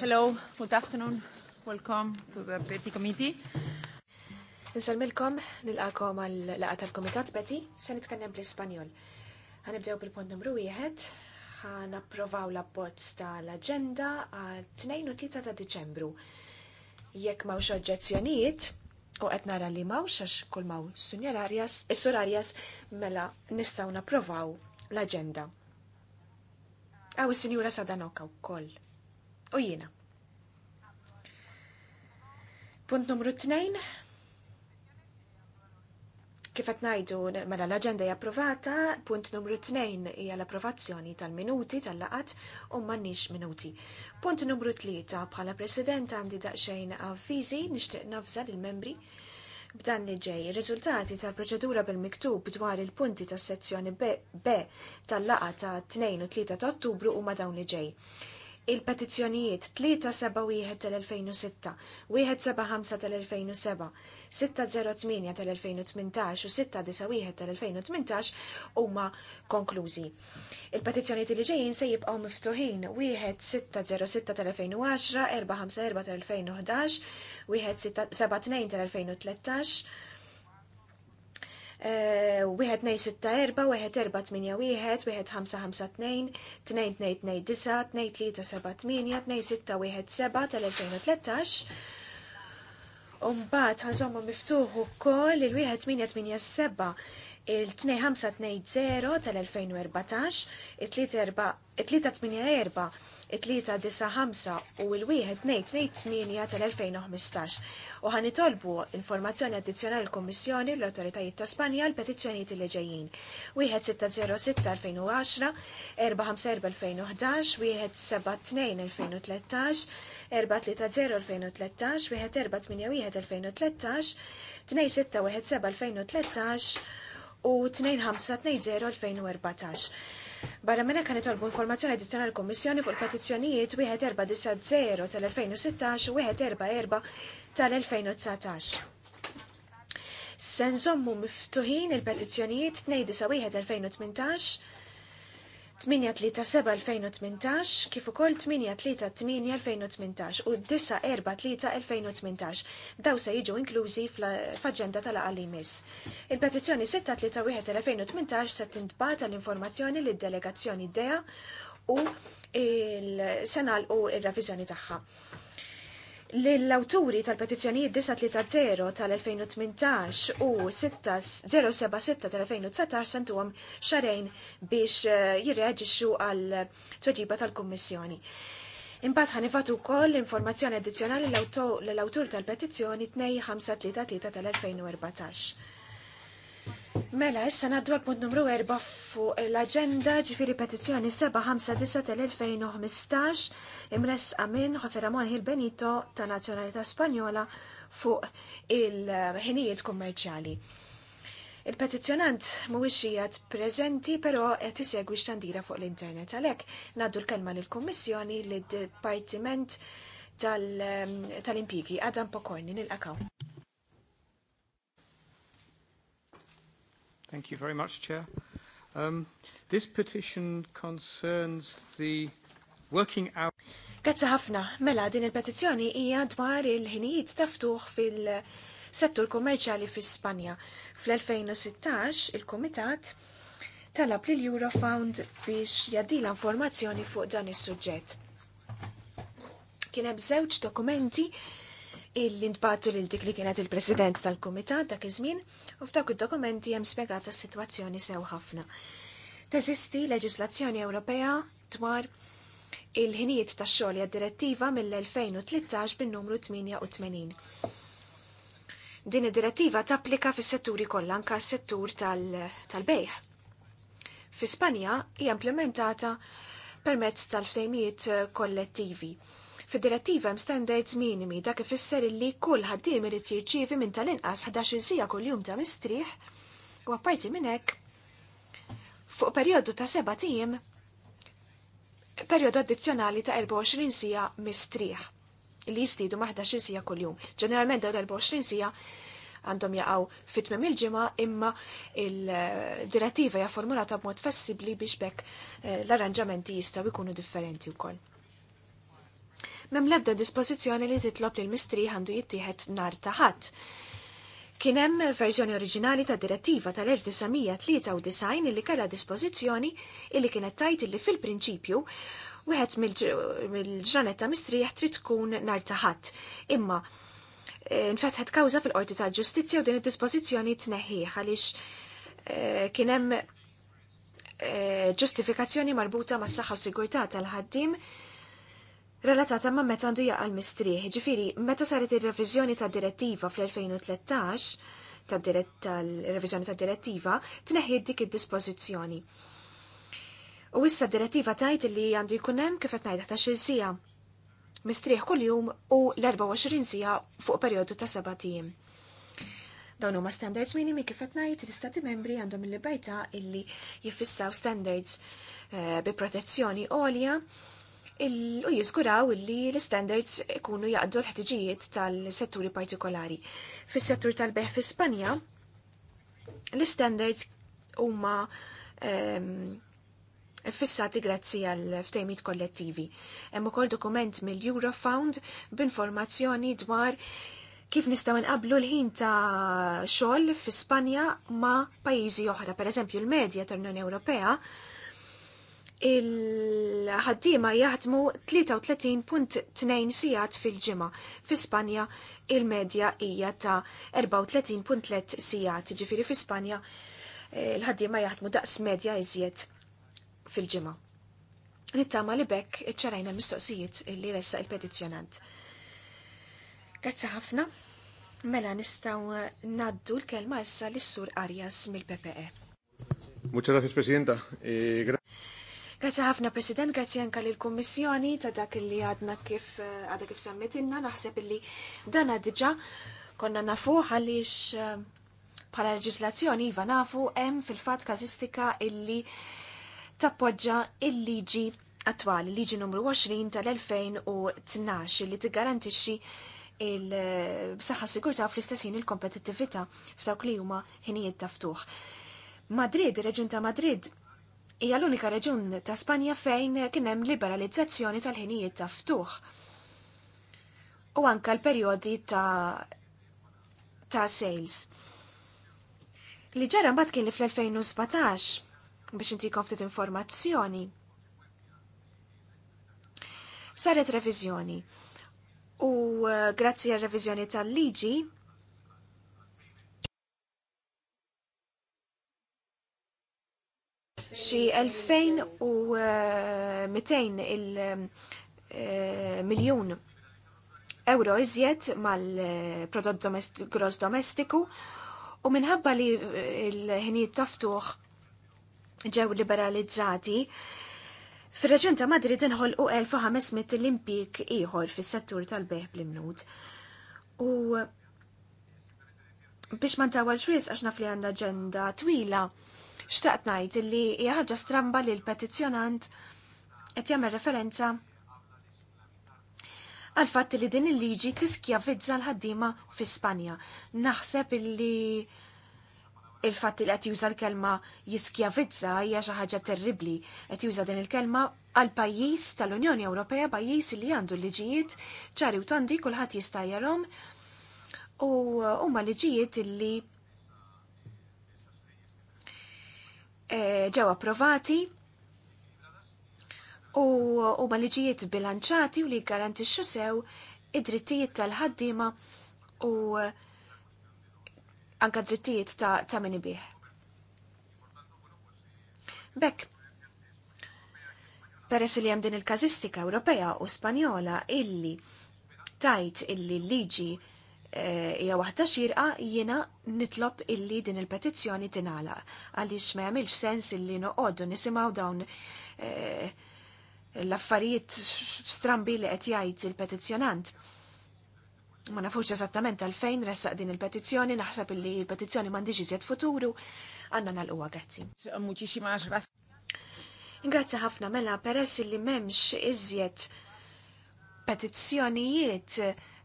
Hello, good afternoon. Welcome to the Petty Committee. Nsalmilkom nilqakom għal laqa tal-Komitat Betty se nitkellem bl-Ispanjol. Ħanibdew bil-punt numru wieħed, ħanapprovaw l-abbozz tal-aġenda għal 2 u 3 ta' Diċembru. Jekk mawx oġġezzjonijiet, u qed nara li mawx għax kull maw sunjar is-sur Arias mela nistgħu napprovaw l-aġenda. Għaw is-Sinjura Sadanoka wkoll. U jiena. Punt numru 2. Kif qed ngħidu mela l-aġenda hija approvata, punt numru 2 hija l-approvazzjoni tal-minuti tal-laqat u m'għandniex minuti. Punt numru 3 bħala President għandi daqsxejn avviżi nixtieq nafża lill-membri b'dan li ġej riżultati tal-proċedura bil-miktub dwar il-punti tas sezzjoni B, tal laqat ta' 2 u 3 ta' Ottubru huma dawn li ġej il-petizzjonijiet 371 tal-2006, 175 tal-2007, 608 tal-2018 u 691 tal-2018 huma konklużi. Il-petizzjonijiet li ġejjin se jibqgħu miftuħin 1606 tal-2010, 454 tal-2011, 172 tal-2013, Eh, wieħed nej sitta erba, wieħed erba tminja wieħed, wieħed ħamsa ħamsa tnejn, tnejn tnejn tnejn disa, tnejn tlieta seba tminja, tnejn sitta wieħed seba tal-2013. Umbat ħanżommu miftuħu koll il-1887 il-2520 tal-2014, il-384 5 u l-1228 tal-2015 u itolbu informazzjoni addizzjonali l-Kommissjoni l-Autoritajiet ta' Spanja l petizzjonijiet li ġejjin. 1606-2010, 454-2011, 172-2013, 430-2013, 1481-2013, 2617-2013 u 2520-2014. Barra minna kan itolbu informazzjoni addizzjonali l-Kommissjoni fuq il-petizzjonijiet 1490 tal-2016 u 1440 tal-2019. Senżommu miftuħin il-petizzjonijiet 291 2018 7 2018 kif ukoll 8 2018 u 3 2018 daw se jiġu inklużi fl-aġenda tal tal-għalimis. jmiss. Il-petizzjoni 1 2018 se tintbata l-informazzjoni l delegazzjoni DEA u il-senal u il-revizjoni tagħha l awturi tal-petizzjonijiet 930 tal-2018 u 076 tal-2019 sentuhom xarejn biex eh, jirreaġixxu għal tweġiba tal-Kummissjoni. Imbagħad ħanifatu wkoll informazzjoni addizzjonali l-awtur tal-petizzjoni 2533 tal-2014. Mela, issa naddu għal-punt numru 4 fuq l-agenda ġifiri petizjoni 759 tal-2015 imres Amin Jose Ramon Hil Benito ta' Nazzjonalità Spanjola fuq il-ħinijiet kummerċjali. Il-petizjonant mhuwiex qiegħed preżenti però qed isegwi x'tandira fuq l-internet għalhekk naddu l-kelma lill-Kummissjoni lid-Dipartiment tal-Impjigi Adam Pokorni nil nil-akaw. Thank you very much, Chair. Um, this petition concerns the working hour. Grazzi ħafna, mela din il-petizzjoni hija dwar il-ħinijiet taftuħ fil-settur kummerċjali fi Spanja. Fl-2016 il-Kumitat talab lil Eurofound biex jaddila informazzjoni fuq dan is-suġġett. Kien hemm żewġ dokumenti illi ntbatu lil dik li kienet il-President tal-Kumitat dak iż-żmien u f'dak id-dokumenti hemm spjegata s-sitwazzjoni sew ħafna. Teżisti leġislazzjoni Ewropea dwar il-ħinijiet tax-xogħol direttiva mill-2013 bin-numru 88. Din id-direttiva tapplika fis-setturi kollha anke s-settur tal-bejħ. Fi Spanja hija implementata permezz tal-ftejmijiet kollettivi Fid-direttiva hemm standards minimi dak ifisser illi kull ħaddiem irid jirċievi minn tal-inqas 11-il sija kuljum ta' mistrieħ u apparti minn hekk fuq perjodu ta' seba' tim perjodu addizzjonali ta' 24 sija mistrieħ li jistidu ma' 11-il sija kuljum. Ġeneralment dawn 24 sija għandhom jaqaw fitmem il-ġimgħa imma il-direttiva hija formulata b'mod flessibbli biex bekk eh, l-arranġamenti jistgħu jkunu differenti wkoll mem lebda dispożizzjoni li titlob li l-mistri għandu jittieħed nar taħat. Kien hemm verżjoni oriġinali ta' direttiva tal-1993 li kellha dispożizzjoni illi kienet tajt li fil-prinċipju wieħed mill-ġranet ta' mistrieħ trid tkun nar taħat. Imma e, nfetħet kawża fil-qorti tal-ġustizzja u din id-dispożizzjoni tneħħiħ għaliex e, kien hemm e, ġustifikazzjoni marbuta ma' s-saħħa u sigurtà tal-ħaddim relatata ma' meta għandu jaqal mistrieħ, ġifiri, meta saret ir-reviżjoni ta' direttiva fl-2013, ta' tal-reviżjoni ta' direttiva, tneħid dik id-dispożizzjoni. U issa direttiva tajt li għandu jkun hemm kif qed xil-sija. xilsija. Mistrieħ kuljum u l-24 sija fuq perjodu ta' sabatijim. Dawn huma standards minimi kif qed ngħid l-istati membri għandhom il-libertà illi jiffissaw standards eh, bi protezzjoni għolja u jiskuraw li l-standards ikunu jaqdu l-ħtiġijiet tal-setturi partikolari. Fis-settur tal-beħ fi Spanja, l-standards huma ehm, fissati grazzi għal ftejmit kollettivi. Hemm ukoll dokument mill-Eurofound b'informazzjoni dwar kif nistgħu nqablu l-ħin ta' xogħol fi Spanja ma' pajjiżi oħra, pereżempju l-medja tal-Unjoni Ewropea il-ħaddima jaħdmu 33.2 sijat fil-ġimgħa. Fi Spanja il-medja hija ta' 34.3 sijat, ġifiri fi Spanja eh, il-ħaddima jaħdmu daqs medja iżjed fil-ġimgħa. Nittama li bekk iċċarajna mistoqsijiet li ressa il-petizzjonant. Grazzi ħafna. Mela nistaw naddu l-kelma issa l-sur Arias mill-PPE. Muchas gracias, Presidenta. Eh, Grazie ħafna President, grazie anka lil kummissjoni ta' dak li għadna kif eh, għadha kif sammitinna, naħseb li dana diġa konna nafu għaliex eh, bħala leġislazzjoni iva nafu hemm fil-fatt kazistika illi tappoġġa il-liġi attwali, liġi numru 20 tal-2012 li tiggarantixxi il-saħħa sigurtà fl-istessin il-kompetittività f'dawk li huma ħinijiet taftuħ. Madrid, reġun ta' Madrid, hija l-unika reġun ta' Spanja fejn kien hemm liberalizzazzjoni tal-ħinijiet ta' ftuħ. U anka l-perjodi ta' ta' sales. Li ġara mbagħad kien fl-2017 biex intikom ftit informazzjoni. Saret reviżjoni. U eh, grazzi għal reviżjoni tal-liġi xi 2200 eh, il-miljun eh, euro iżjed mal-prodott gross domestiku u minħabba li eh, l-ħinijiet taftuħ ġew liberalizzati, Fir-reġenta Madrid inħolqu 1500 l-impik ieħor fis-settur tal-beħ bl-imnud. U biex ma ntawal xwies għax naf li għandha ġenda twila, Xtaqt ngħid illi hija ħaġa stramba li l-petizzjonant qed jagħmel referenza għal fatt li din il-liġi tiskjavizza l-ħaddiema fi Spanja. Naħseb illi il-fatt li qed juża l-kelma jiskjavizza hija xi ħaġa terribli Qed juża din il-kelma għal pajjiż tal-Unjoni Ewropea pajjiż li għandu l-liġijiet ċari u tandi kulħadd jista' jarhom u huma liġijiet illi Eh, ġew approvati u huma liġijiet bilanċati u li garantixxu sew id-drittijiet tal-ħaddiema u anka drittijiet ta', ta min bih. Bekk, peress li hemm din il-kazistika Ewropea u Spanjola illi tajt illi liġi Eh, hija waħda xirqa jiena nitlob illi din il-petizzjoni tinala għaliex ma jagħmilx sens illi noqogħdu nisimgħu dawn eh, l-affarijiet strambi li qed jgħid il-petizzjonant. Ma nafux eżattament għalfejn ressaq din il-petizzjoni, naħseb illi il-petizzjoni m'għandix iżjed futuru, għandna nagħlquha grazzi. Ingrazzi ħafna mela peress illi m'hemmx iżjed petizzjonijiet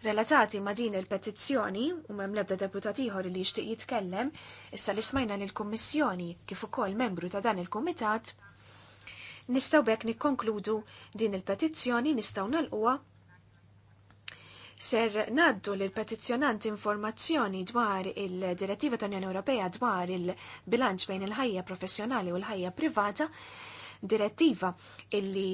Relatati ma din il-petizzjoni, u mem lebda deputat ieħor li jixtieq jitkellem, issa li smajna lill-Kummissjoni kif ukoll membru ta' dan il-Kumitat, nistgħu bekk nikkonkludu din il-petizzjoni nistgħu nalquha ser naddu l petizzjonant informazzjoni dwar il-Direttiva ta' Unjoni Ewropea dwar il-bilanċ bejn il-ħajja professjonali u l-ħajja privata, direttiva illi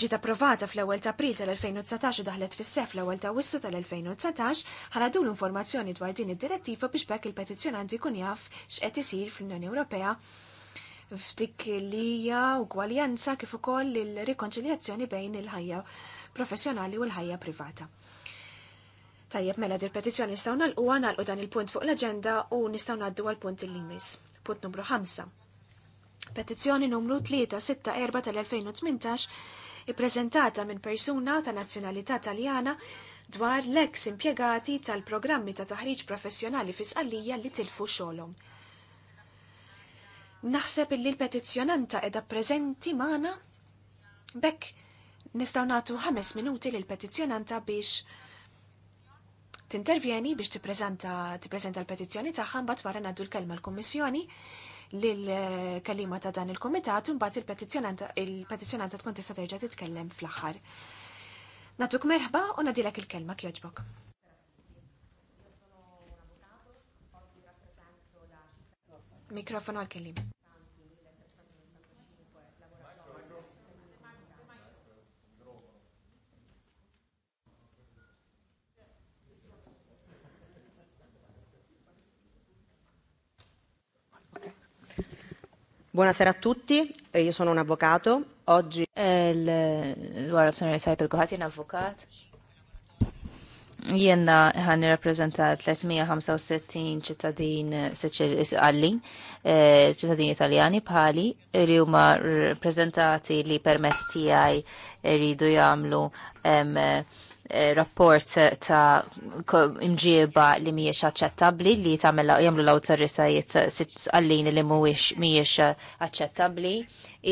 ġiet approvata fl-ewwel ta' April tal-2019 daħlet fis-sef l-ewwel ta' Wissu tal-2019 ħaladu l-informazzjoni dwar din id-direttiva biex bekk il-petizzjonanti jkun jaf x'qed isir fl-Unjoni Ewropea f'dik li hija ugwaljanza kif ukoll il-rikonċiljazzjoni bejn il-ħajja professjonali u l-ħajja privata. Tajjeb mela dir petizzjoni nistgħu nagħlquha nagħlqu dan il-punt fuq l-aġenda u nistgħu ngħaddu għal punt il-limis. Punt numru 5. Petizzjoni numru 4 tal-2018 ippreżentata minn persuna ta' nazzjonalità Taljana dwar l ex impjegati tal-programmi ta' taħriġ professjonali fi sqallija li tilfu xolom. Naħseb li l-petizzjonanta edha prezenti mana, bekk nistgħu nagħtu ħames minuti l petizzjonanta biex tintervjeni biex ti tippreżenta l-petizzjoni tagħha bat wara naddu l-kelma l-Kummissjoni lill-kalima ta' dan il-komitat u mbagħad il-petizzjonanta tkun tista' terġa' titkellem fl-aħħar. Natuk merħba u nadilek il-kelma kjoġbok. Mikrofonu għal kelim Buonasera a tutti, eh, io sono un avvocato, oggi... L-għarab sono l-sajp il-kuħat, Jenna ħan rappresenta 365 ċittadin għallin, eh, ċittadin italjani bħali, li huma rappresentati li permess tiegħi rridu jagħmlu Eh, rapport ta' imġieba li mhijiex aċċettabbli li tagħmel jagħmlu l-awtoritajiet sitt għallin li mhuwiex mhijiex eh, aċċettabbli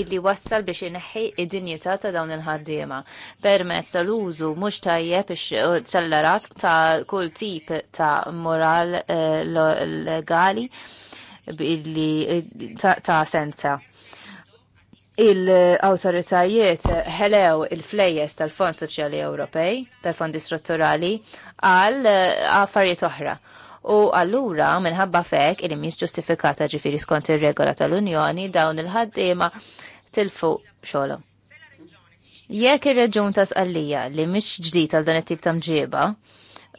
illi wassal biex ineħħi id-dinjità ta' dawn il-ħaddiema permezz tal-użu mhux tajjeb ċellerat ta' kull tip ta' moral eh, legali illi ta' senza il-autoritajiet ħelew il-flejjes tal-Fond Soċjali Ewropej, tal-Fondi Strutturali, għal eh, affarijiet oħra. U allura minħabba fek il mis ġustifikata ġifiri skont ir-regola tal-Unjoni dawn il-ħaddiema tilfu xogħolhom. Jekk ir-reġun ta' sqallija li mhix ġdid għal dan it-tip ta' mġieba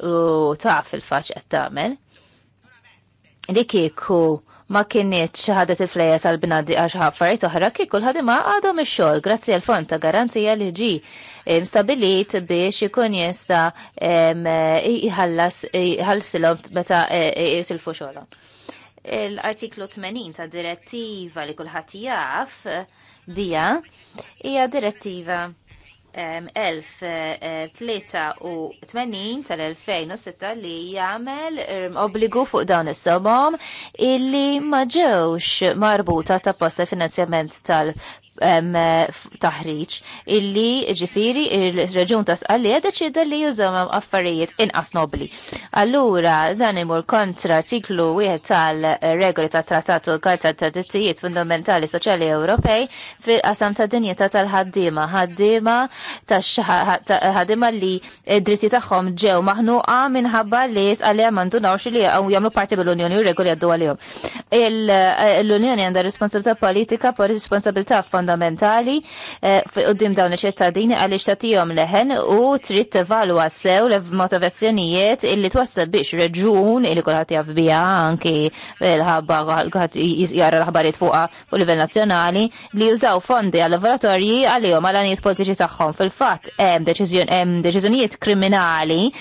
u taf il-faċ qed tagħmel, li kieku ma kienieċ ħadet il-flejja tal binaddi għax ħaffariet oħra kik kulħadd ma għadhom ix-xogħol grazzi għal fond ta' garanzija li ġi stabilit biex ikun jista' jħallas jħallsilhom meta jitilfu e, e, xogħolhom. L-artiklu 80 ta' direttiva li kulħadd jaf bija hija direttiva 1083 eh, eh, tal-2006 li jagħmel obbligu fuq dawn is-somom illi ma ġewx marbuta ta' posta finanzjament tal eh, taħriġ illi ġifiri il-reġun ta' għalli deċida li jużawhom affarijiet inqas nobli. Allura dan imur kontra artiklu wieħed tal-regoli ta' trattat u l-Karta ta' Dittijiet Fundamentali Soċjali Ewropej fil-qasam ta' dinjeta tal-ħaddiema. Ħaddiema ta' ħadima li dritti tagħhom ġew għamin minħabba li għalija mandunawx li għaw jagħmlu parti bil unjoni u regoli għaddu għalihom. Eh, L-Unjoni għandha responsabilità politika por responsabilità fondamentali eh, qudiem dawn iċ-ċittadini għaliex ċtatijom leħen u trid tevalwa sew l-motivazzjonijiet illi twassal biex reġun illi kolħat jaf biha anki l-ħabba jara l-ħabarijiet fuqha fuq livell nazzjonali li jużaw fondi għal laboratorji għalihom għal għanijiet politiċi tagħhom tagħhom fil-fatt hemm deċiżjonijiet kriminali,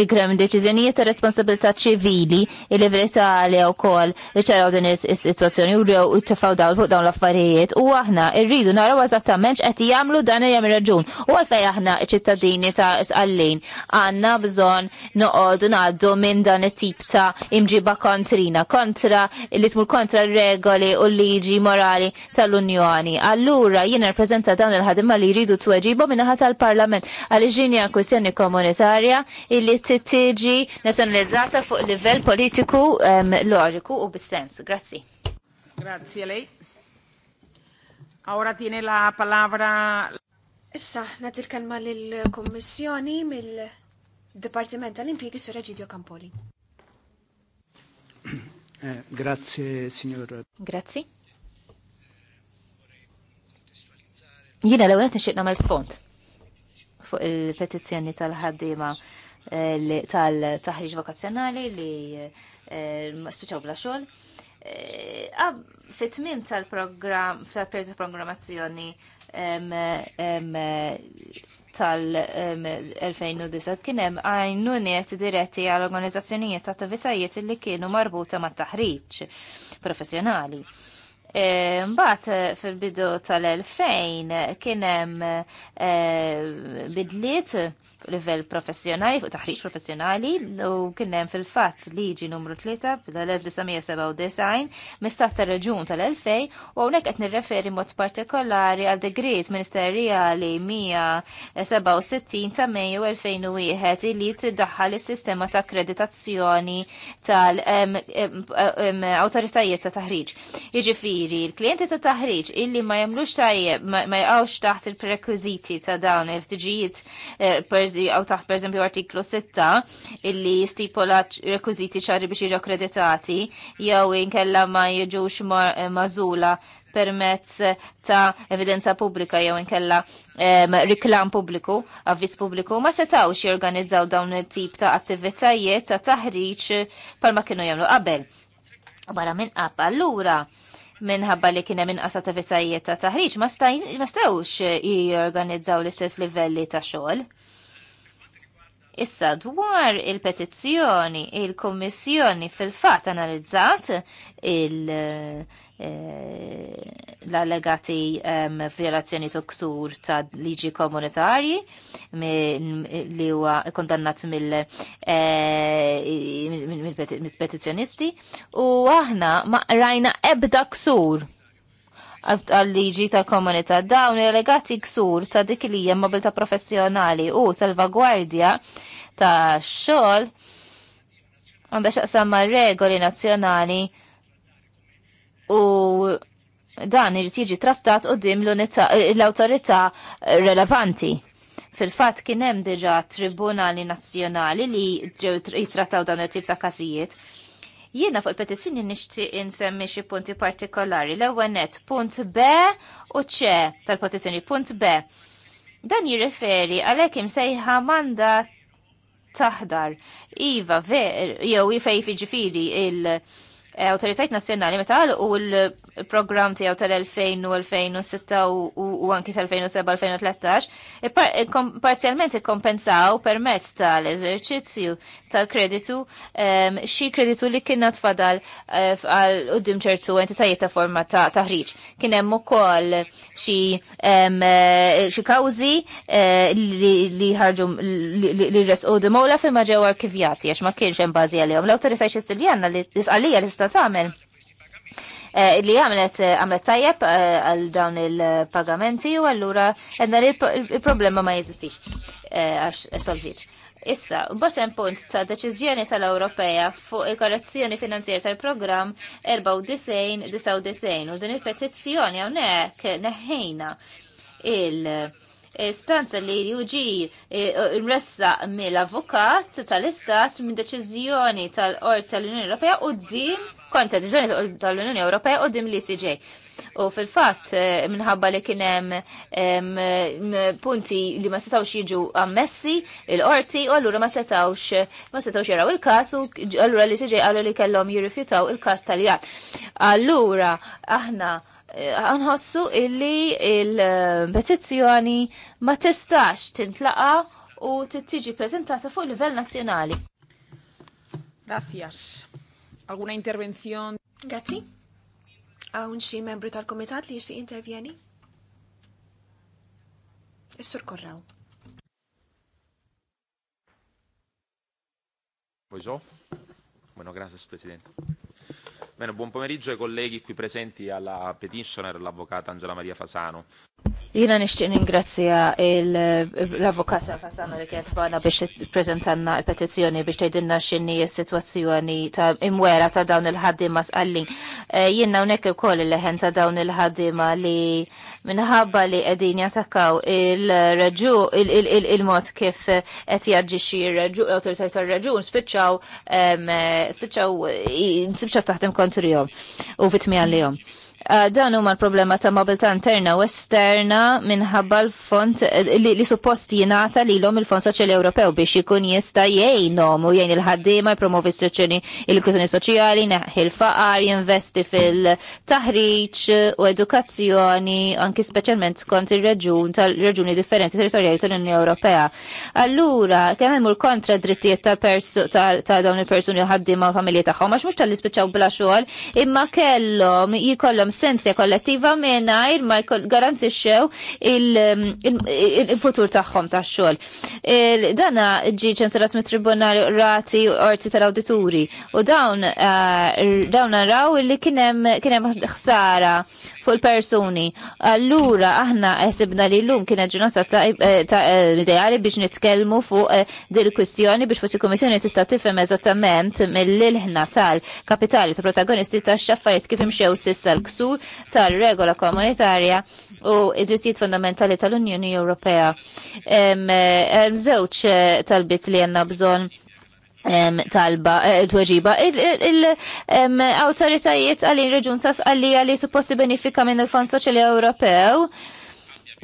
ikrem deċiżjonijiet ta' responsabilità ċivili li fl li wkoll li ċaraw din is-sitwazzjoni u rew ittefgħu dawn fuq dawn l-affarijiet u aħna rridu naraw eżattament x'qed jagħmlu dan hemm raġun. U għalfejn aħna ċittadini ta' isqallin għandna bżonn noqogħdu ngħaddu minn dan it-tip ta' imġiba kontrina kontra li tmur kontra regoli u liġi morali tal-Unjoni. Allura jiena rappreżenta dawn il-ħadimma li jridu tweġib nitolbu minnaħat tal-Parlament għal-ġinja kwistjoni komunitarja illi t-tiġi nazjonalizzata fuq livell politiku loġiku u bis-sens. Grazzi. Grazzi lei. Ora tiene la palabra. Issa, nagħti l-kelma lill-Kummissjoni mill-Dipartiment tal-Impjegi Sur Reġidio Campoli. Eh, grazie, signor. Grazie. Jina l għet nixtieq nagħmel sfond fuq il-petizzjoni tal-ħaddiema eh, tal-taħriġ vokazzjonali li eh, spiċaw bla xogħol. Eh, fit-tmim tal-programm tal-periodu programmazzjoni tal 2019 kien hemm għajnuniet diretti għal organizzazzjonijiet ta' attivitajiet li kienu marbuta mat taħriġ professjonali. E, mbagħad e, fil-bidu tal-2000 kien hemm e, bidliet livell professjonali, fuq taħriġ professjonali, u kien hemm fil-fatt liġi numru 3 tal-1997 mistat ta' reġun tal-2000 u hawnhekk qed nirreferi mod partikolari għal degrit ministerjali 167 ta' Mejju 2001 li tiddaħħal is-sistema ta' akkreditazzjoni tal-awtoritajiet ta' taħriġ. Jiġifieri, l klienti ta' taħriġ illi ma jagħmlux tajjeb ma jqgħux taħt il prekwiziti ta' dawn il-ftiġijiet eh, per għaw taħt per eżempju artiklu 6 illi stipola rekwiziti ċari biex jiġu kreditati jew inkella ma jiġux eh, mażula permezz ta' evidenza pubblika jew inkella riklam pubbliku, avvis pubbliku, ma setawx jorganizzaw dawn il-tip ta' attivitajiet ta' taħriġ palma kienu jagħmlu qabel. Bara minn qab. allura minħabba li minn inqas attivitajiet ta' taħriġ ma stawx jorganizzaw l-istess livelli ta' xogħol. Issa dwar il-petizzjoni, il-Kommissjoni fil-fatt analizzat il- eh, l-allegati um, violazzjoni toksur ta' liġi komunitarji li huwa kondannat eh, mill-petizzjonisti u aħna ma rajna ebda ksur għal-liġi ta' komunità Dawn il-legati ksur ta' dik li hija mobilta professjonali u salvagwardja ta' xogħol għandha xaqsam ma' regoli nazzjonali u dan irid jiġi trattat qudiem l-awtorità relevanti fil-fat kien hemm diġà tribunali nazzjonali li ġew jitrattaw dawn it-tip ta' każijiet. Jiena fuq il-petizzjoni nixtieq insemmi xi punti partikolari. L-ewwel punt B u C tal-petizzjoni punt B. Dan jirriferi għalhekk imsejħa manda taħdar. Iva, ver, jew iva jifej fiġifiri il- Autoritajt Nazjonali meta u l-programm tiegħu tal-2000 u 2006 u anki tal-2007-2013 parzjalment ikkompensaw permezz tal-eżerċizzju tal-kreditu, xi kreditu li kien tfadal eh, għal qudiem ċertu entitajiet ta' forma ta' taħriġ. Kien hemm ukoll xi eh, xi kawżi eh, li ħarġu li resqu dimola fil ma ġew arkivjati għax ma kienx hemm bażi għalihom. L-awtorità xi li għandna li tisqalija li tista' tagħmel li għamlet għamlet tajjeb għal dawn il-pagamenti u għallura għedna li il-problema ma jeżistix għax solvit. Issa, bottom punt ta' deċiżjoni tal-Ewropea fuq il-korrezzjoni finanzjer tal-programm 94-99 u din il-petizzjoni hawnhekk neħħejna il- Eh, stanza li juġi mressa eh, mill-avukat tal-istat minn deċiżjoni tal-Qorti tal-Unjoni Ewropea u din konta deċizjoni tal-Unjoni Ewropea u din l-ICJ. U fil-fatt, eh, minħabba li kienem punti li ma setawx jiġu ammessi il-qorti, u allura ma setawx ma setawx jaraw il-kas, u allura li siġej għallu li kellhom jirrifjutaw il-kas tal-jan. Allura, aħna għanħossu illi il-petizzjoni ma tistax tintlaqa u tittiġi prezentata fuq livell nazzjonali. Grazzjax. Alguna intervenzjon? Grazzi. Għawn xi membru tal-komitat li jixtieq intervjeni? Is-sur Korraw. Bonjour. Bueno, gracias, Presidente. Bene, buon pomeriggio ai colleghi qui presenti alla petitioner, l'avvocata Angela Maria Fasano. Jina nishtiq ningrazzja l-avokata Fasano li kienet bana biex prezentanna il-petizjoni biex tgħidilna x'inni s-sitwazzjoni ta' imwera ta' dawn il ħaddima sqallin. Eh, jiena hawnhekk ukoll il-leħen ta' dawn il ħaddima li minħabba li qegħdin jatakaw il-raġu il-mod kif qed jaġġixxi r-raġu l-awtoritajiet tar spiċaw, eh, spiċċaw spiċċaw taħt imkontrihom u li jom. Eh, dan huma l-problema ta' mobilità interna u esterna minħabba l-fond eh, li, li suppost jingħata lilhom il-Fond Soċjali Ewropew biex ikun jista' jgħinhom u jgħin il-ħaddiema jpromovi s-soċjali il-kwistjoni soċjali, neħħi l-faqar, jinvesti fil-taħriġ u edukazzjoni anki speċjalment skont ir-reġun tal-reġuni differenti territorjali tal-Unjoni Ewropea. Allura, kemm hemm kontra drittijiet ta' dawn il-persuni u ħaddiema u familji tagħhom għax mhux tal ispiċċaw bla xogħol, imma kellhom jikollhom assistenzja kollettiva mingħajr ma jgarantixxew um, il-futur tagħhom tax-xogħol. Dana ġi ċensurat mit-tribunali rati orti tal-awdituri u dawn uh, dawn naraw li kien hemm ħsara fuq il-persuni. Allura aħna ħsibna li l-lum kienet ġurnata ta' eh, eh, ideali biex nitkellmu fuq eh, dil kwistjoni biex fuq il-Kummissjoni tista' tifhem eżattament mill-ilħna tal-kapitali ta' protagonisti ta' xaffariet kif imxew sissa l-ksur tal-regola komunitarja u id-drittijiet fundamentali tal-Unjoni Ewropea. Żewġ talbit li għandna bżonn talba eh, tuħġiba, il-autoritajiet għalli reġun tas għalli għalli supposti benifika minn il-Fond Soċjali Ewropew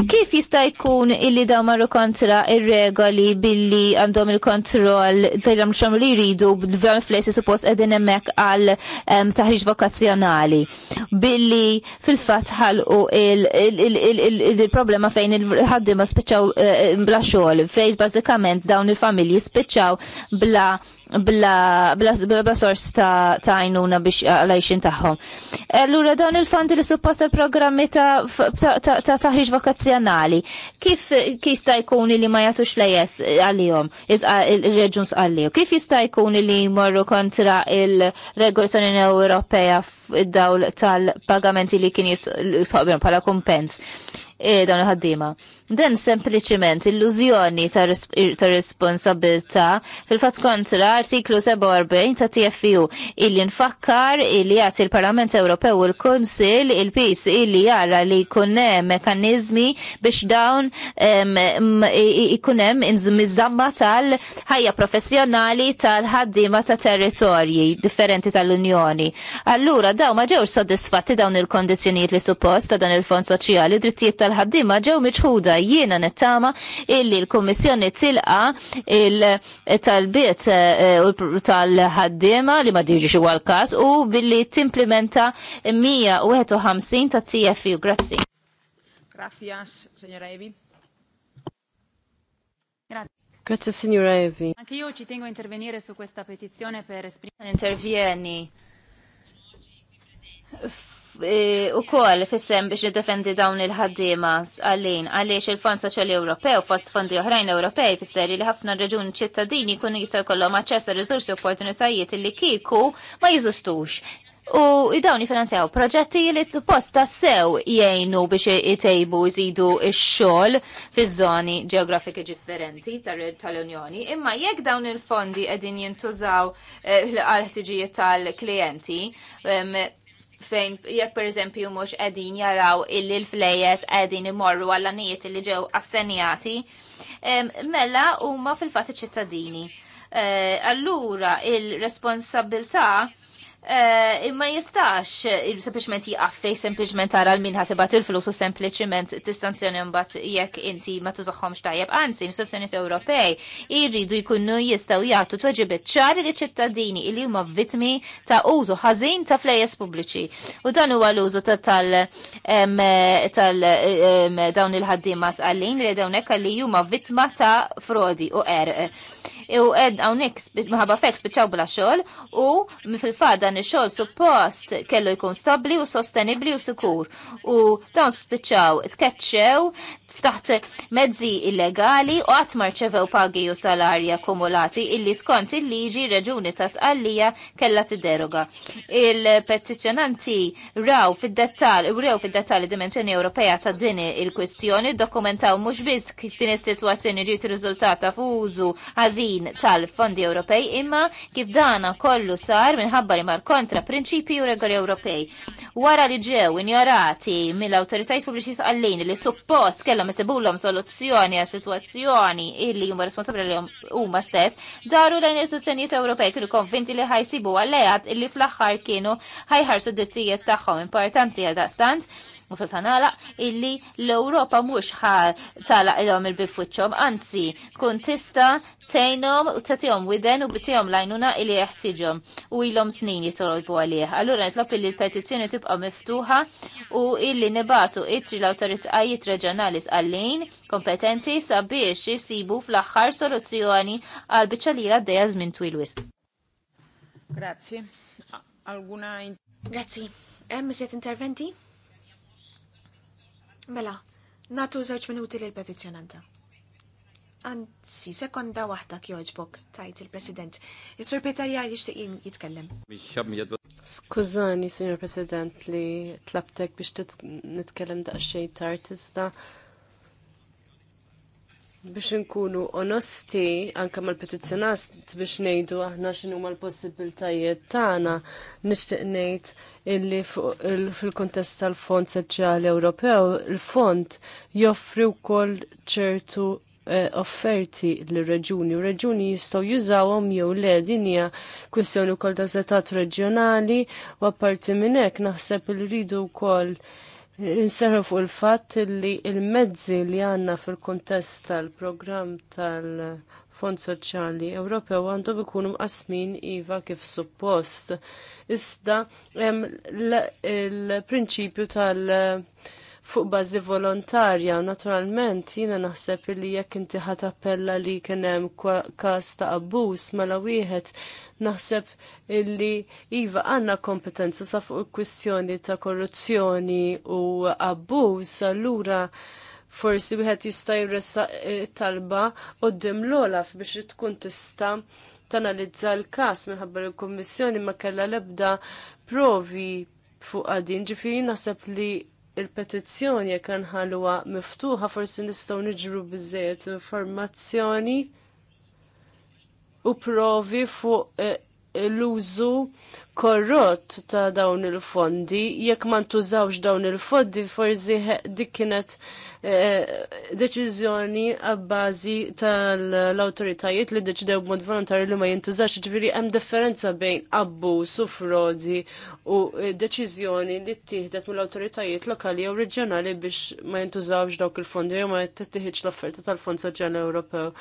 Kif jista' jkun illi daw marru kontra ir-regoli billi għandhom il-kontroll tajlam xamru li jridu b'dan flessi suppost qegħdin hemmhekk għal taħriġ vokazzjonali billi fil-fatt ħalqu il-problema fejn il-ħaddiema spiċċaw eh, eh, bla xogħol fejn bażikament dawn il-familji spiċċaw bla bla, bla, sors ta' għajnuna biex eh, għalajxin taħħom. Allura dawn il-fondi li suppost il-programmi ta' taħriġ vakazzjonali, kif jista' jkun li ma jagħtux flejes għalihom, il-reġuns għalihom, kif jista' jkun li jmorru kontra il regol tal-Unjoni Ewropea f'dawl tal-pagamenti li kien jisoqbilhom bħala kumpens eh, dawn il-ħaddiema. Den sempliciment illużjoni ta' responsabilta fil-fat kontra artiklu 47 ta' TFU illi nfakkar illi għat il-Parlament Ewropew u l-Konsil il-PIS illi jara li kunem mekanizmi biex dawn ikunem inżmizzamma tal-ħajja professjonali tal-ħaddima ta' territorji differenti tal-Unjoni. Allura daw ma ġewx soddisfatti dawn il kondizjoniet li suppost ta' dan il-Fond Soċjali, drittijiet tal-ħaddima ġew miċħuda Jiena nittama illi l kommissjoni tilqa il-talbiet eh, tal-ħaddiema li ma diġiġi għal-kas u billi timplementa 151 ta' TFU. Grazzi. Grazzi, signora Evi. Grazie. Grazie signora Evi. Anche io ci tengo a intervenire su questa petizione per esprimere. Intervieni Eh, u koll fissem biex nidefendi dawn il-ħaddima għallin għaliex il-Fond Soċjali Ewropew fost fondi oħrajn Ewropej fisser li ħafna raġun ċittadini kunu jistaw kollhom aċċess riżorsi opportunitajiet li kiku ma jiżustux. U dawn jifinanzjaw proġetti li post tassew jgħinu biex jitejbu jżidu il xogħol fiż-żoni geografiki differenti tal-Unjoni, imma jekk dawn il-fondi qegħdin jintużaw eh, għal ħtiġijiet tal-klijenti fejn jekk pereżempju mhux qegħdin jaraw illi l-flejes qegħdin imorru għal nijiet li ġew assenjati, mela huma fil-fatt iċ-ċittadini. Eh, allura il-responsabilità Eh, imma jistax eh, sempliċement jiqaffej sempliċement tara l-min ħatibat il-flus u sempliċement tistanzjoni mbagħad jekk inti ma tużaħħomx tajjeb. Anzi, l-istazzjoni Ewropej irridu jkunu jistgħu jagħtu tweġibiet ċari li ċittadini li huma vittmi ta' użu ħażin ta' flejes pubbliċi. U dan huwa l-użu tal dawn il-ħaddiema għallin li dawnek għalli li huma vittma ta' frodi u erq u għed hawnhekk maħabba fek spiċaw bla xogħol u fil-fatt dan ix suppost kellu jkun stabli u sostenibbli u sikur. U dawn spiċaw tkeċċew ftaħt mezzi illegali u qatt marċevew pagi u salarji akkumulati illi skont il-liġi reġuni ta' sqallija kellha tidderoga. Il-petizzjonanti raw fid-dettal, raw fid-dettal dimensjoni Ewropea ta' din il-kwistjoni dokumentaw mhux biss kif din is-sitwazzjoni ġiet riżultata f'użu ħażin tal-fondi Ewropej imma kif dana kollu sar minħabba li mar kontra prinċipi u regoli Ewropej. Wara li ġew injorati mill-awtoritajiet pubbliċi sqallin li suppost kellhom kellhom isibulhom soluzzjoni għas sitwazzjoni illi huma responsabri li huma stess, daru lejn il istituzzjonijiet Ewropej kienu konvinti li ħajsibu għallejat illi fl-aħħar kienu ħajħarsu d-drittijiet tagħhom importanti għadastant. stant mufil tanala illi l-Europa mux ħal tala il-om il-bifuċom, anzi, kun tista tejnom u tatijom widen u bittijom lajnuna illi jeħtiġom u il-om snin jitolbu għalih. Allura nitlop illi l-petizjoni tibqa miftuħa u illi nibatu itri l-autoritajiet reġjonali għallin kompetenti sabiex jisibu fl-axħar soluzzjoni għal biċċalira d-deja żmien twil wisq. Grazzi. Alguna Grazzi. Hemm siete interventi? Mela, natu żewġ minuti lil petizzjonanta. Anzi, sekonda wahda kjoġbok, tajt il-President. Jisur sur Petarjar jishtiqin jitkellem. Skużani, Signor President, li tlabtek biex nitkellem da tard iżda biex nkunu onesti anke mal-petizzjonast biex ngħidu aħna x'inhu mal possibiltajiet tagħna nixtieq ngħid illi fil-kuntest tal-Fond Soċjali Ewropew il-fond joffri wkoll ċertu eh, offerti l-reġuni u reġuni jistgħu jużawhom jew le din hija kwistjoni wkoll ta' setat reġjonali u apparti minn hekk naħseb li rridu wkoll Inserħu fuq il-fatt li il-mezzi li għanna fil-kontest tal-programm tal-Fond Soċjali Ewropew għandhom ikunu mqasmin iva kif suppost. Iżda il-prinċipju tal- fuq bażi volontarja u naturalment jiena naħseb li jekk inti ħat appella li kien hemm każ ta' abbuż mela wieħed naħseb illi iva għanna kompetenza sa fuq kwistjoni ta' korruzzjoni u abbuż allura forsi wieħed jista' jressa eh, talba qudiem l-olaf biex tkun tista' tanalizza l-każ minħabba l-Kummissjoni ma kellha l-ebda provi fuq għadin ġifieri naħseb li il-petizzjoni jekk nħalluha miftuħa forsi nistgħu niġru biżejjed informazzjoni u provi fuq eh, l-użu korrott ta' dawn il-fondi, jekk ma ntużawx dawn il-fondi, forsi dik kienet eh, deċiżjoni għabbażi tal-autoritajiet li deċidew b'mod volontarju li ma jintużax, ġviri hemm differenza bejn abbu, sufrodi u deċiżjoni li ttieħdet mill-autoritajiet lokali jew reġjonali biex ma jintużawx dawk il-fondi jew ma tittieħiġ l-offerta tal-Fond Soċjali Ewropew.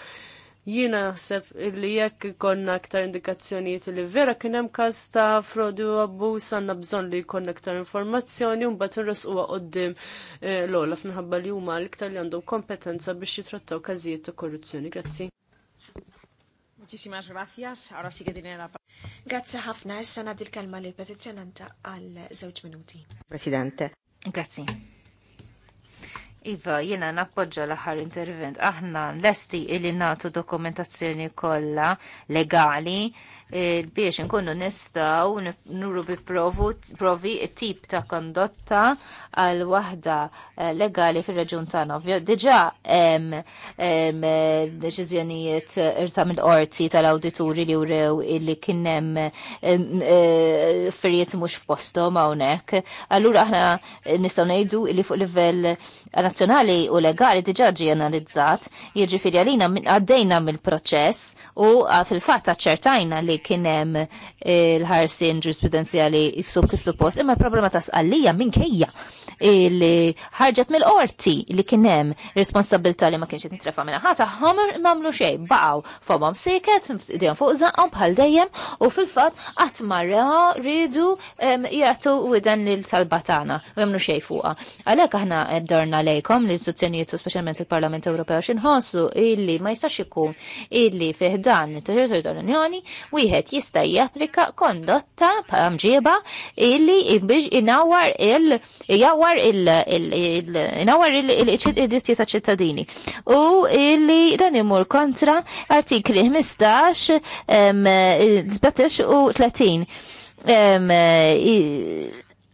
Jiena naħseb li jekk konna aktar indikazzjonijiet li vera kien hemm każ ta' frodi u abbuż għandna bżonn li jkollna aktar informazzjoni u mbagħad irresquha qoddim eh, l-olaf minħabba li huma l-iktar li għandhom kompetenza biex jitrattaw każijiet ta' korruzzjoni. Grazzi. Muchísimas gracias. Ahora sí que tiene la Grazie ħafna. Issa nagħti l-kelma lill petizzjonanta għal żewġ minuti. Presidente. Grazie. Iva, jena nappoġġa l-aħħar intervent. Aħna lesti illi natu dokumentazzjoni kollha legali Eh, biex nkunu nistaw nuru bi provi tip ta' kondotta għal waħda eh, legali fir reġun ta' Diġà hemm eh, deċiżjonijiet irta mill-qorti tal-awdituri li urew illi kien hemm affarijiet mhux f'posthom hawnhekk. Allura aħna nistgħu ngħidu li fuq livell nazzjonali u legali dġa ġie analizzat, jiġifieri għalina għaddejna mill-proċess u ah, fil-fatt ċertajna li kienem eh, l ħarsin ġurisprudenzjali f'sub kif suppost, imma l problema ta' sqallija minkejja li ħarġet mill-qorti li kienem responsabilta li ma kienx jitrefa minna ħata ħamr mamlu xej, baqaw fobom siket, idejom fuq zaqom bħal dejjem u fil-fat għatmarra ridu jgħatu u dan l-talbatana u jgħamlu xej fuqa. Għalek aħna dorna lejkom l-istituzzjonijiet u specialment il-Parlament Ewropew xinħossu illi ma jistax ikun illi fiħdan il-territorju tal-Unjoni u wieħed jista' japplika kondotta mġieba illi inawar il jawar il inawar il-dritti ta' ċittadini. U illi dan imur kontra artikli 15 17 eh, u 30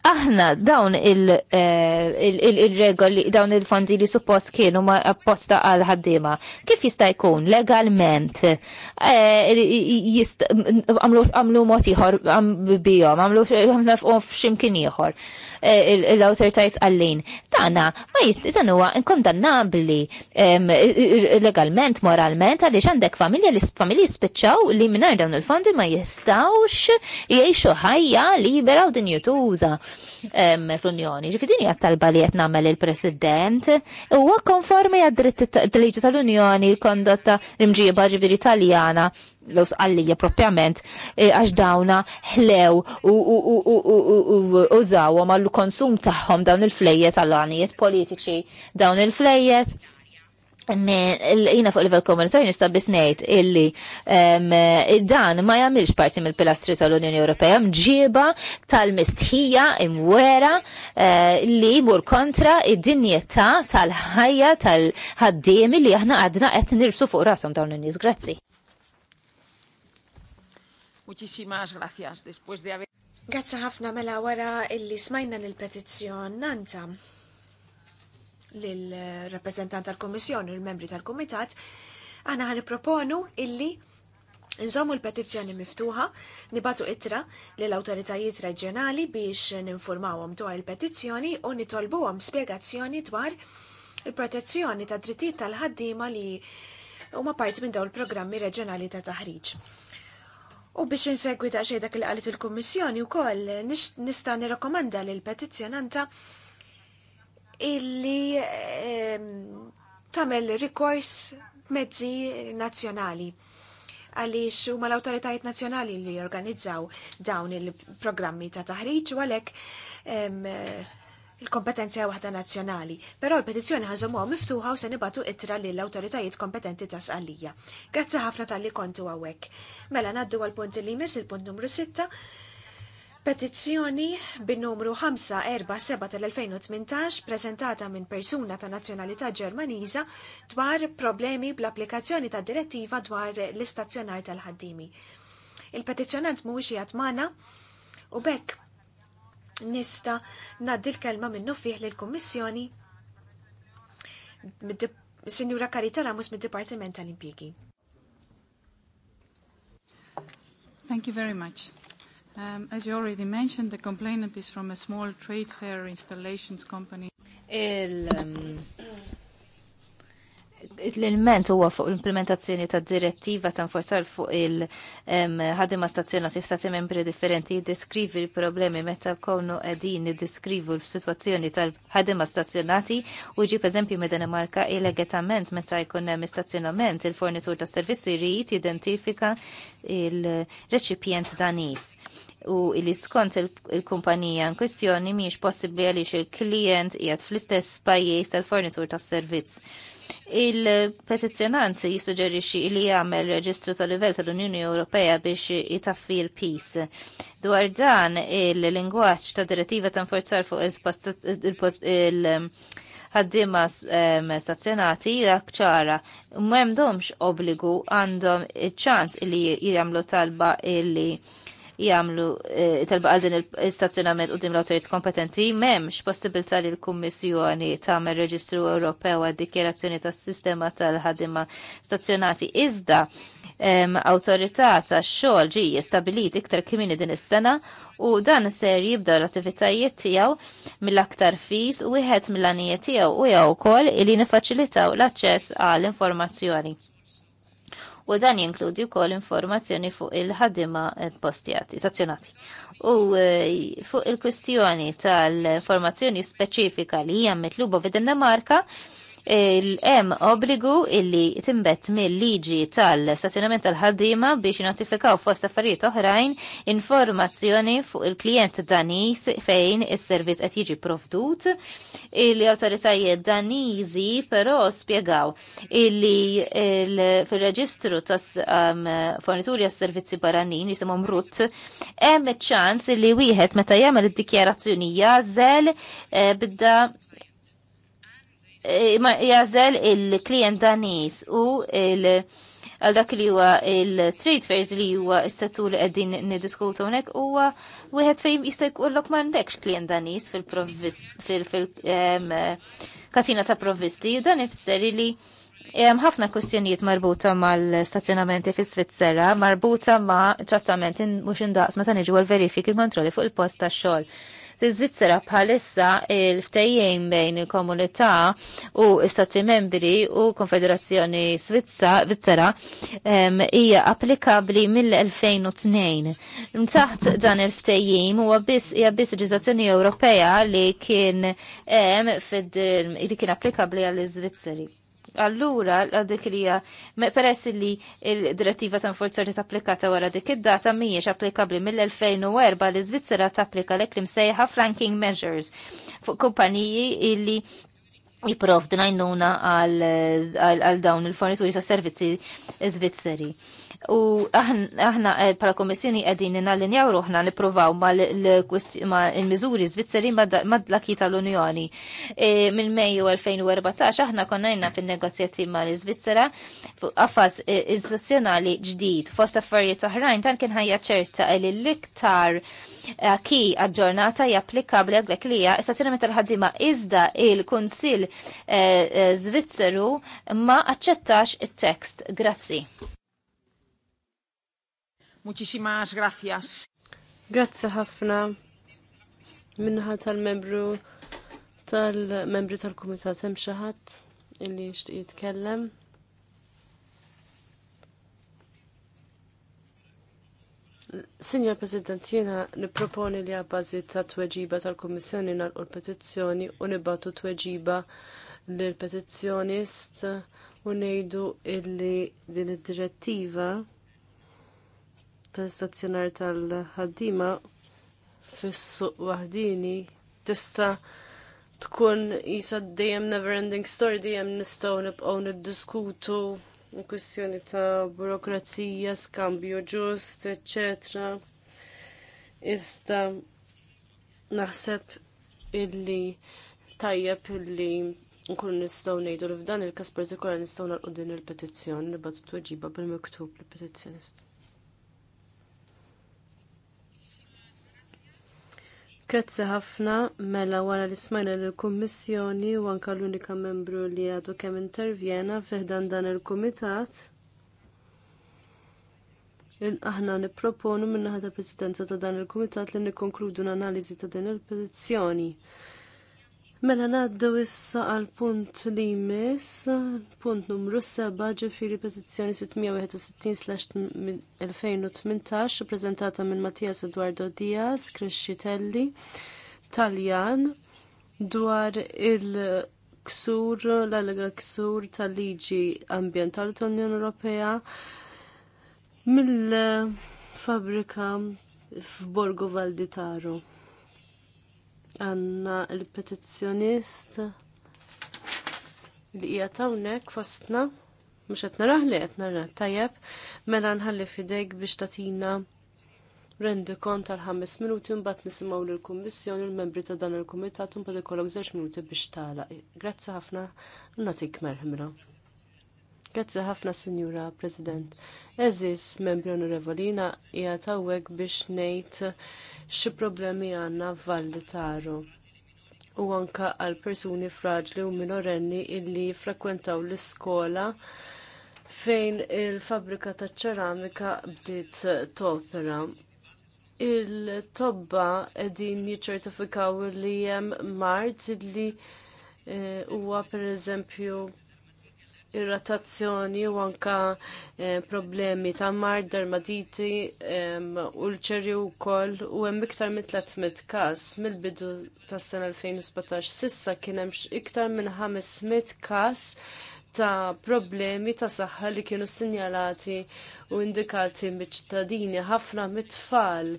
aħna dawn il-regoli, eh, dawn il-fondi li suppost kienu ma apposta għal ħaddima, kif jista' jkun legalment? Għamlu ieħor bijom, għamlu f'ximkien ieħor. Eh, l-autoritajt għallin. Tana, ma jist, dan huwa inkondannabli legalment, moralment, għaliex għandek familja li familji spiċċaw li minnar dawn il-fondi ma jistawx jiexu ħajja libera u din jutuża fl-Unjoni. Ġifidini għattalba li jtnamel il-President, huwa konformi għad-dritti tal-Unjoni kondotta l-imġiba ġifiri Taljana l għallija propjament e, għax dawna ħlew u użawhom għall konsum tagħhom dawn il-flejjes għall għanijiet politiċi dawn il-flejjes jina fuq livell komunitarju nista' bisnejt ngħid illi dan ma jagħmilx parti mill-pilastri tal-Unjoni Ewropea mġieba tal-mistħija imwera e, li jmur kontra id-dinjetà tal-ħajja tal-ħaddiemi li aħna għadna qed nirsu fuq rashom dawn in-nies. Grazzi. Muchísimas gracias. Después de haber... Grazie ħafna mela wara illi smajna l-petizzjon nanta l-rappresentant tal u l-membri tal-Komitat, għana għan proponu illi nżommu l-petizzjoni miftuħa, nibatu itra l-autoritajiet reġjonali biex ninformawhom dwar il-petizzjoni u nitolbuhom spjegazzjoni dwar il-protezzjoni ta' drittijiet tal-ħaddiema li huma parti minn dawn il-programmi reġjonali ta' taħriġ. U biex insegwita ta' xejda li għalit il-Kummissjoni wkoll nista' nirrakkomanda l petizzjonanta illi ehm, tagħmel rikors mezzi nazzjonali għaliex huma l-awtoritajiet nazzjonali li jorganizzaw dawn il-programmi ta' taħriġ u għalhekk ehm, il-kompetenza waħda nazzjonali, però l-petizzjoni ħażomuha miftuħa u se nibatu ittra lill awtoritajiet kompetenti ta' sqallija. Grazzi ħafna tal-li kontu hawnhekk. Mela naddu għal punt li jmiss il-punt numru 6 Petizzjoni bin-numru 547 tal-2018 prezentata minn persuna ta' nazzjonalità Ġermaniża dwar problemi bl-applikazzjoni ta' direttiva dwar l-istazzjonar tal-ħaddimi. Il-petizzjonant mhuwiex jgħat Mana u bekk nista naddi l-kelma minnu fih l-Kommissjoni Sinjura Karita Ramos mid-Dipartiment tal-Impjegi. Thank you very much. Um, as you already mentioned, the complainant is from a small trade fair installations company. Il, um, l element huwa fuq l-implementazzjoni ta' direttiva ta' nforsar fuq il-ħadima stazzjonati f'stati membri differenti jiddeskrivi l-problemi meta konu edin diskrivu l-situazzjoni tal-ħadima stazzjonati u ġib eżempju me Danimarka il-legetament meta jkun hemm istazzjonament il-fornitur ta' servizzi jrid jidentifika il-reċipjent danis u li skont il-kumpanija in kwestjoni miex possibbli għaliex il-klient qiegħed fl-istess pajjiż tal-fornitur tas-servizz il petizjonanti jissuġġerixxi li jagħmel reġistru tal livell tal-Unjoni Ewropea biex jitaffi l-peace. Dwar dan il-lingwaġġ ta' direttiva ta' nforzar fuq il ħaddima ehm, stazzjonati jgħak ċara Mwemdomx obbligu għandhom iċ-ċans li jagħmlu talba illi Jamlu eh, talba għal din il-stazzjonament dim l autorit kompetenti m'hemmx possibilità li l-Kummissjoni tagħmel Reġistru Ewropew għad dikjerazzjoni tas-sistema tal-ħadima stazzjonati iżda awtorità tax-xogħol ġi stabilit iktar kimini din is-sena u dan ser jibda l-attivitajiet tiegħu mill-aktar fis u wieħed mill-għanijiet tiegħu u jew ukoll li nifaċilitaw l-aċċess għall informazzjoni u dan jinkludi wkoll informazzjoni fuq il-ħadima postjati, stazzjonati. U e, fuq il-kwistjoni tal-informazzjoni speċifika li hija mitluba fid marka, Hemm obbligu illi timbet mill-liġi tal-stazzjonament tal-ħaddiema biex notifikaw fost affarijiet oħrajn informazzjoni fuq il-klient Danis fejn is-servizz qed jiġi provdut. Il-awtoritajiet Daniżi però spjegaw illi fil-reġistru tas-fornituri um, għas-servizzi barranin jisimhom RUT hemm ċans li wieħed meta jagħmel id-dikjarazzjoni jażel eh, bidda Eh, jażel il-klient danis u il- għal dak li huwa il-trade fairs li huwa s-settur li qegħdin niddiskutu hawnhekk huwa wieħed fejn jista' jkollok m'għandekx klient danis fil-katina ta' provvisti, dan ifisseri li Hemm ħafna kwestjonijiet marbuta mal-stazzjonamenti fi Svizzera, marbuta ma' trattamenti mhux indaqs meta niġu għal verifiki kontrolli fuq il-post tax-xogħol. L-Iżvizzera bħalissa il-ftejjejn bejn il-komunità u stati membri u Konfederazzjoni Svizzera hija applikabli mill-2002. Mtaħt dan il-ftejjim huwa biss hija biss leġiżlazzjoni Ewropea li kien li kien applikabli għall-Iżvizzeri. Allura, dik li hija peress li l-direttiva ta' forza li tapplikata wara dik id-data mhijiex applikabbli mill-2004 li Svizzera tapplika l-eklim sejħa flanking measures fuq kumpaniji illi jiprofdu għajnuna għal dawn il-fornituri ta' servizzi Svizzeri. U aħna eh, pala komissjoni għedin nallinjaw ruħna niprovaw ma l-mizuri Svizzeri ma d-laki tal-Unjoni. Minn Mejju 2014 aħna konnajna fin negozjati ma l-Svizzera għaffas e, istituzzjonali ġdid fost affarijiet oħrajn tan kien ħajja ċerta li l-iktar ki għadġornata japplikabli għaglek li hija tal-ħaddima iżda il-Kunsill Eh, eh, Zvizzeru ma aċċettax it-tekst. Grazzi. Muċisimas, grazzjas. Grazzi ħafna minnħal tal-membru tal-membri tal komitat hemm xi ħadd illi jixtieq jitkellem. Signor President, jiena niproponi li għabbażi ta' tweġiba tal-Kommissjoni nalqu l-petizzjoni u nibbatu tweġiba l-petizzjonist u ngħidu illi din id-direttiva tal-istazzjonar tal-ħaddima fis-suq waħdini tista' tkun isa dejjem never ending story dejjem nistgħu nibqgħu niddiskutu Kwestjoni ta' burokrazija, skambju ġust, etc. Iżda naħseb illi tajjeb illi nkunu nistgħu ngħidu li f'dan il-każ partikolari nistgħu nagħqu din il-petizzjoni li bagħtu tweġiba bil-miktub l-petizzjonist. Grazzi ħafna mela wara li smajna l-Kummissjoni u anka l-unika membru li għadu kemm intervjena fiħdan dan il-Kumitat. Aħna nipproponu min-naħa ta' Presidenza ta' dan il-Kumitat li nikkonkludu l-analiżi ta' din il-petizzjoni. il petizzjoni Mela naddu issa għal punt li jmiss, punt numru 7 ġifiri petizzjoni 661-2018 prezentata minn Mattias Eduardo Diaz, Crescitelli, Taljan, dwar il-ksur, l-allega ksur tal-liġi ambiental tal-Unjoni Ewropea mill-fabrika f'Borgo Valditaro għanna il-petizzjonist li hija hawnhekk fostna mhux qed narah li qed narah tajjeb mela nħalli fidejk biex tatina rendi kont tal-ħames minuti mbagħad nisimgħu lill-Kummissjoni l membri ta' dan il-Kumitat u mbagħad ikollok żewġ minuti biex tagħlaq. Grazzi ħafna nagħtik merħimra. Grazzi ħafna, Sinjura President. Eżis, membri onorevolina, hija tawwek biex ngħid xi problemi għandna f'Valli Taru u anka għal persuni fraġli u minorenni illi frekwentaw l-iskola fejn il-fabrika ta' ċeramika bdiet topera. Il-tobba edin jiċertifikaw li jem mart illi eh, huwa pereżempju. per eżempju irratazzjoni u anka eh, problemi ta' mar, dermatiti, ulċeri u koll u hemm iktar minn 300 każ mill-bidu tas sena 2017 sissa kien hemm iktar minn 500 każ ta' problemi ta' saħħa li kienu sinjalati u indikati miċ-ċittadini ħafna mit-tfal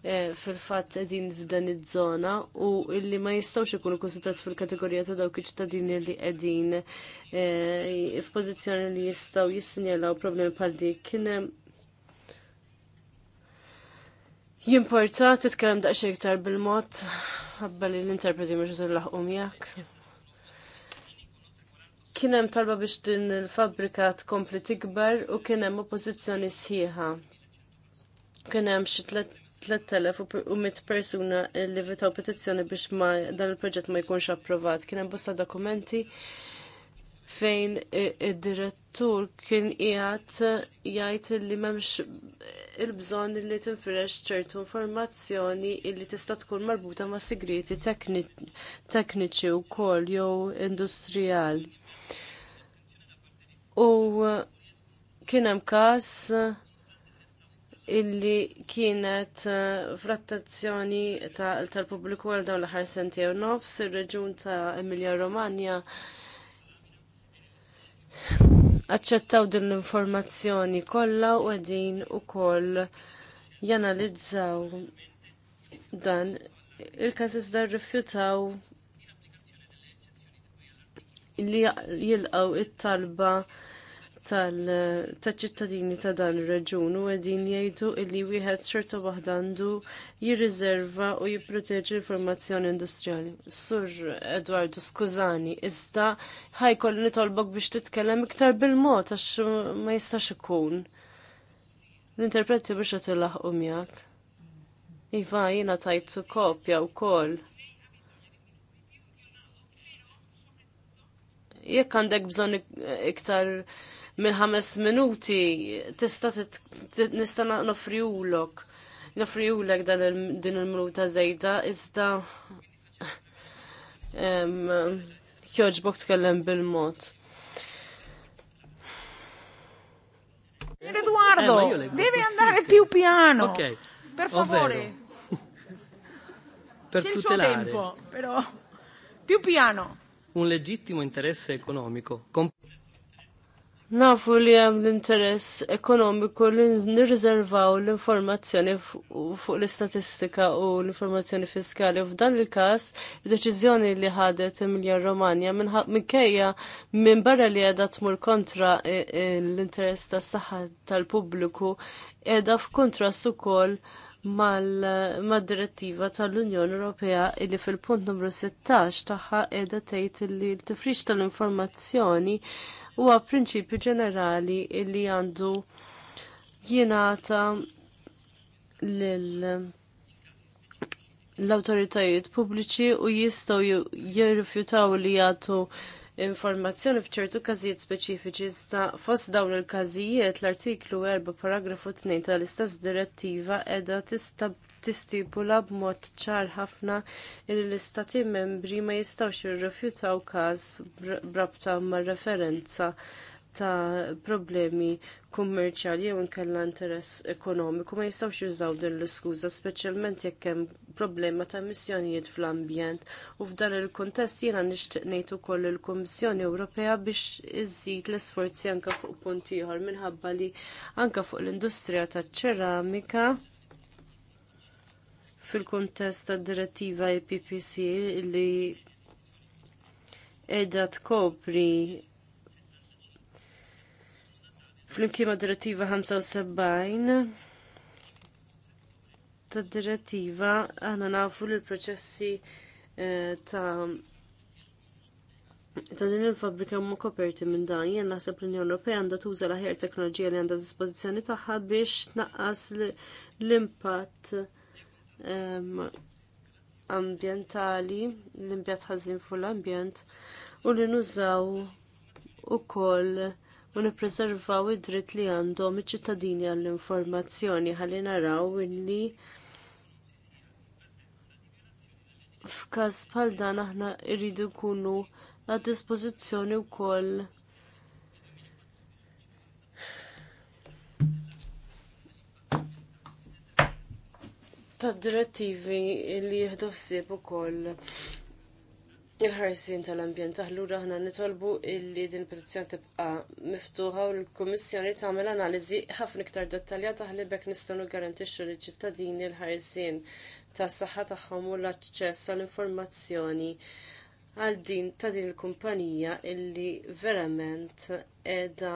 Eh, fil-fatt qegħdin f'dan iż-żona u illi ma jistgħux ikunu konsidrat fil-kategorija ta' dawk iċ ċittadin li qegħdin eh, f'pożizzjoni li jistgħu jissinjalaw problemi bħal dik. Kien hemm jimporta titkellem daqs iktar bil-mod ħabba li l-interpreti mhux se laħqu miegħek. Kien hemm talba biex din il-fabrika tkompli tikbar u kien hemm oppożizzjoni sħiħa. Kien hemm xi tliet 3,100 persuna li vitaw petizzjoni biex ma dan il-proġett ma jkunx approvat. Kien hemm bosta dokumenti fejn id-direttur kien jgħat jgħid li m'hemmx il-bżonn li tinfirex ċertu informazzjoni li tista' tkun marbuta ma' sigriti tekniċi wkoll jew industrijali. U kien hemm każ illi kienet eh, frattazzjoni tal-pubbliku għal dawn l-ħar senti u nofs ir-reġun ta' Emilia Romagna aċċettaw din l-informazzjoni kollha u u ukoll janalizzaw dan il-każ iżda rrifjutaw li jilqgħu it-talba tal-ċittadini ta' dan ir-reġun u qegħdin jgħidu li wieħed xorta waħda għandu jirriserva u jipproteġi l-informazzjoni industrijali. Sur Edwardu, skużani, iżda ħajkoll nitolbok biex titkellem iktar bil-mod għax ma jistax ikun. L-interpreti biex qed ilaħqu miegħek. Iva, jiena tajtu kopja wkoll. Jekk għandek bżonn iktar ik minn ħames minuti tista' nista' nofriulok nofriwlek dan din il-minuta żejda iżda jogħġbok tkellem bil-mod. Eduardo, eh, devi andare più piano. Ok. Per favore. per C'è il suo tempo, però più piano. Un legittimo interesse economico. Nafu li hemm l-interess ekonomiku li nirriservaw l-informazzjoni fuq l-istatistika u l-informazzjoni fiskali. U f'dan il-każ, id-deċiżjoni li ħadet Emilia Romagna kajja minn barra li qiegħda tmur kontra l-interess tas-saħħa tal-pubbliku qiegħda f'kontrast ukoll mal-direttiva tal-Unjoni Ewropea illi fil-punt numru 16 tagħha qiegħda tgħid li l-tifrix tal-informazzjoni huwa prinċipju ġenerali illi għandu jingħata l-autoritajiet pubbliċi u jistgħu jirrifjutaw li jagħtu informazzjoni f'ċertu każijiet speċifiċi sta' fost dawn il-każijiet l-artiklu 4 paragrafu 2 tal-istess direttiva qiegħda tistipula b'mod ċar ħafna li l-istati membri ma jistawx jirrifjutaw każ brabta ma' referenza ta' problemi kummerċali jew inkella interess ekonomiku ma jistawx jużaw din l-iskuża speċjalment jekk hemm problema ta' emissjonijiet fl-ambjent u f'dan il-kuntest jiena nixtieq ngħid ukoll il-Kummissjoni Ewropea biex iżid l-isforzi anke fuq punti ieħor minħabba li anke fuq l-industrija taċ-ċeramika fil-kontest tad direttiva IPPC e li edha tkopri fl-imkiema direttiva 75 ta' direttiva għana nafu li l-proċessi eh, ta' Ta' din il-fabrika mu koperti minn dan, jien naħseb l-Unjoni Ewropea għandha tuża l-aħjar teknoloġija li għandha dispożizzjoni tagħha biex tnaqqas l-impatt ambjentali l-imbjat ħażin fuq l-ambjent, u li nużaw ukoll u nipreservaw id-dritt li għandhom iċ-ċittadini għall-informazzjoni ħalli naraw illi f'każ bħal dan aħna iridu kunu għad dispożizzjoni wkoll ta' direttivi li jieħdu ħsieb ukoll il-ħarsin tal-ambjent Taħlu aħna nitolbu illi din petizzjoni tibqa miftuħa u l-Kummissjoni tagħmel analiżi ħafna iktar dettaljata ħalli bekk nistgħu niggarantixxu liċ ċittadini l-ħarsin tas-saħħa tagħhom u l-aċċess għall-informazzjoni għal din ta' din il-kumpanija illi verament qiegħda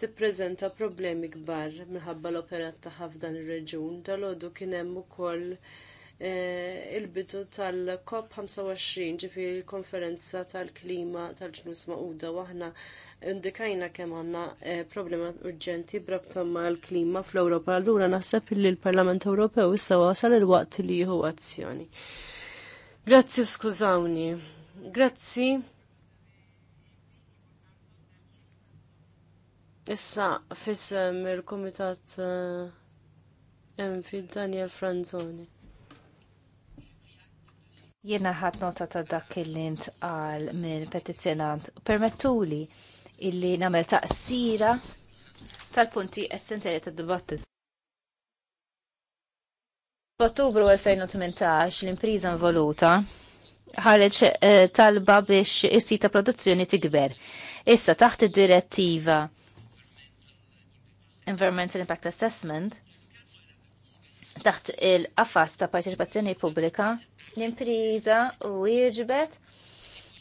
tippreżenta problemi kbar minħabba l-operat tagħha f'dan ir-reġun. Dalodu kien hemm ukoll eh, il-bidu tal-COP25 ġifi l-konferenza tal-klima tal-ġnus maquda waħna indikajna kemm għandna eh, problema urġenti brabta mal klima fl-Ewropa. Allura naħseb li l-Parlament Ewropew issa wasal il-waqt li jieħu azzjoni. Grazzi skużawni. Grazzi Issa fissem il-Komitat Enfi eh, Daniel Franzoni. Jiena ħat nota ta' dak li ntqal minn petizzjonant. Permettuli illi nagħmel taqsira tal-punti essenzjali ta' dibattit F'Ottubru 2018 l-impriża involuta ħareġ eh, talba biex is-sita produzzjoni tikber. Issa taħt id-direttiva Environmental Impact Assessment taħt il-qafas ta' parteċipazzjoni pubblika l-impriża u jieġbet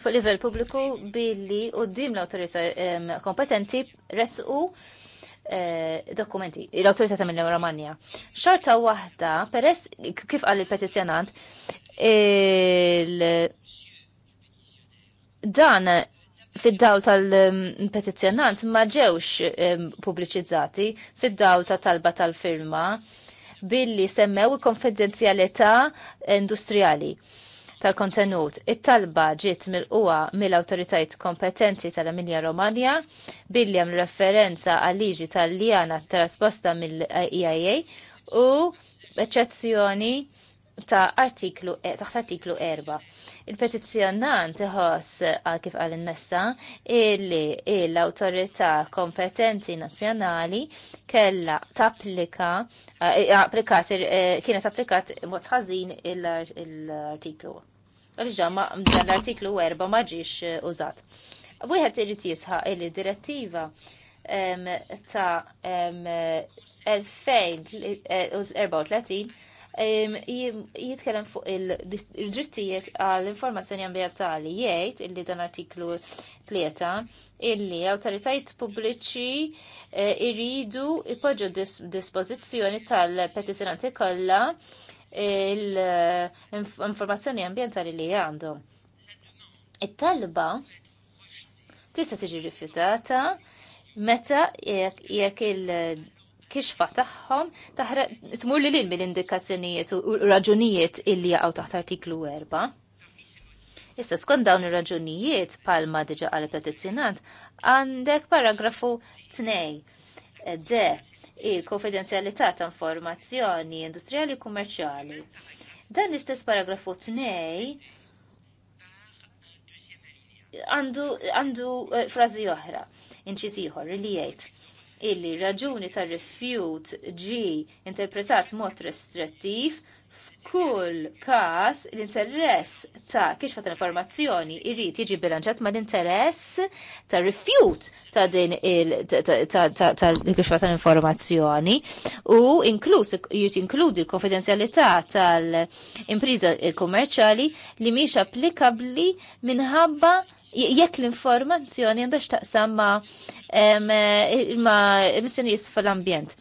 fuq livell pubbliku billi u dim l-autorità kompetenti resqu eh, dokumenti, l-autorità ta' mill romanja Xorta waħda, peress kif għal il-petizjonant, dan fid-dawl tal-petizjonant um, ma ġewx um, pubbliċizzati fid-dawl ta' talba tal-firma billi semmew konfidenzjalità industrijali tal-kontenut. It-talba ġiet mill-qwa mill-autoritajt kompetenti tal-Emilia Romagna billi għam referenza għal-liġi tal-lijana trasposta mill-IIA u eccezzjoni ta' artiklu e, taħt artiklu 4. Il-petizzjonant iħoss għal kif għal nessa illi l-autorità kompetenti nazzjonali kella tapplika eh, eh, applikat eh, kienet applikat mod ħażin l-artiklu. Għal-ġamma l-artiklu 4 ma ġiex użat. Wieħed irid jisħaq illi direttiva ta' 2034 jitkellem fuq il-drittijiet għall-informazzjoni ambientali jgħid illi dan artiklu tlieta illi awtoritajiet pubbliċi eh, iridu ipoġġu dispożizzjoni tal-petizjonanti kollha l-informazzjoni ambientali li għandhom. It-talba tista' tiġi rifjutata meta jekk il- kixfa tagħhom taħra tmur li lil mill-indikazzjonijiet u raġunijiet illi jaqgħu taħt artiklu 4. Issa skont dawn ir-raġunijiet palma diġa għal petizzjonant għandek paragrafu 2 de il-konfidenzjalità ta' informazzjoni industrijali u kummerċjali. Dan l-istess paragrafu 2 għandu, għandu eh, frażi oħra, inċis ieħor li jgħid illi raġuni tar rifjut ġi interpretat mod restrettiv f'kull każ l-interess ta' kixfa tal-informazzjoni jrid jiġi bilanċat ma' l-interess ta' rifjut ta' din il-kixfa tal-informazzjoni u inkluż jirt inkludi l-konfidenzjalità tal-impriża kummerċjali li mhix applikabbli minħabba jekk l-informazzjoni għandax taqsam ma, ma emissjonijiet fl-ambjent.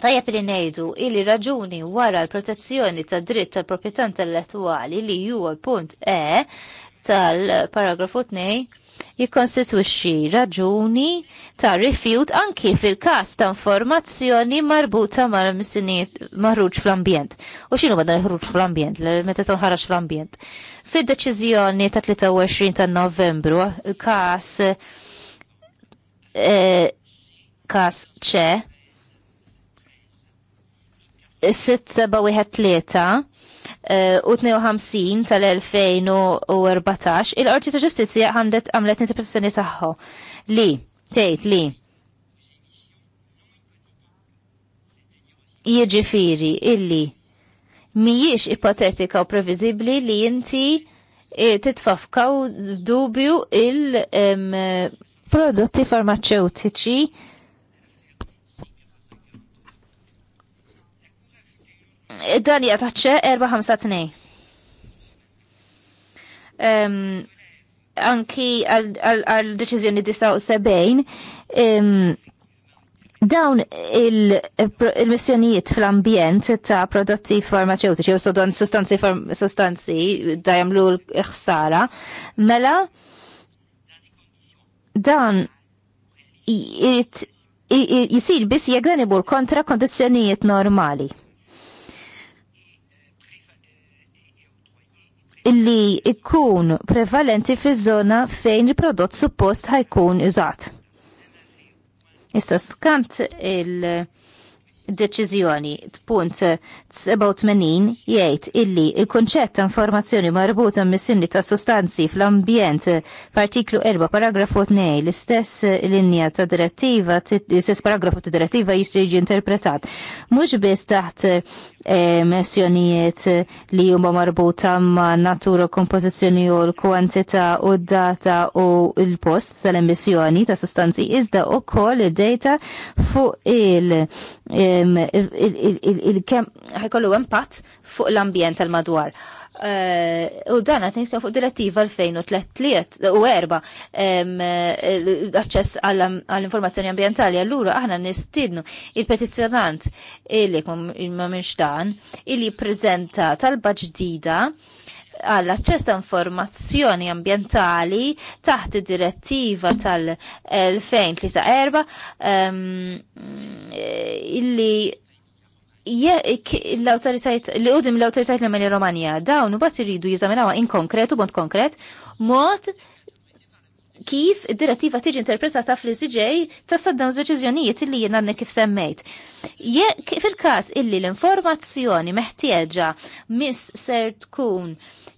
Tajjeb li ngħidu illi raġuni wara l-protezzjoni tad dritt tal-proprjetà intellettwali li huwa l-punt E tal-paragrafu 2 jikkonstitwixxi raġuni ta' rifjut anki fil-każ ta' informazzjoni marbuta mal-missinijiet maħruġ fl-ambjent. U x'inhu ma dan il-ħruġ fl-ambjent, meta tonħarax fl-ambjent. Fid-deċiżjoni ta' 23 ta' Novembru, każ każ ċe 6 Eh, u 52 tal-2014 il-Qorti ta' Ġustizzja għamlet interpretazzjoni tagħha li tgħid li jiġifieri illi mhijiex ipotetika u previżibbli li inti eh, titfafkaw dubju il-prodotti eh, farmaceutiċi Dan hija taċċe 452. anki għal deċiżjoni 79 dawn il-missjonijiet il missjonijiet fl ambjent ta' prodotti farmaceutiċi u sodan sostanzi, sostanzi dajamlu l-ħsara, mela dan jisir bis jek dan ibur kontra kondizjonijiet normali. illi ikun prevalenti fi zona fejn il-prodott suppost ħajkun użat. Issa skant il- deċiżjoni punt 87 jgħid illi il-konċett ta' informazzjoni marbuta mis-sinni ta' sostanzi fl-ambjent f'artiklu 4 paragrafu 2 l-istess linja ta' direttiva l-istess paragrafu ta' direttiva jista' jiġi interpretat mhux biss taħt eh, messjonijiet li huma marbuta ma' natura kompożizzjoni u l-kwantità u d-data u l-post tal-emissjoni ta' sostanzi iżda wkoll id-data fuq il- eh, il-kem ħajkollu impatt fuq l-ambjent tal-madwar. Eh, u dan għatni nitka fuq direttiva 2003 u erba l-access għall-informazzjoni ambientali għallura aħna nistidnu il-petizjonant il-jek ma minx dan il-li prezenta talba ġdida għall aċċess ta' informazzjoni ambientali taħt id-direttiva tal-2003 ehm, illi l-autoritajt li udim l-autoritajt l-Emeni Romania dawn u bat iridu jizaminawa in konkret u bont konkret mod kif id-direttiva tiġi interpretata fl-ICJ ta' dawn deċiżjonijiet illi jien kif semmejt. Fil-każ illi l-informazzjoni meħtieġa miss ser tkun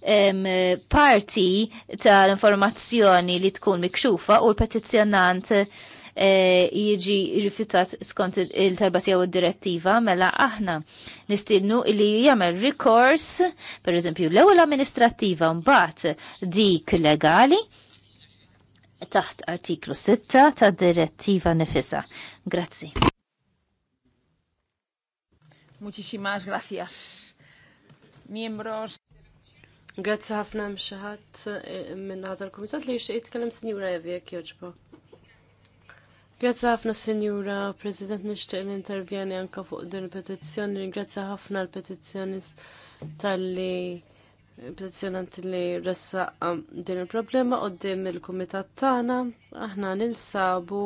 parti tal-informazzjoni li tkun mikxufa u l-petizzjonant eh, jiġi rifjutat skont il-talba tiegħu id-direttiva mela aħna nistinnu li jagħmel rikors, per eżempju, l-ewwel amministrattiva mbagħad dik legali taħt artiklu 6 ta' direttiva nifisa. Grazzi. Muchísimas gracias. Miembros. Grazzi ħafna mxaħat eh, minn ħatar komitat li jixtieq jitkellem Sinjura Evie jekk Grazzi ħafna Sinjura President nixtieq l-intervjeni anka fuq din il-petizzjoni. Grazzi ħafna l-petizzjonist tal-li petizjonanti li ressa din il-problema dim il-kumitat tagħna aħna nilsabu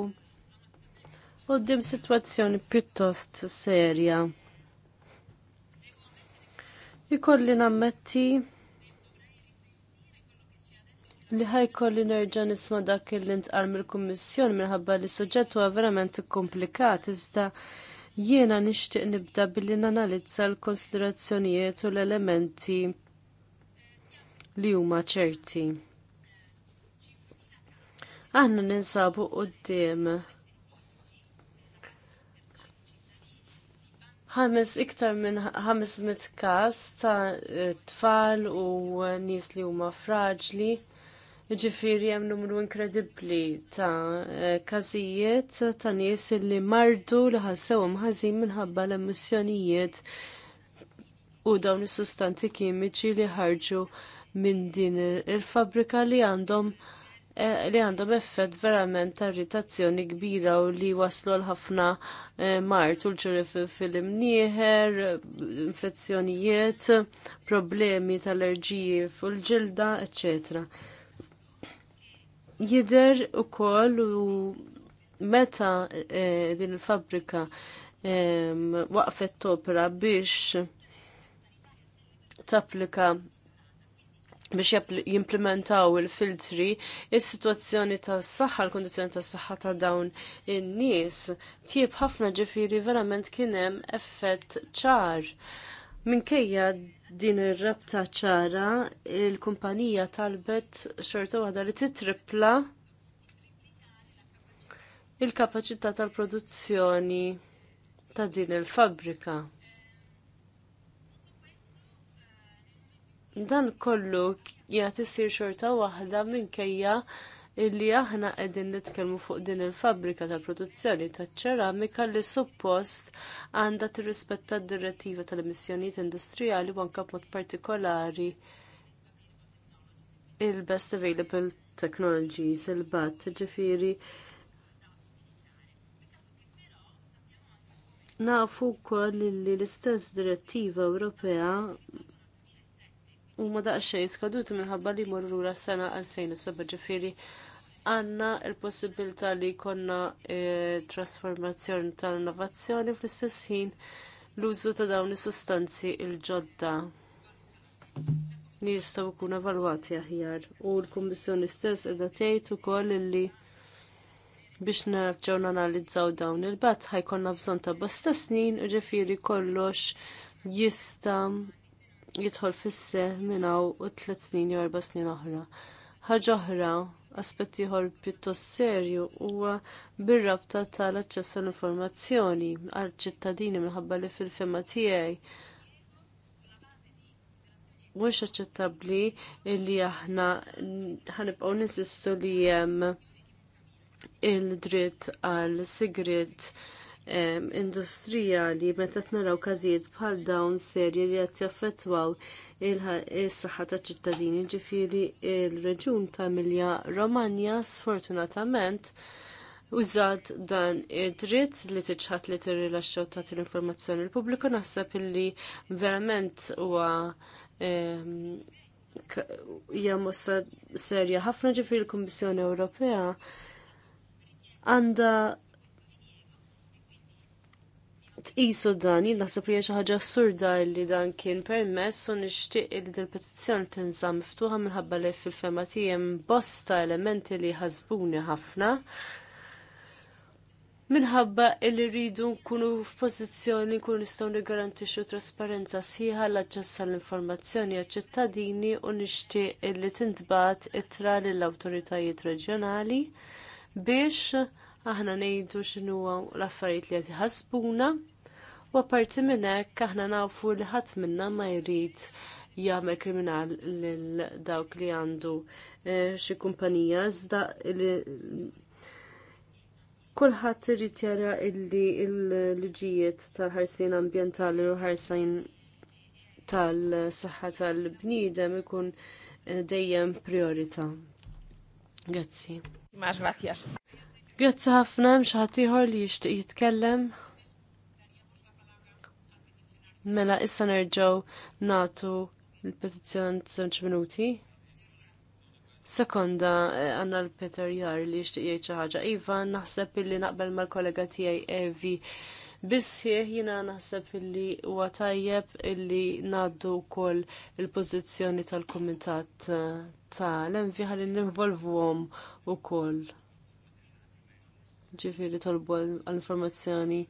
dim sitwazzjoni pjuttost serja. Ikolli nammetti li ħajkolli nerġa' nisma' dak li ntqal mill-Kummissjoni minħabba li suġġett huwa verament komplikat iżda jiena nixtieq nibda billi nanalizza l-konsiderazzjonijiet u l-elementi li huma ċerti. Aħna ninsabu quddiem ħames iktar minn ħames mit każ ta' tfal u nies li huma fraġli Ġifiri hemm numru inkredibbli ta' eh, każijiet ta' nies li mardu li ħassew ħażin minħabba l-emissjonijiet u dawn is-sustanzi kimiċi li ħarġu minn din il-fabrika li għandhom eh, li għandhom effett verament ta' irritazzjoni kbira u li waslu l-ħafna eh, mart u l-ġuri fil-imnieħer, infezzjonijiet, problemi tal-erġiji fil-ġilda, eccetera. Jider u koll u meta e, din il-fabrika e, waqfet topra biex tapplika biex jimplementaw il-filtri, il-situazzjoni ta' s-saxħa, l-kondizjoni ta' s-saxħa ta' dawn in-nies, tieb ħafna ġifiri verament kienem effett ċar. Minkejja din ir-rabta ċara, il-kumpanija talbet xorta waħda li titripla il-kapaċità tal-produzzjoni ta' din il-fabrika. Dan kollu jgħat isir xorta waħda minkejja illi aħna qegħdin nitkellmu fuq din il-fabrika ta' produzzjoni ta' ċeramika li suppost għandha tirrispetta d-direttiva tal-emissjonijiet industrijali u anke b'mod partikolari il-best available technologies, il-bat, ġifiri. Nafu kol li l-istess direttiva Ewropea u ma daqxej skaduti minħabba li morru la sena 2007 ġifiri għanna il-possibilità li jkollna e, trasformazzjoni tal-innovazzjoni fl-istess ħin l-użu ta' dawn is-sustanzi il-ġodda li jistgħu jkunu evalwati aħjar. U l-Kummissjoni stess qiegħda tgħid ukoll li biex nerġgħu nanalizzaw dawn il-bat ħajkonna bżonn ta' bosta snin, ġifieri kollox jista' jidħol fis-seħ minn hawn u tliet snin jew erba' snin oħra ħaġa oħra aspetti ieħor pjuttost serju huwa bir-rabta tal-aċċess għall informazzjoni għal ċittadini minħabba li fil-fema tiegħi mhux aċċettabbli li aħna ħanibqgħu ninsistu li hemm il-dritt għal sigrit Industrija li meta naraw każijiet bħal dawn serji li qed jaffettwaw is-saħħa taċ-ċittadini ġifieri il-reġun ta' Milja Romagna sfortunatament użat dan id-dritt li tiċħat li tirrilaxxaw ta' l-informazzjoni l-pubbliku naħseb li verament huwa hija mossa serja ħafna ġifieri l-Kummissjoni Ewropea għandha tqisu dan jien naħseb li xi ħaġa assurda li dan kien permess u nixtieq li din petizzjoni tinżam miftuħa minħabba li fil-fema tiegħem bosta elementi li ħasbuni ħafna minħabba li rridu nkunu f'pożizzjoni nkunu nistgħu nigarantixxu trasparenza sħiħa l-aċċess għall-informazzjoni għaċ-ċittadini u nixtieq li tintbagħat ittra lill-awtoritajiet reġjonali biex aħna ngħidu x'inhu l-affarijiet li qed ħasbuna U apparti minn hekk aħna nafu li ħadd minna ma jrid jagħmel kriminal lil dawk li għandu eh, xi kumpanija iżda li kulħadd irid jara illi l-liġijiet tal-ħarsien ambjentali u ħarsien tal-saħħa tal-bniedem ikun eh, dejjem priorità. Grazzi. Marrakjax. Grazzi ħafna, mxħatiħor li jixtieq jitkellem. Mela issa nerġaw natu l-petizjonant żewġ minuti. Sekonda, eh, għanna l-Peter Jar li xi ħaġa. Iva, naħseb illi naqbel mal-kollega tijaj Evi. Biss jina naħseb illi huwa tajjeb illi naddu kol il-pozizjoni tal-komitat eh, ta' l-envi ħalli ninvolvuhom u kol. Ġifiri tolbu għal-informazzjoni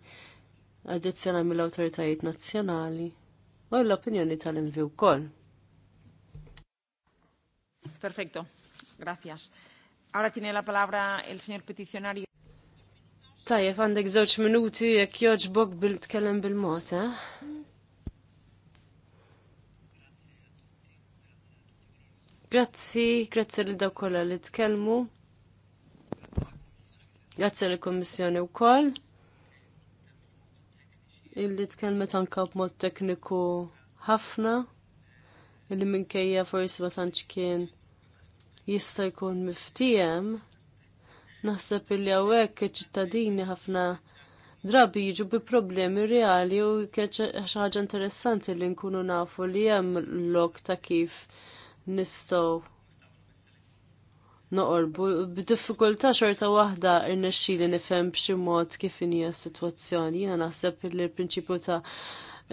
addizzjonali mill-awtoritajiet nazzjonali u l-opinjoni tal-invi wkoll. Perfetto, gracias. Ora tiene la palabra el signor peticionario. Tajjeb għandek żewġ minuti jekk joġbok bil tkellem bil-mod, eh? Grazzi, grazzi li daw kollha li tkellmu. Grazzi li kommissjoni wkoll illi tkellmet anka b'mod tekniku ħafna illi minkejja forsi ma tantx kien jista' jkun miftiem. Naħseb illi hawnhekk iċ-ċittadini ħafna drabi jiġu bi problemi reali u ħaġa interessanti li nkunu nafu li hemm lok ta' kif nistgħu noqorbu b'diffikultà xorta waħda rnexxieli nifhem b'xi mod kif inhi s-sitwazzjoni. Jiena naħseb li l-prinċipju ta'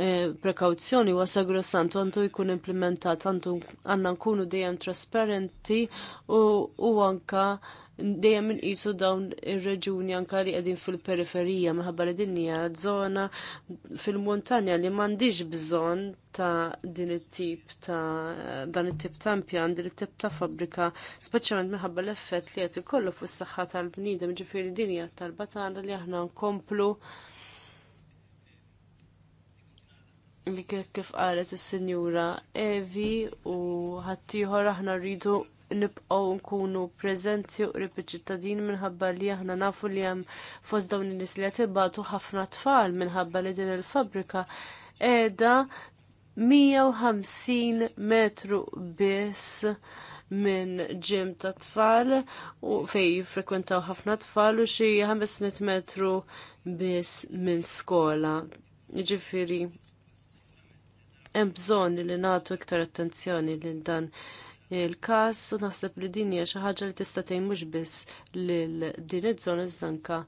eh, prekawzjoni huwa sagrosant għandu jkun implementat għandu għandna nkunu dejjem trasparenti u, anke. anka dejjem inqisu dawn ir-reġuni anke li qegħdin fil-periferija minħabba li din hija żona fil-montanja li m'għandix bżonn ta' din it-tip ta' dan it-tip ta' impjan, din it-tip ta' fabbrika, speċjalment minħabba l-effett li qed ikollu fis saħħa tal-bniedem, ġifieri din hija talba tagħna li aħna nkomplu li kif qalet is-Sinjura Evi u ħaddieħor aħna rridu nibqgħu nkunu preżenti u qrib iċ ċittadini minħabba li aħna nafu li hemm fost dawn in-nies li qed ibatu ħafna tfal minħabba li din il-fabrika qiegħda 150 metru biss minn ġim ta' tfal u fej frekwentaw ħafna tfal u xi 500 metru biss minn skola. Ġifiri, hemm bżonn li nagħtu iktar attenzjoni lil dan il-każ u naħseb li din hija xi ħaġa li tista' tgħin mhux biss lil din iż-żona iżda anke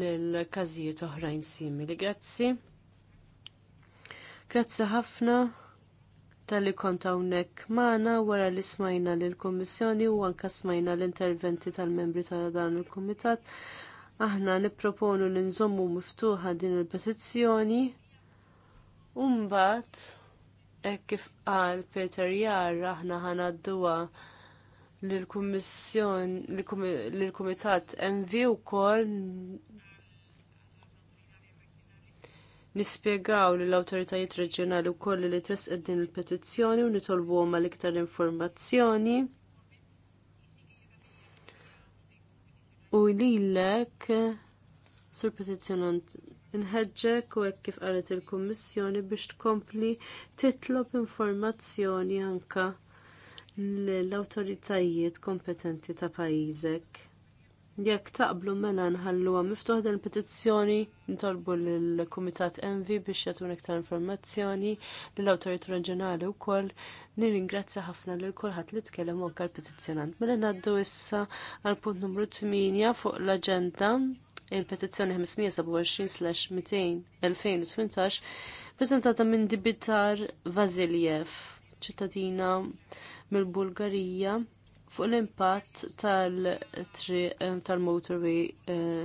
lil każijiet oħrajn simili. Grazzi. Grazzi ħafna tal-li kont hawnhekk magħna wara li smajna lill kummissjoni u anke smajna l-interventi tal-membri ta' dan il-kumitat. Aħna nipproponu li nżommu miftuħa din il-petizzjoni u mbagħad kif qal Peter Jar aħna ħanadduha l-Kummissjon l-Kumitat MV wkoll nispjegaw lill awtoritajiet reġjonali wkoll li tresqed din il-petizzjoni u nitolbuhom għal iktar informazzjoni. U lilek sur petizzjonant Nħeġġek u hekk kif qalet il-Kummissjoni biex tkompli titlob informazzjoni anka l-awtoritajiet kompetenti ta' pajjiżek. Jekk taqblu mela nħalluha miftuħ dan petizzjoni ntolbu lill-Kumitat Envi biex jagħtun iktar informazzjoni lill-Awtorit Reġjonali wkoll nirringrazzja ħafna lil kulħadd li tkellem u petizzjonant Mela ngħaddu issa għal punt numru 8 fuq l-aġenda il-petizzjoni 527/2018 prezentata minn Dibitar Vaziljev, ċittadina mill-Bulgarija, fuq l-impatt tal tal-motorway eh,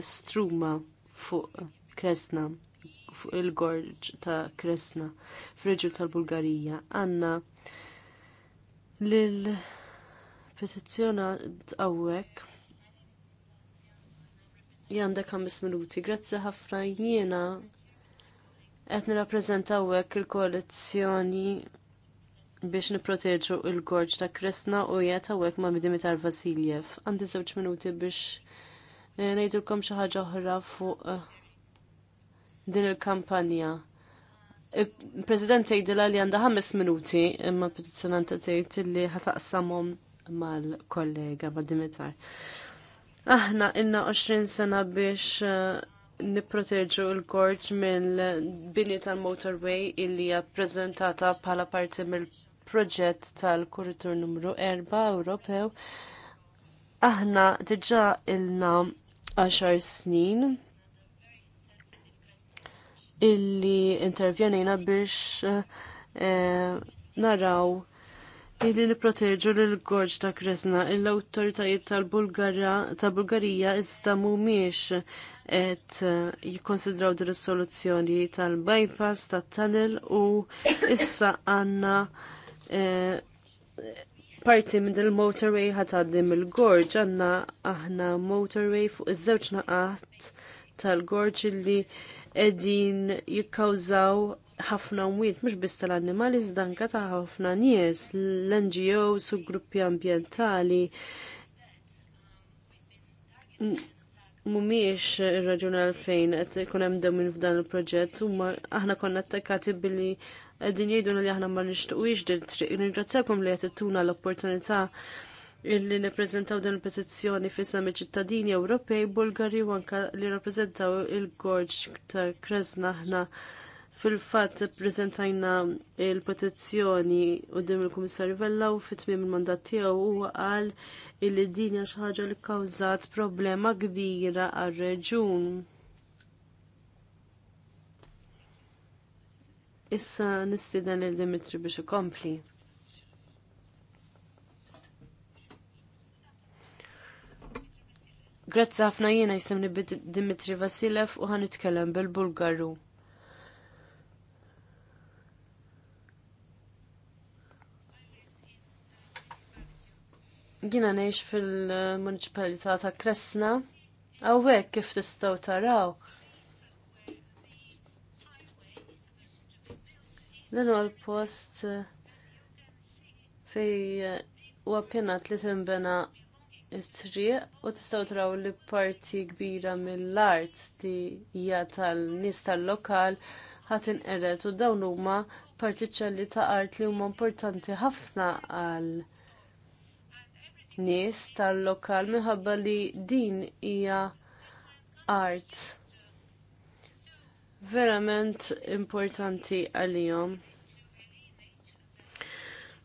struma fuq Kresna, fuq il-gorġ ta' Kresna, fil-reġjun tal-Bulgarija. Għanna lil petizzjona għawek għandek 5 minuti. Grazzi ħafna jiena qed nirrappreżentaw hekk il-koalizzjoni biex nipproteġu il-gorġ ta' Kresna u jgħet hawnhekk ma' Dimitar Vasiljev. Għandi żewġ minuti biex eh, ngħidulkom xi ħaġa oħra fuq eh, din il-kampanja. Il-President tgħidilha li għandha ħames minuti imma petizzjonanta tgħid li ħataqsamhom mal-kollega ma' Dimitar. Aħna inna 20 sena biex eh, nipproteġu l-gorġ mill-bini tal-motorway illi hija ppreżentata bħala parti mill-proġett tal-kuritur numru 4 Ewropew. Aħna diġà ilna 10 snin illi intervjenina biex eh, naraw Illi niproteġu l gorġ ta' Kresna, l-autoritajiet tal-Bulgarija ta' Bulgarija iżda mhumiex qed jikkonsidraw is-soluzzjoni tal-bypass ta' tunnel u issa għandna eh, parti minn il motorway ħataddim il-gorġ għanna aħna motorway fuq iż-żewġ naqat tal-gorġ illi edin jikkawżaw ħafna mwiet mhux biss tal-annimali iżda ta' ħafna nies, l-NGOs u gruppi ambjentali mumiex ir-raġun għalfejn qed ikun hemm f'dan il-proġett u aħna konna attakati billi qegħdin jgħiduna li aħna ma nixtuqux din triq. Ringrazzjakom li qed ittuna l-opportunità illi nippreżentaw din il-petizzjoni fissam il ċittadini Ewropej Bulgari u anka li rappreżentaw il-gorġ ta' Kresna aħna Fil-fatt prezentajna il-petizzjoni u dim il-Kummissarju Vella u fit tmim il-mandat tiegħu huwa qal illi din hija xi ħaġa li kkawżat problema kbira għar-reġun. Issa nistieden lil Dimitri biex ikompli. Grazzi ħafna jiena jisimni Dimitri Vasilev u ħanitkellem bil-Bulgaru. Għina neħx fil-municipalità ta' Kresna, għawek kif tistaw taraw. Dan huwa l-post eh, fej eh, u appjena li timbena it-triq u tistaw taraw li parti kbira mill-art li hija tal-nies tal-lokal ħat eret u dawn huma partiċelli ta' art li huma importanti ħafna għal nies tal-lokal minħabba li din hija art verament importanti għalihom.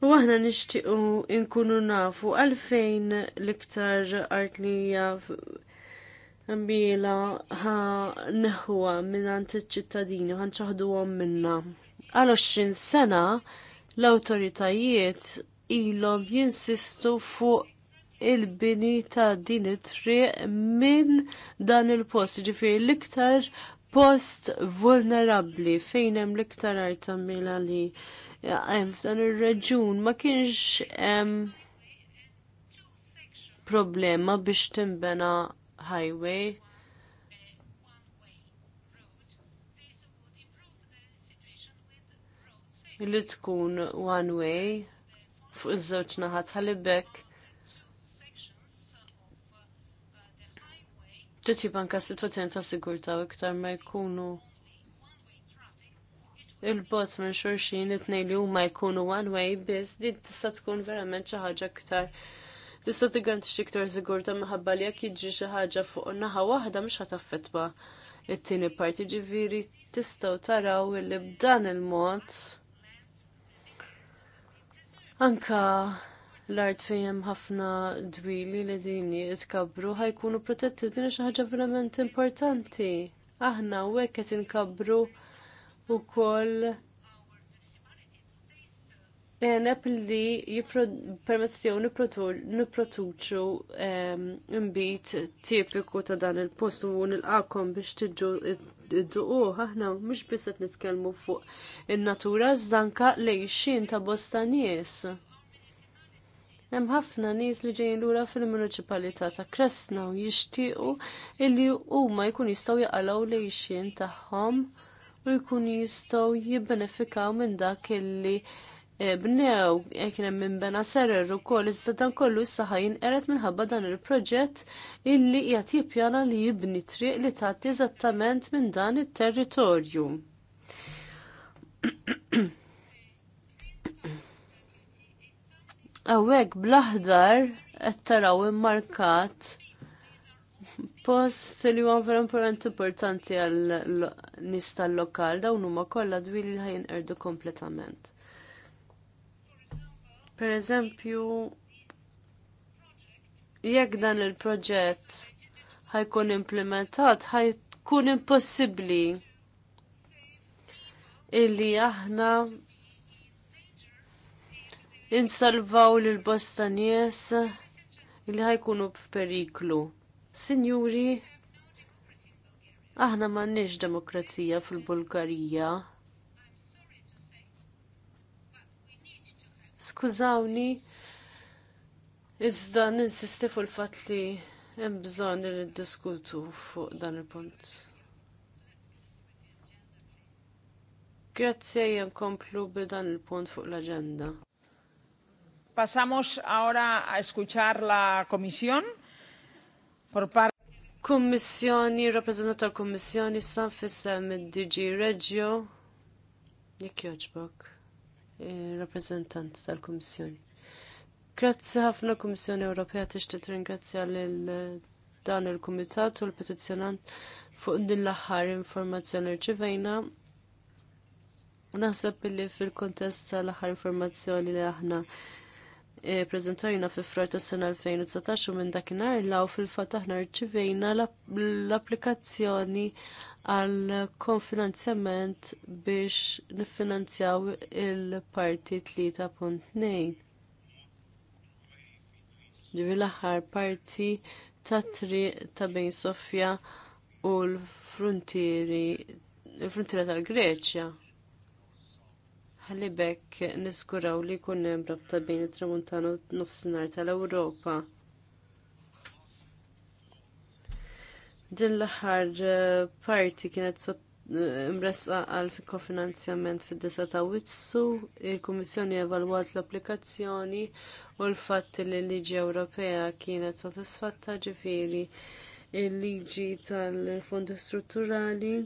U aħna nixtiequ inkunu nafu għalfejn l-iktar art li hija mbila ħa neħwa minnant iċ-ċittadini u ħanċaħduhom minna. Għal 20 sena l-awtoritajiet ilhom jinsistu fuq il-bini ta' din it-triq minn dan il-post, ġifiri l-iktar post vulnerabli fejn hemm l-iktar art mela li hemm f'dan ir-reġun ma kienx hemm problema biex timbena highway. li tkun one way fuq iż-żewġ naħat ħalibek titjib anka situazzjoni ta' sigurta u iktar ma jkunu il-bot minn xurxin it-nej li huma jkunu one way biss di tista' tkun verament xi ħaġa iktar tista' xi iktar sigurta minħabba li jekk jiġri xi ħaġa fuq naħa waħda mhux ħataffetwa it-tieni parti ġifieri tistgħu taraw li b'dan il-mod anka l-art fejjem ħafna dwili li din jitkabru ħajkunu protetti din xi ħaġa verament importanti. Aħna u hekk qed inkabru wkoll Enep li permezz tiegħu nipproduċu ehm, mbit tipiku ta' dan il-post u nilqakom biex tiġu id-duqu, aħna mux biss qed nitkellmu fuq in-natura żdanka lejxin ta' bosta nies. Hemm ħafna nies li ġejjin lura fil-municipalità ta' Kresna u jixtiequ illi huma jkun jistgħu jaqalgħu lejxin tagħhom u jkun jistgħu jibbenefikaw minn dak illi eh, bnew kien hemm minbena serer ukoll iżda dan kollu issa ħajin qeret minħabba dan il-proġett illi qiegħed jippjana li jibni triq li tagħti eżattament minn dan it-territorju. Awek blaħdar qed taraw immarkat post li huwa verament importanti għal nies tal-lokal dawn huma kollha dwili li ħajinqerdu kompletament. Per eżempju, jekk dan il-proġett ħajkun implementat, ħajkun impossibbli illi aħna insalvaw lil bosta nies li ħajkunu f'periklu. Sinjuri, aħna m'għandniex demokrazija fil-Bulgarija. Skużawni, iżda ninsisti fuq il-fatt li hemm bżonn li niddiskutu fuq dan il-punt. Grazie għajem komplu b'dan il-punt fuq l-agenda. Pasamos ahora a escuchar la comisión por parte Kummissjoni, rappresentant tal-Kummissjoni san fissem DG Reggio, jekk joġbok, eh, rappresentant tal-Kummissjoni. Grazzi ħafna Kummissjoni Ewropea tixtieq ringrazzja lil eh, dan il-Kumitat u l-petizzjonant fuq din l-aħħar informazzjoni rċivejna Naħseb li fil-kontest tal-aħħar informazzjoni li aħna prezentajna fi frar ta' sena 2019 u minn dakinhar law fil-fatt aħna rċivejna l-applikazzjoni għal konfinanzjament biex niffinanzjaw il-parti 3.2. Ġivi l-aħħar parti ta' tri ta' bejn Sofja u l-frontieri l-frontiera tal-Greċja ħalli bekk niskuraw li jkun hemm rabta bejn it-tramuntana u nofsinhar tal-Ewropa. Din l-aħħar eh, parti kienet eh, imresqa għal kofinanzjament fid-disa ta' Witsu, il-Kummissjoni evalwat l-applikazzjoni u l-fatt li l-Liġi Ewropea kienet sodisfatta ġifieri il-liġi tal-fondi strutturali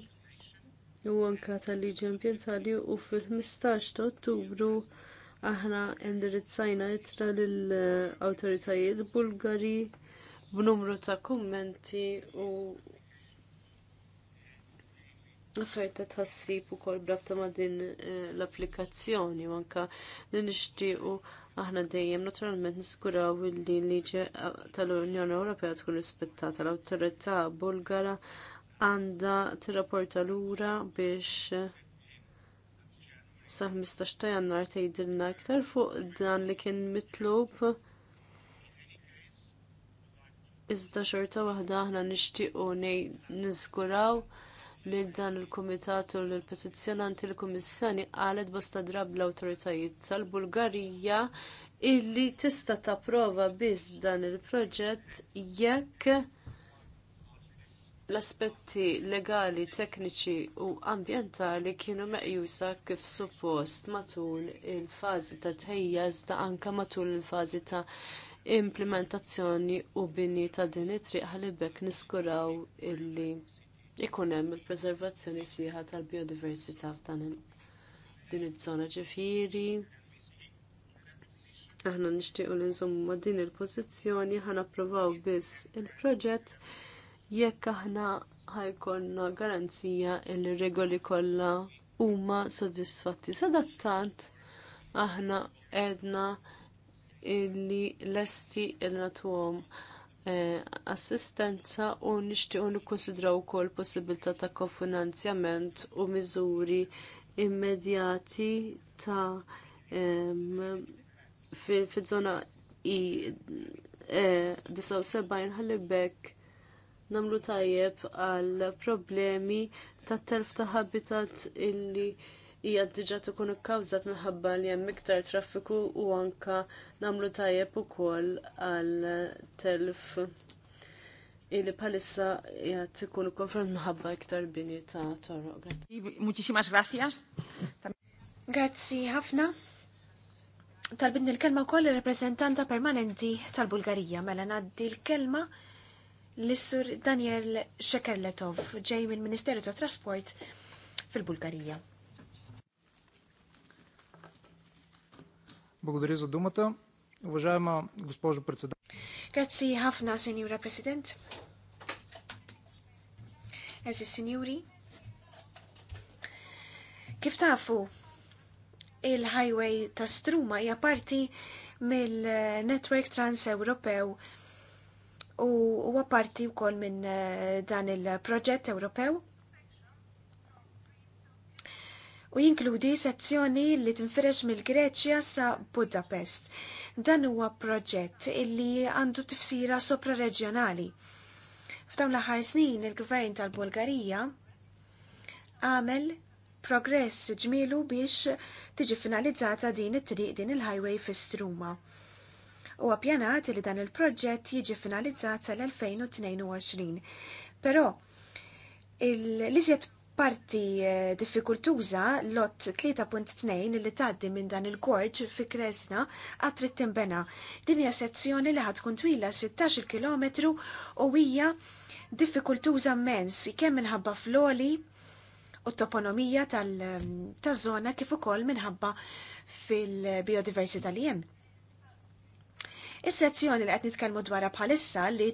u anka tal-liġi ambjentali u fil-15 ta' ottubru aħna indirizzajna itra lill awtoritajiet bulgari b'numru ta' kummenti u offerta tħassib ukoll brabta ma' din eh, l-applikazzjoni u anke li nixtiequ aħna dejjem naturalment niskuraw li l-liġi eh, tal-Unjoni Ewropea tkun rispettata l-awtorità Bulgara għandha tirrapporta lura biex sa 15 ta' jannar tgħidilna aktar fuq dan li kien mitlub iżda xorta waħda aħna nixtiequ niżguraw li dan il-Kumitat u l-Petizzjonanti l-Kummissjoni qalet bosta drab l-awtoritajiet tal-Bulgarija illi tista' taprova biss dan il-proġett jekk l-aspetti legali, tekniċi u ambjentali kienu meqjusa kif suppost matul il fażi ta' tħejja iżda anke matul il fażi ta' implementazzjoni u bini ta' din it-triq ħalibek niskuraw illi ikun hemm il-preservazzjoni sieħa tal-biodiversità f'dan din iż-żona ġifieri. Aħna nixtiequ li nżommu ma' din il-pożizzjoni ħanapprovaw biss il-proġett il proġett jekk aħna ħajkonna garanzija il regoli kollha huma sodisfatti. Sadattant aħna edna illi lesti il-natuhom eh, assistenza u nixtiequ nikkonsidraw ukoll possibilità ta' kofinanzjament u miżuri immedjati ta' fil-żona i 79 eh, ħalli bekk namlu tajjeb għal problemi ta' telf ta' habitat illi hija diġà tkun ikkawżat minħabba li hemm iktar traffiku u anka nagħmlu tajjeb ukoll għal telf illi bħalissa jgħat ikun konfront minħabba iktar bini ta' toroq. Muċisimas grazzjas. Grazzi ħafna. Talbidni l-kelma wkoll ir-rappreżentanta permanenti tal-Bulgarija mela ngħaddi l-kelma l-Sur Daniel Shekerletov ġej minn Ministeru ta' Trasport fil-Bulgarija. Благодаря za думата. Уважаема госпожо председател. Граци ħafna, senjura President. Ezi senjuri. Kif tafu, il-highway ta' Struma hija parti mill-Network Trans-Ewropew u huwa parti wkoll minn eh, dan il-proġett Ewropew. U jinkludi sezzjoni li tinferex mill-Greċja sa Budapest. Dan huwa proġett illi għandu tifsira soprareġjonali. F'dawn l-aħħar snin il-Gvern tal-Bulgarija għamel progress ġmielu biex tiġi finalizzata din it-triq din il-highway fi Struma u appjanat li dan il-proġett jiġi finalizzat sal-2022. Però, l-iżjed parti eh, diffikultuża lot 3.2 li taddi minn dan il-gorġ fi Kresna għat timbena. Din hija sezzjoni li ħatkun twila 16 km u hija diffikultuża immens kemm minħabba floli u toponomija tal-żona eh, kif ukoll minħabba fil-biodiversità li hemm. Is-sezzjoni li qed nitkellmu dwarha bħalissa li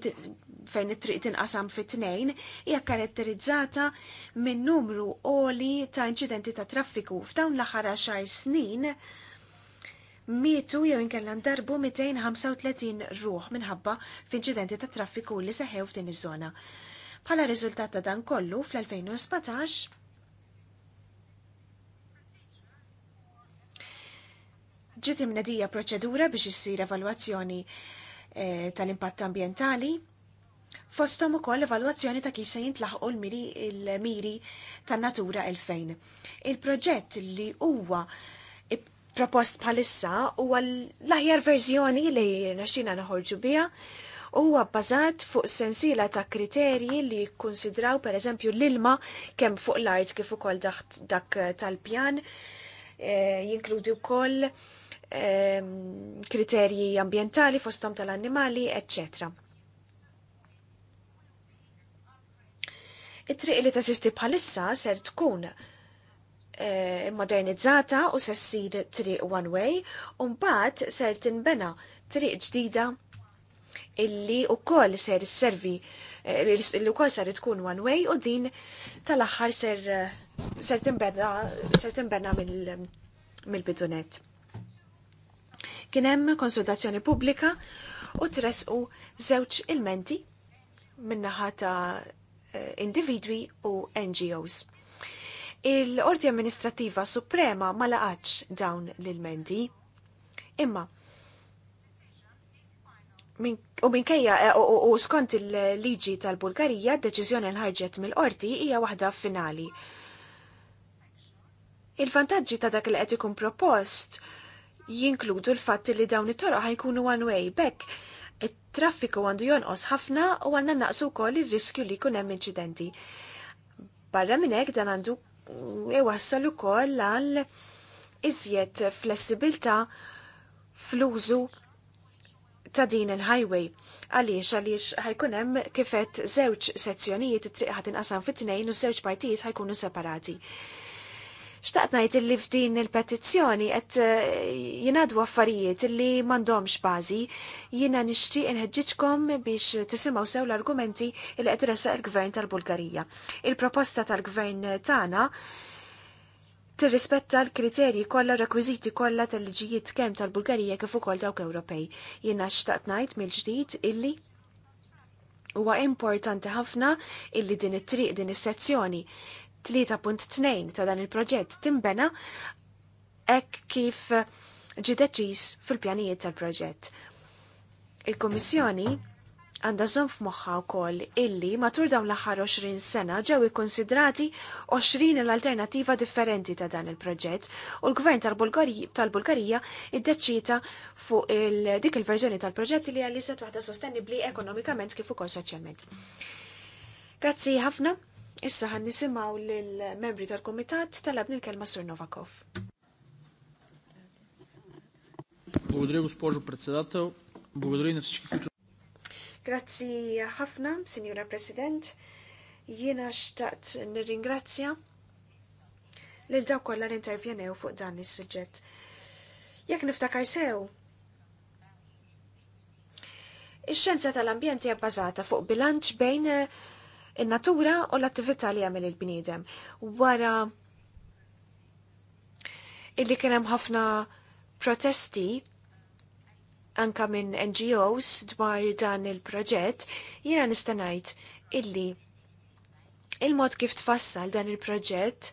fejn it-triq tinqasam fit-tnejn hija karatterizzata minn numru qoli ta' inċidenti ta' traffiku f'dawn l-aħħar xar snin mietu jew inkella darbu 235 ruħ minħabba f'inċidenti ta' traffiku li seħew f'din iż-żona. Bħala riżultat ta' dan kollu fl-2017 ġiet imnedija proċedura biex issir evalwazzjoni eh, tal-impatt ambjentali, fostom ukoll evalwazzjoni ta' kif se jintlaħqu l-miri tan-natura 2000. Il-proġett li huwa propost bħalissa huwa l-aħjar verżjoni li naxina naħorġu biha huwa bbażat fuq sensiela ta' kriterji li per pereżempju l-ilma kemm fuq l-art kif ukoll dak tal-pjan, eh, jinkludi wkoll Ehm, kriterji ambientali fostom tal-annimali, eccetera. it-triq li tesisti bħalissa ser tkun eh, modernizzata u se ssir triq one way u mbagħad ser tinbena triq ġdida illi wkoll ser servi illi eh, wkoll ser tkun one way u din tal-aħħar ser eh, tinbena ser tinbena mill-bidunet. Mil Kien hemm konsultazzjoni pubblika u tresqu żewġ ilmenti minnaħa ta' eh, individwi u NGOs. Il-Qorti Amministrativa Suprema ma laqatx dawn l menti Imma, min, u minkejja eh, u skont il-liġi tal-Bulgarija, d-deċiżjoni l-ħarġet mill-qorti hija waħda finali. Il-vantaġġi ta' dak li qed ikun propost jinkludu l-fatt li dawn it-toroq ħajkunu one way back. It-traffiku għandu jonqos ħafna u għanna naqsu wkoll ir-riskju li jkun hemm inċidenti. Barra minn hekk dan għandu mm, iwassal ukoll għal iżjed flessibilta fl-użu ta' din il-highway. Għaliex, għaliex ħajkunem kifet żewġ sezzjonijiet it-triq inqasam fit-tnejn u żewġ partijiet ħajkunu separati. Xtaqt ngħid illi f'din il-petizzjoni qed eh, jingħaddu affarijiet illi m'għandhomx bażi, jiena nixtieq inħedġiċkom biex tisimgħu sew l-argumenti li għet resaq il-Gvern tal-Bulgarija. Il-proposta tal-Gvern tagħna tirrispetta l-kriterji kollha rekwiżiti kollha tal-liġijiet kemm tal-Bulgarija kif ukoll dawk Ewropej. Jiena xtaqt ngħid mill-ġdid illi huwa importanti ħafna illi din it-triq din is-sezzjoni 3.2 ta' dan il-proġett timbena ek kif ġi deċis fil-pjanijiet tal-proġett. Il-Komissjoni għandha żomm f'moħħa wkoll illi matul dawn l-aħħar 20 sena ġew ikkonsidrati 20 l-alternativa differenti ta' dan il-proġett u l-Gvern tal-Bulgarija iddeċita fuq il dik il-verżjoni tal-proġett li għalli waħda sostenibbli ekonomikament kif ukoll soċjalment. Grazzi ħafna Issa ħan nisimaw lill-membri tal-Komitat tal-abni l-kelma Sur Novakov. Благодаря, госпожо председател. Grazzi ħafna, Signora President. Jiena xtaqt nirringrazzja lil daw kollha intervjenew fuq dan is-suġġett. Jekk niftakar sew, ix-xjenza tal-ambjent hija bbażata fuq bilanċ bejn in-natura u l-attività li għamil il-bniedem. Wara illi kien hemm ħafna protesti anka minn NGOs dwar dan il-proġett, jiena nista' ngħid illi il-mod kif tfassal dan il-proġett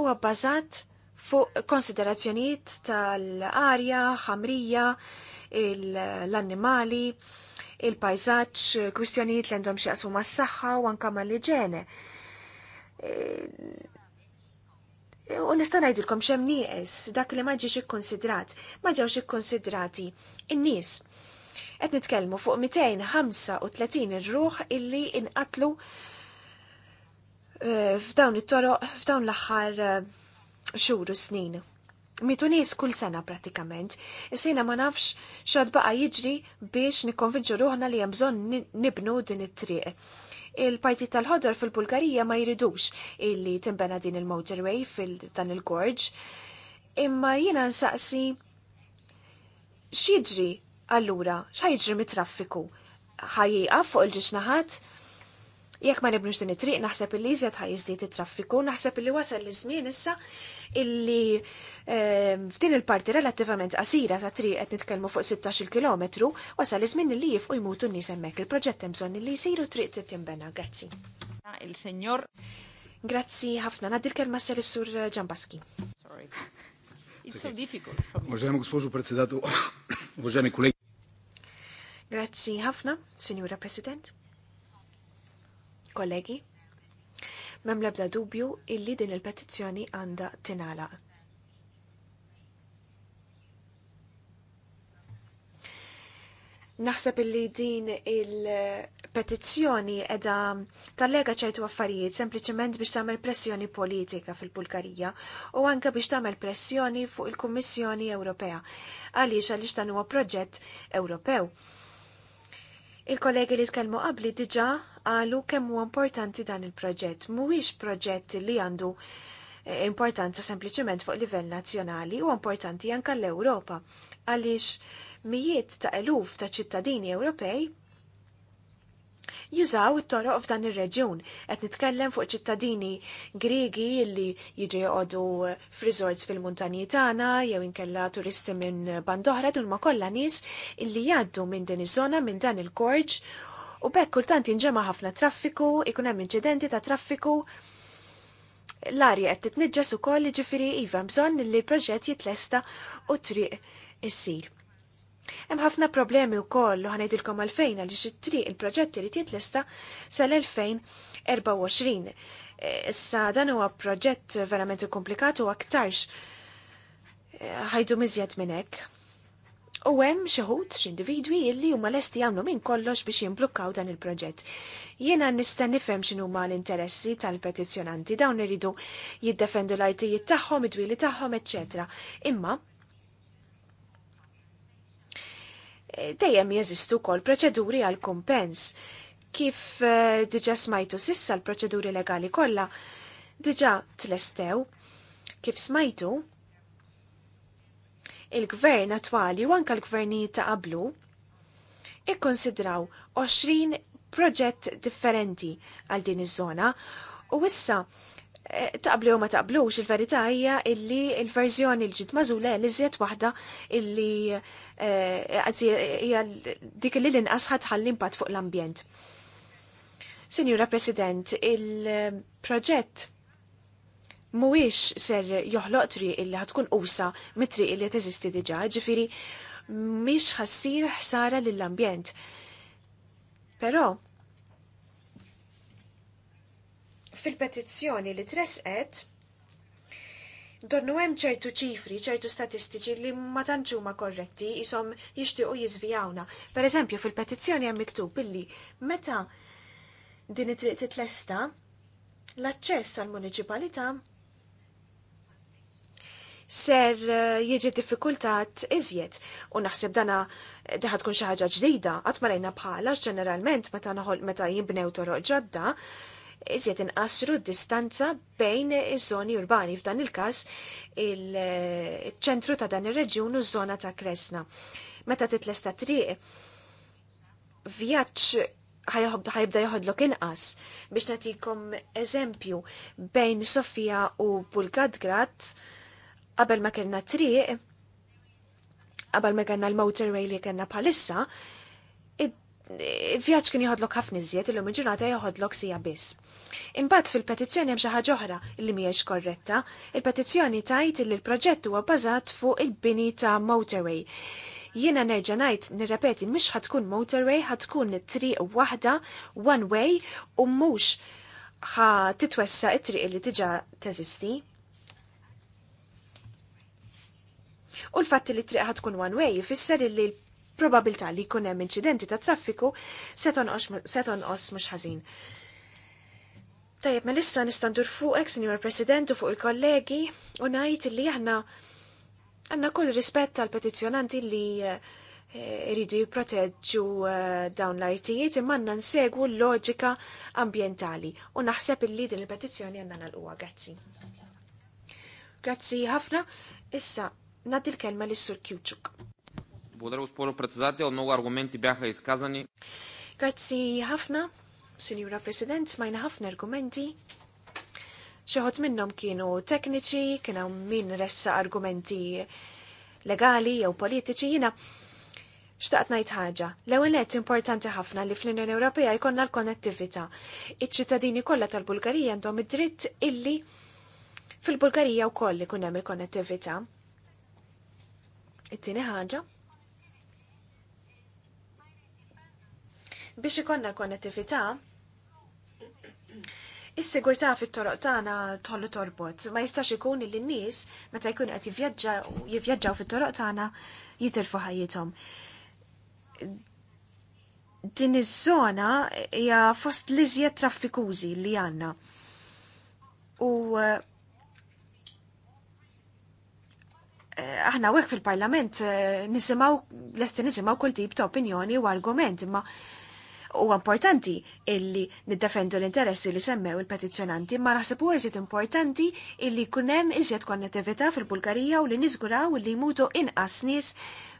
huwa bbażat fuq konsiderazzjonijiet tal-arja, ħamrija, l-annimali, il pajzaċ kwistjonijiet li għandhom xieqsu mas-saħħa u anka l ġene. E, u nista' ngħidilkom xemm nieqes dak li ma ġiex ikkonsidrat, ma ġewx ikkonsidrati il nies Qed nitkellmu fuq 235 il ruħ illi inqatlu e, f'dawn it-toroq f'dawn l-aħħar e, xhur u snin mitunis kull sena pratikament. jisina ma nafx xad baqa jiġri biex nikonvinġu ruħna li jemżon nibnu din it-triq. Il-partit tal-ħodor fil-Bulgarija ma jiridux illi timbena din il-motorway fil-dan il-gorġ. Imma jina nsaqsi xieġri allura, xħajġri mit-traffiku? ħajjiqa fuq il ġisnaħat Jekk ma nibnux din it-triq, naħseb illi jizjed ħajizdiet it-traffiku, naħseb li wasal l-żmien issa illi Ehm, f'din il-parti relattivament qasira ta' triq qed nitkellmu fuq 16 km wasal iż-żmien li jif u jmutu n-nies hemmhekk il-proġett hemm bżonn li jsiru triq trid jinbenna. Grazzi. Il-Senjor. Grazzi ħafna ngħaddi l-kelma ser is-sur Ġambaski. Sorry. It's so difficult. Уважаема Grazzi ħafna, Signora President. Kollegi, mem lebda dubju illi din il-petizzjoni għanda tinala. naħseb illi din il-petizzjoni edha tal-lega ċertu affarijiet sempliciment biex tagħmel pressjoni politika fil-Bulgarija u anka biex tagħmel pressjoni fuq il-Kummissjoni Ewropea għaliex għaliex dan huwa proġett Ewropew. Il-kollegi li tkellmu qabli diġà għalu kemm huwa importanti dan il-proġett. Mhuwiex proġett li għandu eh, importanza sempliciment fuq livell nazzjonali u importanti anka l-Ewropa għaliex mijiet ta' eluf ta' ċittadini Ewropej jużaw it-toroq f'dan ir-reġjun. Qed nitkellem fuq ċittadini Griegi li jiġu joqogħdu f'resorts fil-muntanji tagħna jew inkella turisti minn bandoħra dun ma kollha nies illi jgħaddu minn din iż-żona minn dan il-gorġ u bekk kultant inġema' ħafna traffiku, ikun hemm inċidenti ta' traffiku. L-arja qed titniġġes ukoll jiġifieri iva bżonn li l-proġett jitlesta u triq issir. Hemm ħafna problemi wkoll u ħanajdilkom għalfejn għaliex it-triq il-proġetti li titlista sal-2024. E, issa dan huwa proġett verament komplikat u aktarx e, ħajdu miżjed minn hekk. U hemm xi ħud x'individwi li huma lesti jagħmlu minn kollox biex jimblukkaw dan il-proġett. Jiena nista' nifhem x'inhu huma l-interessi tal-petizzjonanti dawn iridu jiddefendu l-artijiet tagħhom, id-dwieli tagħhom, eċċetera. Imma dejjem jeżistu kol proċeduri għal kumpens. Kif eh, diġa smajtu sissa l-proċeduri legali kollha diġa tlestew, kif smajtu il-gvern attwali u anka l-gvernijiet ta' qablu ikkonsidraw 20 proġett differenti għal din iż-żona u issa Eh, taqblu ma taqblux, il-verità hija illi il-verżjoni l ġiet mażula li iżjed waħda illi eh, hija dik li l-inqas ħadħall impatt fuq l-ambjent. Sinjura President, il-proġett mhuwiex ser joħloq triq illi ħatkun qusa mit-triq illi teżisti diġà, ġifieri mhix ħassir ħsara lill-ambjent. Però fil-petizzjoni li tresqet Donnu hemm ċertu ċifri, ċertu statistiċi li ma tantx huma korretti, isom jixtiequ jiżvijawna. Per eżempju, fil-petizzjoni hemm miktub billi, meta din it-triq titlesta l-aċċess għal municipalità ser eh, jiġi diffikultat iżjed. U naħseb dana eh, daħat tkun xi ħaġa ġdida, qatt ma bħala ġeneralment meta meta jinbnew toroq ġodda, iżjed inqasru d-distanza bejn iż-żoni urbani f'dan il-każ il-ċentru ta' dan ir-reġjun u z żona ta' Kresna. Meta titlesta triq, vjaġġ ħajbda joħodlok inqas biex natikom eżempju bejn Sofija u Bulgadgrad qabel ma kellna triq qabel ma kellna l-motorway li kellna bħalissa, vjaġġ kien joħodlok ħafna iżjed illum il-ġurnata joħodlok sija biss. Imbagħad fil-petizzjoni hemm xi ħaġa oħra li mhijiex korretta. Il-petizzjoni tajt li l-proġett huwa bażat fuq il-bini ta' motorway. Jiena nerġa' ngħid nirrepeti mhix ħatkun motorway, ħatkun triq waħda one way u mhux ħa titwessa it-triq li diġà teżisti. U l-fatt li t-triq ħatkun one way jfisser li probabilità li jkun hemm inċidenti ta' traffiku se tonqos mhux ħażin. Tajjeb, ma lissa nistandur fuqek, Signor President, u fuq il-kollegi, u ngħid li aħna għandna kull rispett tal petizzjonanti li eh, iridu jipproteġġu eh, dawn l-artijiet imma għandna nsegwu l-loġika ambjentali u naħseb illi din il-petizzjoni għandna nal-uwa, grazzi. Grazzi ħafna, issa nagħti l-kelma lis sur Kjuċuk. Благодаря, prezzati председател. Много argumenti бяха изказани. Grazzi ħafna, Sinjura President, smajna ħafna argumenti. Xeħot minnom kienu tekniċi, kienu minn ressa argumenti legali jew politiċi, jina xtaqt najt ħaġa. L-ewelet importanti ħafna li fl-Unjoni Ewropea jkollna l-konnettività. Iċ-ċittadini kollha tal-Bulgarija għandhom id-dritt illi fil-Bulgarija wkoll ikun hemm il-konnettività. It-tieni ħaġa Biex ikonna konnettività, Is-sigurtà fit-toroq tagħna tħollu torbot. Ma jistax ikun li n-nies meta jkun qed jivvjaġġaw fit-toroq tagħna jitilfu ħajjithom. Din iż-żona hija fost liżjed traffikużi li għandna. U eh, aħna wek fil-parlament eh, nisimaw, lesti nisimaw kull tip ta' opinjoni u argument, ma' U importanti illi niddefendu l-interessi li semmew il-petizjonanti, ma naħsebu eżit eżiet importanti illi kunem iżjed konnettività fil-Bulgarija u li nizguraw li jmutu inqas nies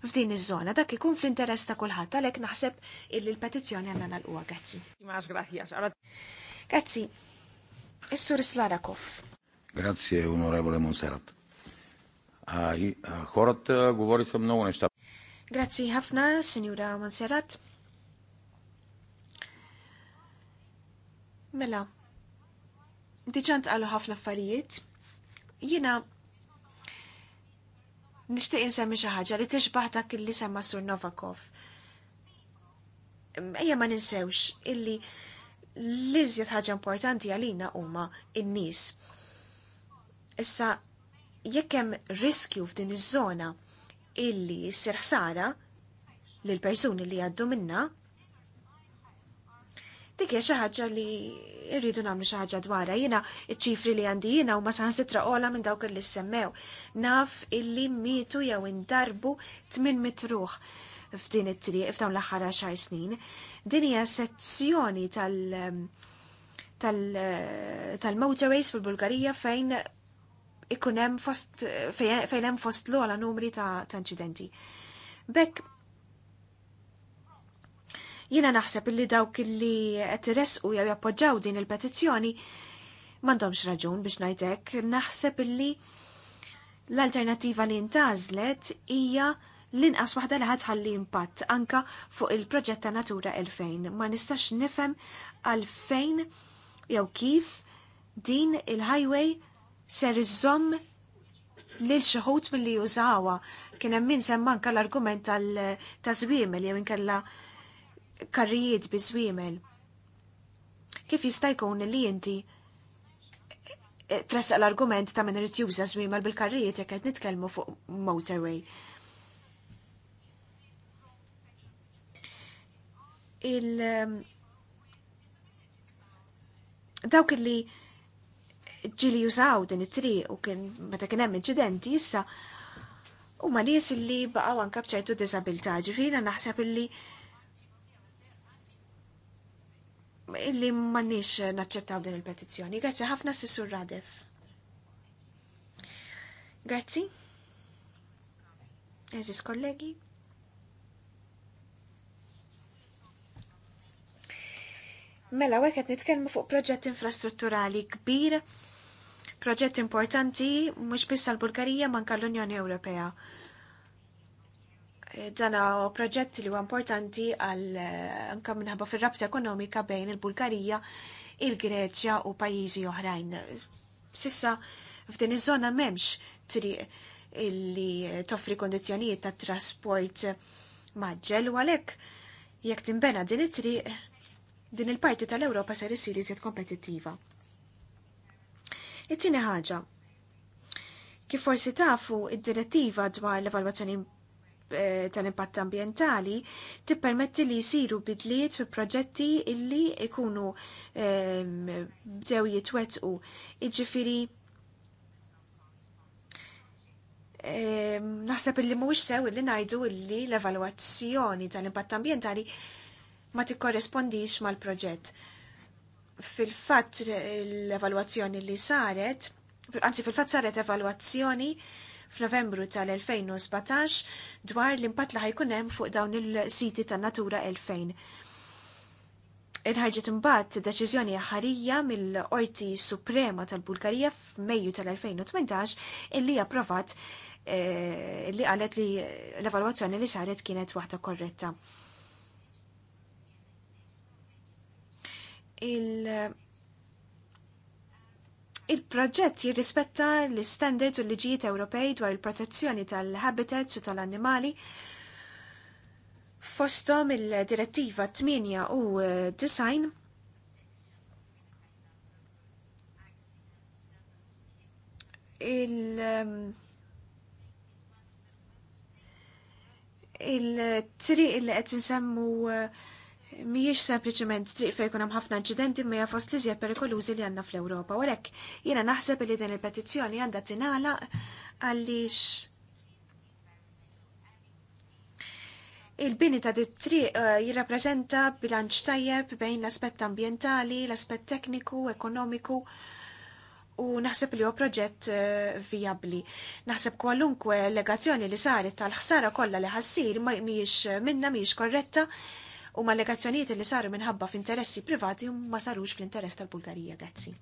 f'din iż-żona. Dak ikun fl-interess ta' kulħadd għalhekk naħseb illi l-petizzjoni għandna nagħlquha grazzi. Grazzi. Is-Sur Slarakov. Grazzi onorevole Monserrat. Хората говориха много неща. Граци Хафна, сеньора Mela, diġant għallu ħafna affarijiet, jina nishtiq insemmi xi ħaġa li iġbaħ dak li semma Sur Novakov. Ejja ma ninsewx illi l-iżjed ħaġa importanti għalina huma in-nies. Issa jekk hemm riskju f'din iż-żona illi ssir ħsara lil persuni li għaddu minna, Dikja xi ħaġa li rridu nagħmlu xi ħaġa dwarha. Jiena iċ-ċifri li għandi jiena huma saħansitra qola minn dawk li semmew. Naf illi mietu jew indarbu tmien mitruħ f'din it-triq f'dawn l-aħħar xar snin. Din hija sezzjoni tal- ehm, eh, tal-motorways fil-Bulgarija fejn ikun hemm fost eh, fejn hemm fost l ogħla numri ta' inċidenti. Bekk Jiena naħseb illi dawk illi qed iresqu jew jappoġġaw din il-petizzjoni m'għandhomx raġun biex ngħidlek, naħseb illi l-alternativa li ntażlet hija l-inqas waħda li ħadħalli impatt anka fuq il-proġett ta' Natura 2000. Ma nistax nifhem għalfejn jew kif din il-highway ser iżomm lil xi ħud milli jużawha. Kien hemm min semmanka l-argument tal-tażwiem li jew inkella karrijiet bizwimel. Kif jista' jkun li inti eh, tressa l-argument ta' minn irid juża żwiemel bil-karrijiet jekk qed nitkellmu fuq motorway. il ehm, dawk li ġili jużaw din it-triq u kien meta kien hemm inċidenti issa huma nies li baqgħu anke b'ċertu diżabilità ġifieri naħseb illi illi mannix naċċettaw din il-petizzjoni. Grazzi ħafna Sissur Radef. Grazzi. Eżis kollegi. Mela, għeket nitkellmu fuq proġett infrastrutturali kbir, proġett importanti mhux biss għall bulgarija manka l-Unjoni Ewropea dana proġett li huwa importanti għal eh, anka minħabba fir-rabta ekonomika bejn il-Bulgarija, il-Greċja u pajjiżi oħrajn. Sissa f'din iż-żona m'hemmx triq illi toffri kondizzjonijiet ta' trasport maġġel u għalhekk jekk timbena din it-triq din il-parti tal-Ewropa ser isir iżjed kompetittiva. It-tieni ħaġa, Kif forsi tafu, id-direttiva dwar l-evalwazzjoni Eh, tal-impatt ambientali tippermetti li jisiru bidliet fi proġetti illi ikunu bdew ehm, jitwetqu. Iġifiri, ehm, naħseb illi mhuwiex sew illi ngħidu illi l-evalwazzjoni tal-impatt ambientali ma tikkorrespondix mal-proġett. Fil-fatt l-evalwazzjoni li saret, anzi fil-fatt saret evalwazzjoni f'Novembru tal-2017 dwar l-impatt li ħajkun hemm fuq dawn il-siti ta' Natura 2000. Inħarġet imbagħad deċiżjoni ħarija mill-Qorti Suprema tal-Bulgarija f'Mejju tal-2018 illi approvat eh, li qalet li l-evalwazzjoni li saret kienet waħda korretta. Il- Il-proġett jirrispetta l-standards u l-liġijiet Ewropej dwar il-protezzjoni tal-habitats u tal-annimali fostom il-direttiva 8 u eh, design il- ehm, il-triq il-qed nsemmu uh, eh, miex sempliciment triq fej kunam ħafna ġidenti mija fost li perikolużi li għanna fl-Europa. U jena naħseb li din il-petizzjoni għanda tinala għallix Il-bini ta' dittri triq uh, jirrapprezenta bilanċ tajjeb bejn l-aspett ambientali, l-aspett tekniku, ekonomiku u naħseb li huwa proġett uh, viabli. Naħseb kwalunkwe legazzjoni li saret tal-ħsara kollha li ħassir mhijiex uh, minna mhijiex korretta u ma legazzjonijiet li saru minħabba f'interessi privati u ma sarux fl-interess tal-Bulgarija. Grazzi.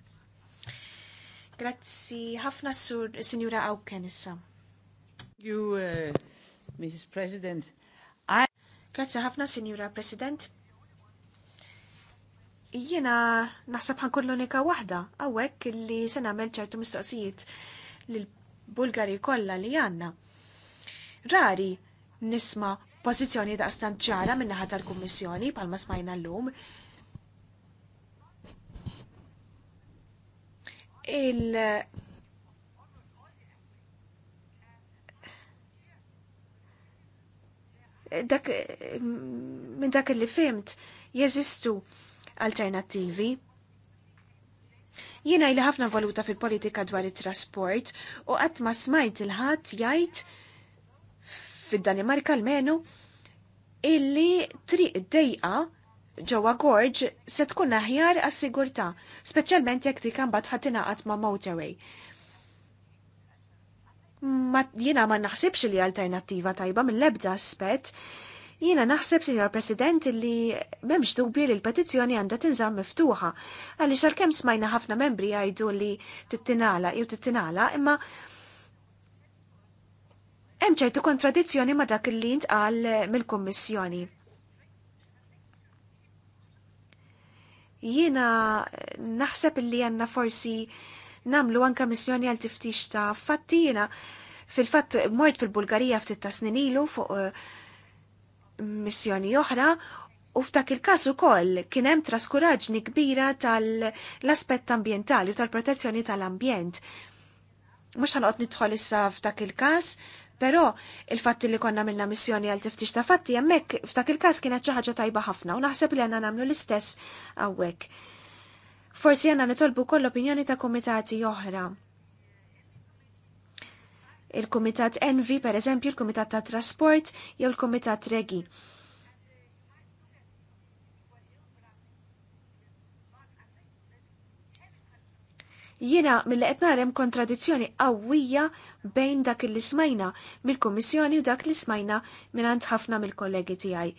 Grazzi ħafna sur Sinjura Awken issa. You, uh, Mrs. President. I... Grazzi ħafna Sinjura President. Jiena naħseb ħankun l-unika waħda għawek li se nagħmel ċertu mistoqsijiet lill bulgari kollha li għandna. Rari nisma' pożizzjoni da' stant ċara minna tal-Kummissjoni palma smajna l-lum. Il dak minn dak li fimt jeżistu alternattivi. Jiena li ħafna valuta fil-politika dwar it-trasport u qatt ma smajt il-ħadd jgħid fid-Danimarka l-menu illi triq dejqa ġewwa gorġ se tkun aħjar għas-sigurtà, speċjalment jekk dik imbagħad ħadd ingħaqad ma' motorway. Ma jiena ma naħsibx li alternattiva tajba mill-ebda aspett, jiena naħseb, Sinjor President, li memx dubi li l-petizzjoni għandha tinżam miftuħa, għaliex għalkemm smajna ħafna membri jgħidu li tittinala jew tittinala, imma Hemm ċertu kontradizzjoni ma' dak li intqal mill-Kummissjoni. Jiena naħseb li għandna forsi namlu anka missjoni għal tiftix ta' fatti fil-fatt mort fil-Bulgarija ftit ta' snin ilu fuq eh, missjoni oħra u f'dak il-każ ukoll kien hemm traskuraġni kbira tal-aspett ambjentali u tal-protezzjoni tal-ambjent. Mhux ħanqod nidħol issa f'dak il-każ Però il-fatt li konna minna missjoni għal tiftix ta' fatti hemmhekk f'dak il-każ kienet xi ħaġa tajba ħafna u naħseb li għandna nagħmlu l-istess hawnhekk. Forsi għandna nitolbu koll opinjoni ta' kumitati oħra. Il-Kumitat Envi, per eżempju, il-Kumitat ta' Trasport jew il-Kumitat Regi Jiena mill qed narem kontradizzjoni qawwija bejn dak li smajna mill-Kummissjoni u dak li smajna mingħand ħafna mill-kollegi tiegħi.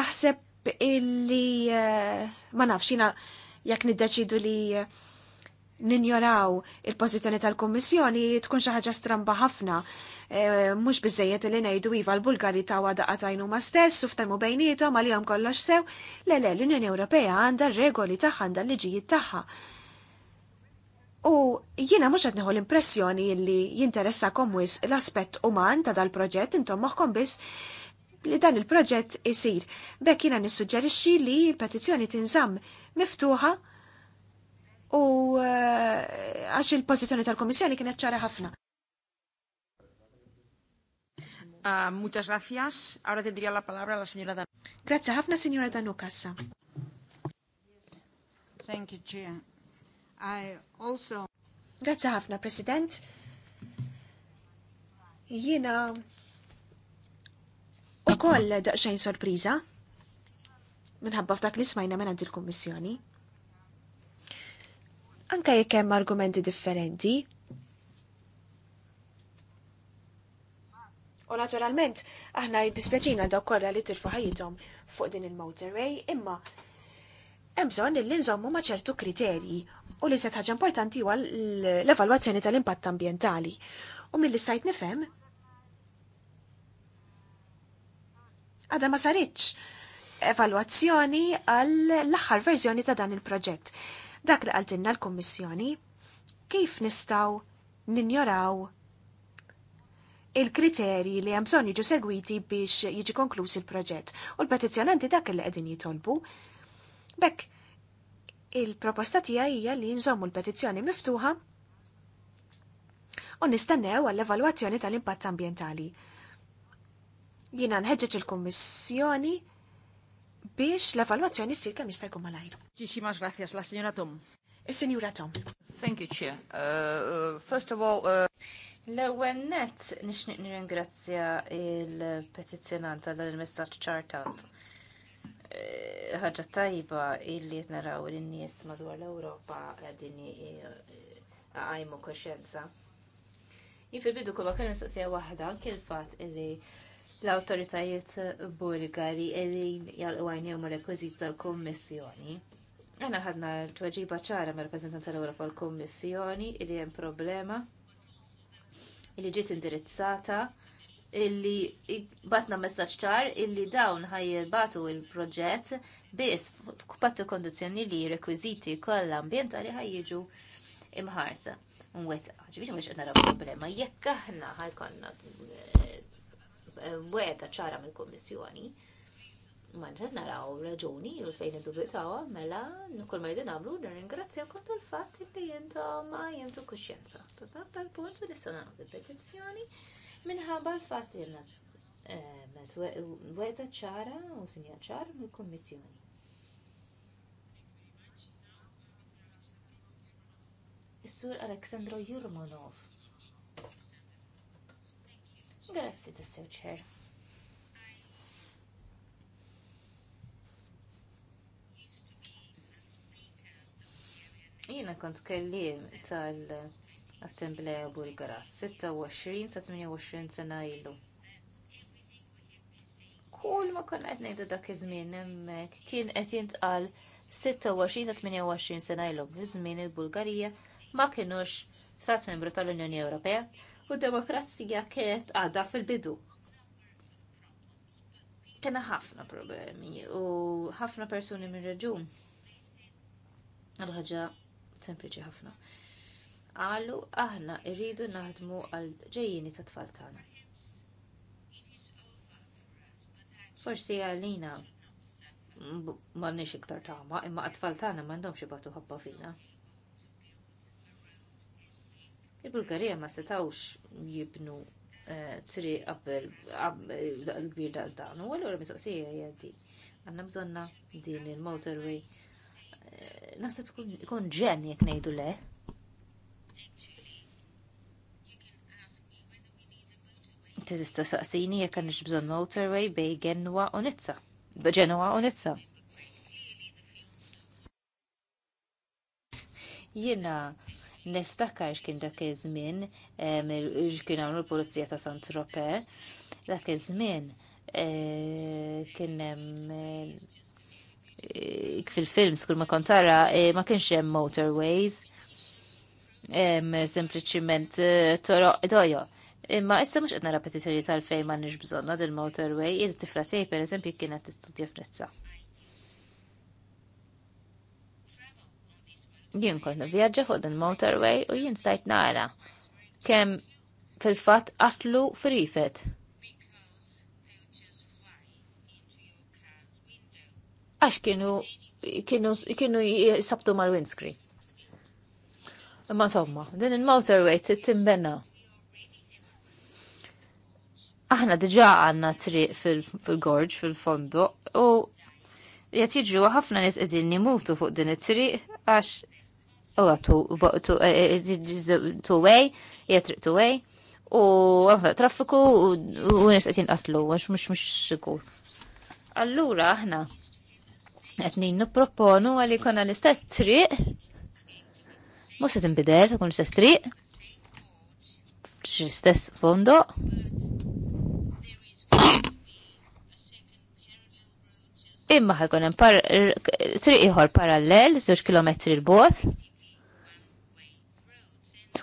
Naħseb illi eh, ma nafx jiena jekk niddeċidu li eh, ninjoraw il-pożizzjoni tal-Kummissjoni tkun xi ħaġa stramba ħafna. Eh, mhux biżejjed li ngħidu iva l-Bulgari ta' għada għatajnu ma stess u ftajmu bejnietom għalihom kollox sew, le le l-Unjoni Ewropea għandha regoli tagħha għandha l-liġijiet tagħha. U jiena mhux qed neħu l-impressjoni li jinteressa wis l-aspett uman ta' dal-proġett intom moħħkom biss li dan il-proġett isir. Bekk jiena nissuġġerixxi li l-petizzjoni tinżamm miftuħa u eh, għax il-pożizzjoni tal-Komissjoni kienet ċara ħafna. Uh, muchas gracias. Ahora tendría la palabra la señora Danuka. Grazie ħafna, signora Danukassa. Yes. Thank you, Chair. I also... Grazie ħafna, President. Jina u koll daqxajn sorpriza minħabba f'dak li smajna minn għandil il-Kommissjoni. Anka jekk hemm argumenti differenti. U naturalment, aħna jiddispjaċina dawk kollha li tirfu ħajjithom fuq din il-motorway, imma hemm bżonn li nżommu ma' ċertu kriterji u li set ħaġa importanti huwa l-evalwazzjoni tal-impatt ambjentali. U mill-li sajt nifhem għada ma saritx evalwazzjoni għal l-aħħar verżjoni ta' dan il-proġett. Dak li għaltinna l-Kommissjoni kif nistaw ninjoraw il-kriterji li hemm bżonn jiġu segwiti biex jiġi konkluż il-proġett. U l-petizzjonanti dak li qegħdin jitolbu Bekk, il-proposta tija hija li nżommu l-petizzjoni miftuħa u nistennew għall-evalwazzjoni tal-impatt ambientali. Jina nħeġġeġ il-Kummissjoni biex l-evalwazzjoni ssir kemm jista' jkun malajr. Ġisimax grazzjas la Sinjura Tom. Is-Sinjura Tom. Thank you, Chair. Uh, uh first of all, uh... L-ewwel nett nixtieq nirringrazzja il-petizzjonant tal messaġġ ċartat ħaġa tajba illi qed naraw lin nies madwar l-Ewropa qegħdin għajmu koxjenza. Jien fil-bidu kollha kellu mistoqsija waħda anke l-fatt illi l-awtoritajiet bulgari qegħdin jalqu mal rekwizit tal-Kummissjoni. Aħna ħadna t tweġiba ċara ma' reprezentant tal-Ewropa l-Kummissjoni illi hemm problema illi ġiet indirizzata illi batna messaċ ċar illi dawn batu il-proġett biss f'patti kondizzjoni li rekwiżiti kollha ambjentali ħajjiġu imħarsa. Mwet, ġbiri mux għanna problema, jekk aħna ħajkonna eh, weta ċara mill-Kommissjoni, man nħed naraw raġuni u fejn indubitawa, mela kull ma jidin għamlu nirringrazzjakom l fatt li jintom ma jintu kuxjenza. Tal-punt u nistana għamlu petizzjoni minħabba l-fatt li eh, weta ċara u sinja ċar mill-Kommissjoni. Is-sur Aleksandro Jurmonov. Grazzi tassew ċer. Jina kont kellim tal- Assembleja Bulgara 26 sa 28 sena ilu. Kull ma konna qed ngħidu dak iż-żmien hemmhekk kien qed jintqal 26 sa 28 sena ilu fi żmien il-Bulgarija ma kinux stat membru tal-Unjoni Ewropea u d-demokrazija kienet għadha fil-bidu. Kena ħafna problemi u ħafna persuni minn reġun. Għal ħaġa sempliċi ħafna qalu aħna rridu naħdmu għal ġejjini ta' tfal tagħna. Forsi għalina m'għandniex iktar tama, imma għat-tfal tagħna m'għandhomx ibatu ħabba fina. Il-Bulgarija ma setawx jibnu eh, tri qabel eh, kbir daqs dan, u għallura mistoqsija hija di. bżonna din il-motorway. Eh, Nasib ikun ġen jekk ngħidu le tista' saqsini jekk għandix bżonn motorway bej Genwa u Nizza. Ġenwa u Nizza. Jiena nistakar x'kien dak iż-żmien x'kien hawn il-Pulizija ta' San Tropez. Dak iż-żmien e, kien hemm e, fil-films kull ma kontara e, ma kienx hemm motorways sempliciment eh, toroq dojo. Imma issa mhux qed nara tal-fej ma nix bżonna dil-motorway, il-tifra per pereżempju kienet tistudja f'Nizza. Jien kont vjaġġa fuq din motorway u jien stajt nara kemm fil-fatt qatlu frifet. Għax kienu kienu kienu jisabtu mal-windscreen. Ma somma, din il-motorway tittimbenna. Aħna diġa għanna triq fil-gorġ, fil-fondo, u jgħat jġu ħafna nis edin nimutu fuq din it-triq għax u għatu e- e- e- way, jgħat triq tu way, u għafna traffiku u nis edin qatlu, għax mux mux sikur. Allura aħna għetni n-proponu għalli konna l-istess triq Mhux se tinbidel, ikun istess triq, fl fondo. Imma ħajkun hemm triq ieħor parallel, żewġ kilometri l bot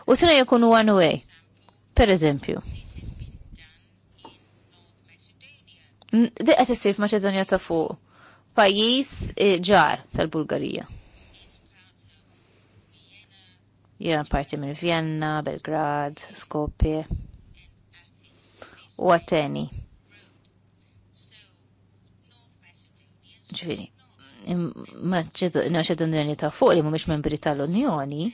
U tina jkun one way, per eżempju. Diqqa tissir f'Maċedonja ta' fuq, pajjiż eh, ġar tal-Bulgarija. Jena parti minn Vienna, Belgrad, Skopje u Ateni. Ġviri, maċedonjani ta' fuq li mumiex membri tal-Unjoni,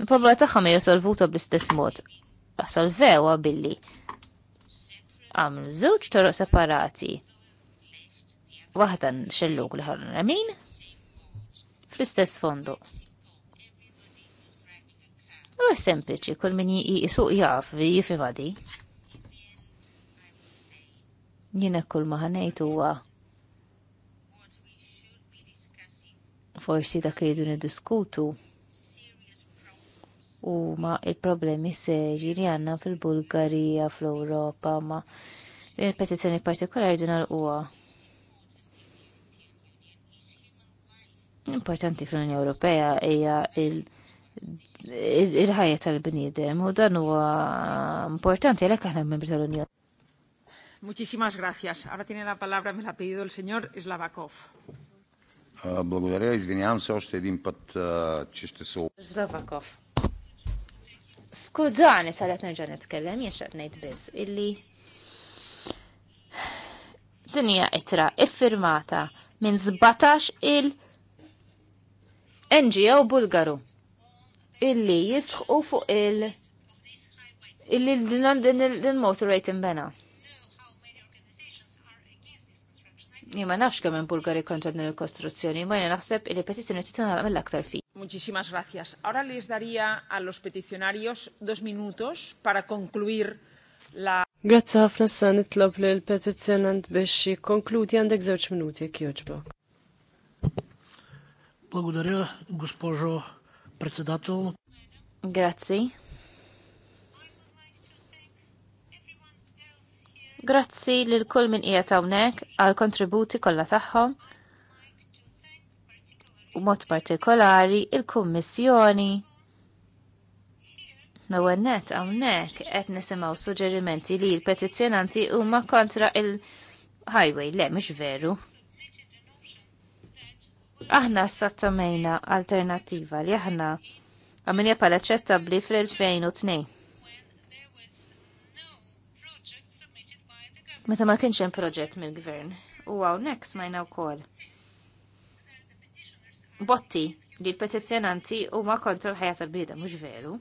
il-problema tagħhom hija jasolvuta bl-istess mod. Asolvewa billi għamlu żewġ toroq separati. Waħda xelluk l ħarra min fl-istess fondu. U sempliċi, kull min jisu jaf, jifim għadi. Jina kull maħanejt huwa forsi dak li jridu U huma il-problemi serji li għandna fil-Bulgarija, fl europa ma il petizjoni partikolari dun għal-uwa. Importanti fl-Unjoni Ewropea hija il- il-ħajja tal-bniedem u dan huwa importanti għalhekk aħna membri tal-Unjoni. Muchísimas gracias. Ahora tiene la palabra, me la ha pedido el señor Slavakov. Ah, благодаря, извинявам се още един път, че ще се... Slavakov. Злаваков. Skużani tal-għet nerġan nitkellem, jaxat nejt biz, illi dinja itra iffirmata minn збаташ ил... NGO Bulgaru illi jisħu fuq il- illi l dinan din il-motorate imbena. Jima nafx kemm hemm Bulgari kontra din il-kostruzzjoni, ma jiena naħseb li petizzjoni titinħalaq mill-aktar fi. Muchísimas gracias. Ahora les daría a los peticionarios dos minutos para concluir la Grazzi ħafna sa nitlob li l-petizzjonant biex jikonkludi għandek zewċ minuti kjoċbok. Благодаря, госпожо Председател. Grazzi. Grazzi lil kull min qiegħed hawnhekk għal kontributi kollha tagħhom. U mod partikolari il-Kummissjoni Nawennet għawnek għet hawnhekk qed nisimgħu suġġerimenti li l-petizzjonanti huma kontra il-highway, le mhux veru aħna s-sattamejna alternativa li aħna għamilja pala bli fl-2002. Meta ma kienx hemm proġett mill-gvern. U għaw nek smajna wkoll. Botti li l-petizzjonanti huma kontra l-ħajja tal-bieda mhux veru.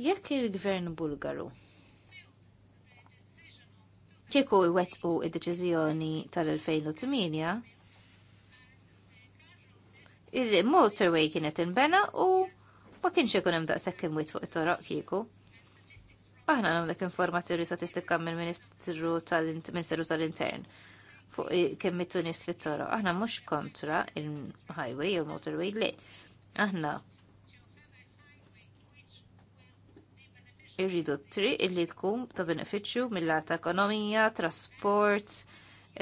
Jekk il-gvern Bulgaru kieku iwettqu id-deċiżjoni tal-2008 il-motorway kienet inbena u ma kienx ikun hemm daqshekk imwiet fuq it-toroq kieku. Aħna nagħmlu dak informazzjoni statistika mill-Ministru tal-Ministeru tal-Intern fuq kemm mitu nies fit-toroq. Aħna mhux kontra il-highway jew motorway li aħna irridu triq illi tkun ta' benefiċċju mill-lat ekonomija, trasport,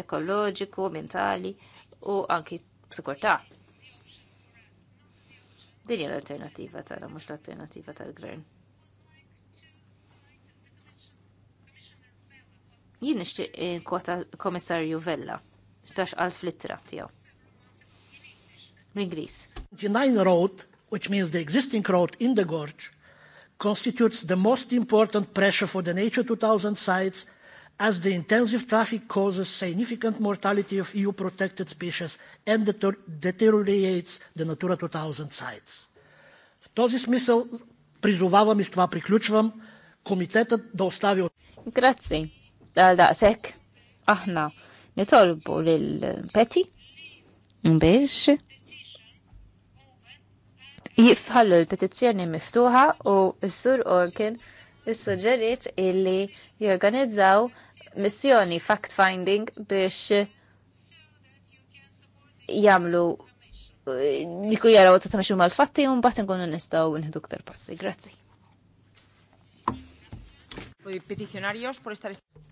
ekoloġiku, mentali u anki sikurtà. Din hija l alternattiva tara, mhux l alternattiva tal-gvern. Jien nixtieq eh, kwota Komissarju Vella x'tax għal flittra tiegħu. Mingris. ingliż Nine road, which means the existing road in the gorge, constitutes the most important pressure for the Nature 2000 sites as the intensive traffic causes significant mortality of EU protected species and deter deteriorates the Natura 2000 sites. В този смисъл призовавам и с това приключвам комитетът да остави... Граци. Дал да сек. Ахна. Не толбо лил пети. Беш. Jifħallu l-petizzjoni miftuħa u s-sur Orkin is-suġġeriet illi jorganizzaw missjoni fact-finding biex jamlu jiku jaraw ta' tamxu mal-fatti un bat nkunu nistaw nħidu ktar passi. Grazzi.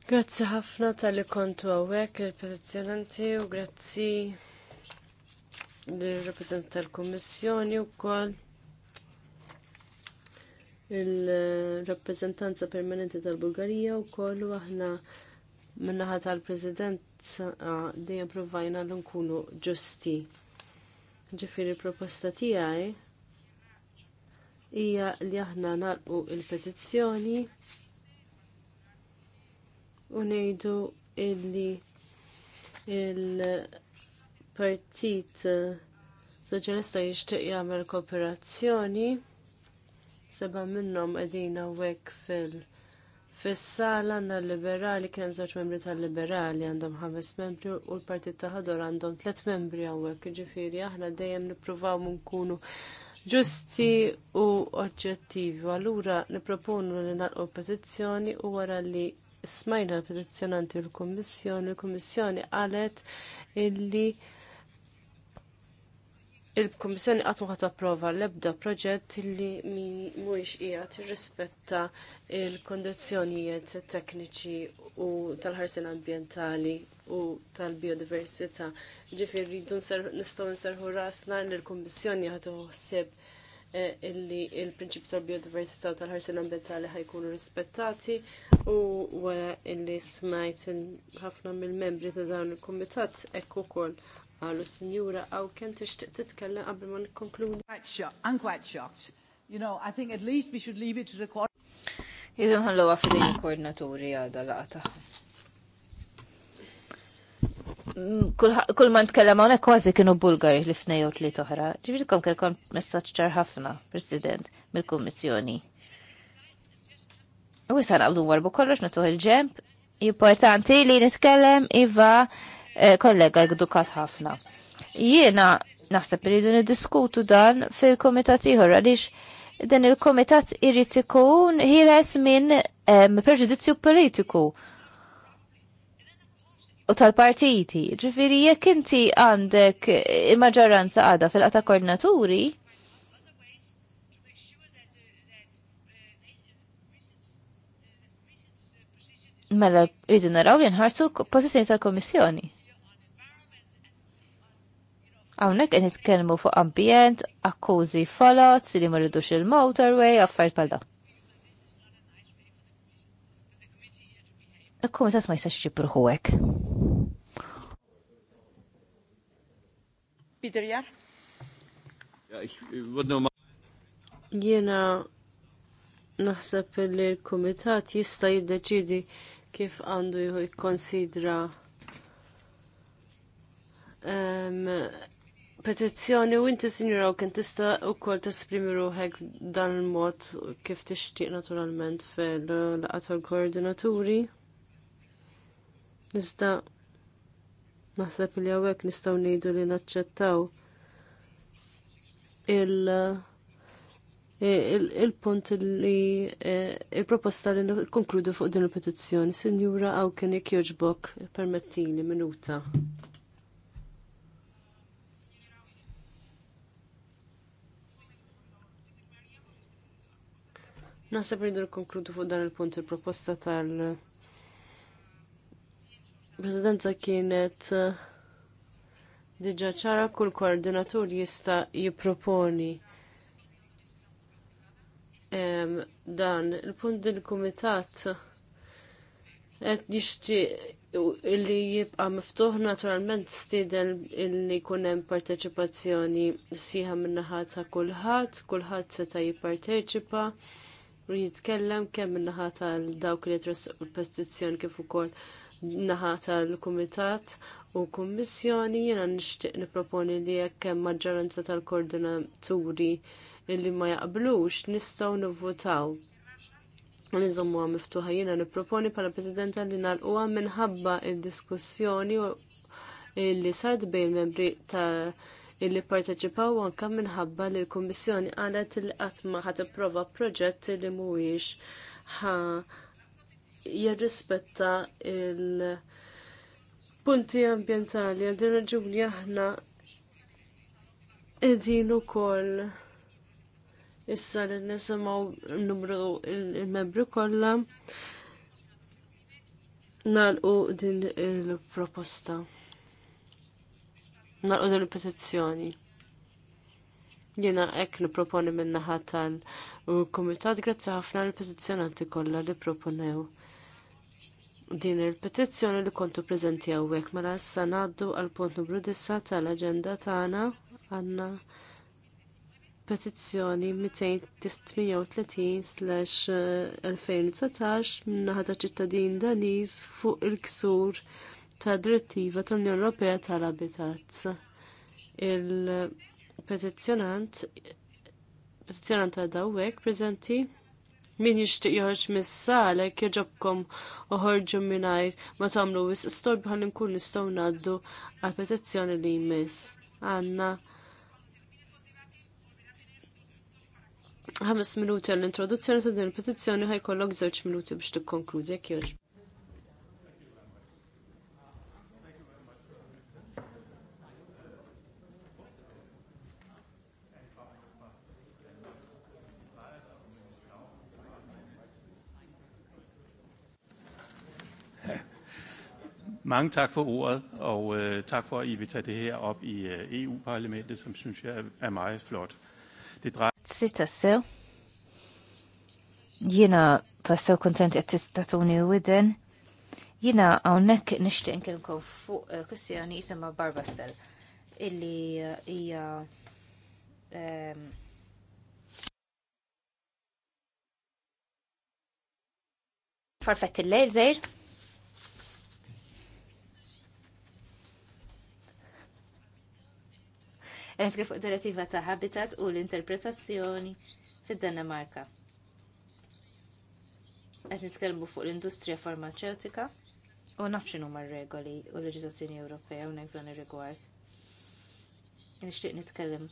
Grazzi ħafna tal-li kontu għawek il-petizjonanti u grazzi l-reprezentant l kommissjoni u kol il-rappresentanza permanenti tal-Bulgarija u kol u aħna minnaħat tal-President dejjem provajna l nkunu ġusti. Ġifiri proposta tiegħi hija li aħna nalqu il-petizzjoni u ngħidu illi il-Partit Soċjalista jixtieq jagħmel kooperazzjoni seba' minnhom qegħdin hawnhekk fil- Fis-sala għandna l-liberali kien hemm żewġ membri tal-liberali għandhom ħames membri u l-partit ta' ħador għandhom tliet membri hawnhekk, jiġifieri aħna dejjem nippruvaw nkunu ġusti u oġġettivi. Allura nipproponu li nagħlqu petizzjoni u wara li smajna l-petizzjonanti l kummissjoni il kummissjoni qalet illi il-Kummissjoni qatt ma ħadd approva l-ebda proġett li mhuwiex qiegħed jirrispetta il-kondizjonijiet tekniċi u tal-ħarsin ambjentali u tal-biodiversità. Ġifir nistgħu nserħu rasna li l-Kummissjoni ħadu ħsieb eh, illi il-prinċipju tal-biodiversità u tal-ħarsin ambjentali ħajkunu rispettati u wara illi smajt ħafna mill-membri ta' dawn il-kumitat hekk ukoll għalu sinjura għaw kien tixtieq titkellem qabel ma nikkonkludi. I'm quite shocked. You know, I think at least we should leave it to the court. Jidun ħallowa fidejn il-koordinaturi għada laqata. Mm, kull ma tkellem hawnhekk kważi kienu Bulgari li fnej u tliet oħra. Ġifiedkom kelkom messaġġ ċar ħafna, President, mill-Kummissjoni. U issa għabdu warbu kollox natuħ il-ġemp. Importanti li nitkellem iva eh, kollega edukat ħafna. Jiena naħseb irridu niddiskutu dan fil komitati ħor għalix dan il-komitat irrit ikun ħires minn preġudizzju politiku u tal-partiti. Ġifiri, jekk inti għandek maġġoranza għada fil-qata koordinaturi, mela jridu naraw li nħarsu pożizzjoni tal-Komissjoni. Għawnek għen nitkelmu fuq ambjent, akkużi falot, li marridux il-motorway, għaffajt pal da. Il-komitat ma jistax ġibruħu hekk. Peter Jar? Jena äh, naħseb li l-komitat jista' jiddeċidi kif għandu jikkonsidra jikonsidra ehm, petizzjoni u inti sinjura u kien tista' wkoll tesprimi ruħek dan il-mod kif tixtieq naturalment fil-laqgħa tal-koordinaturi. Iżda naħseb li hawnhekk nistgħu ngħidu li naċċettaw il-punt li eh, il-proposta li konkludu fuq din il-petizzjoni. Sinjura Awken jekk jogħġbok permettini minuta. Naħseb rridu l-konkludu fuq dan il-punt il-proposta tal- Presidenza kienet eh, diġa ċara kull koordinatur jista jipproponi ehm, dan il-punt il-kumitat qed eh, jixtieq illi jibqa' miftuħ naturalment stiden illi jkun hemm parteċipazzjoni siħa min-naħa ta' kulħadd, kulħadd seta' jipparteċipa u jitkellem kemm in naħa tal dawk li jtressqu petizzjoni kif ukoll naħa tal-kumitat u kummissjoni jiena nixtieq nipproponi li jekk hemm maġġoranza tal-koordinaturi illi ma jaqblux nistgħu nivvotaw nizommu għam miftuħa jiena niproponi pala prezidenta li nalquwa minħabba il-diskussjoni li sart bejn membri ta' illi parteċipaw anka minħabba li l-Kummissjoni qalet li qatt ma ħad ipprova proġett li mhuwiex ħa jirrispetta il punti ambjentali għal din raġuni aħna qegħdin ukoll issa li nisimaw numru il membru kollha nalqu din il-proposta narqodu l-petizzjoni. Jena ek li proponi ħatan tal-Komitat grazzi ħafna l-petizzjonanti kollha li proponew. Din il-petizzjoni li kontu prezenti għawek mela issa naddu għal punt numru 9 tal-aġenda tagħna għandna petizzjoni 238/2019 minna ta' ċittadin Daniż fuq il-ksur il ksur ta' direttiva tal-Unjoni Ewropea tal-Habitat. Il-petizzjonant petizzjonant ta' dawek preżenti min jixtieq joħorġ mis-salek jogħġobkom uħorġu mingħajr ma tagħmlu wis stor bħal nkunu nistgħu ngħaddu għal petizzjoni li jmiss. Għandna ħames minuti għall-introduzzjoni ta' din il-petizzjoni ħajkollok żewġ minuti biex tikkonkludi jekk jogħġbok. Mange tak for ordet, og øh, tak for, at I vil tage det her op i øh, EU-parlamentet, som synes jeg er meget flot. Det drejer Sita sew. Jina så kontent qed tistatuni widen. Jina hawnhekk nixtieq nkellmkom fuq eh, kwestjoni jisimha Barbastel illi eh, i ehm, farfett il-lejl żejr. qed fuq direttiva ta' Habitat u l-interpretazzjoni fid-Danimarka. Qed nitkellmu fuq l-industrija farmaceutika u naf x'inhu regoli u l-leġiżlazzjoni Ewropea hawnhekk dan ir-rigward. Nixtieq nitkellem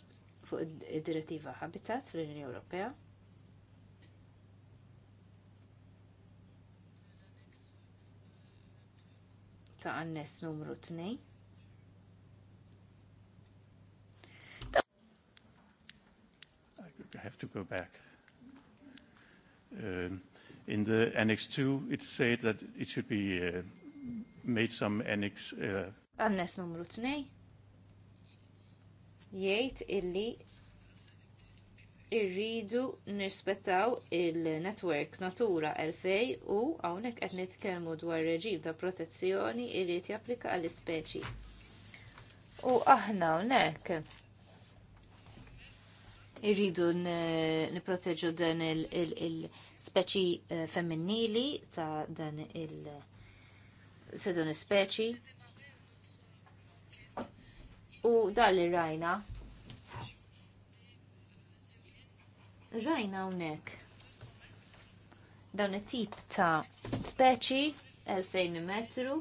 fuq id-direttiva Habitat fl-Unjoni Ewropea. ta' għannes numru 2 I have to go back. Um, in the Annex 2, it said that it should be uh, made some Annex... Uh, Annex numru 2 Jiejt illi irridu nispettaw il-networks Natura 2000 u hawnhekk qed nitkellmu dwar reġim ta' protezzjoni irrit japplika għall ispeċi U aħna hawnhekk irridu niproteġu dan il-speċi eh, femminili ta' dan il- se dan il-speċi. U dan li rajna. Rajna unek. Dawn it-tip ta' speċi 2000 metru.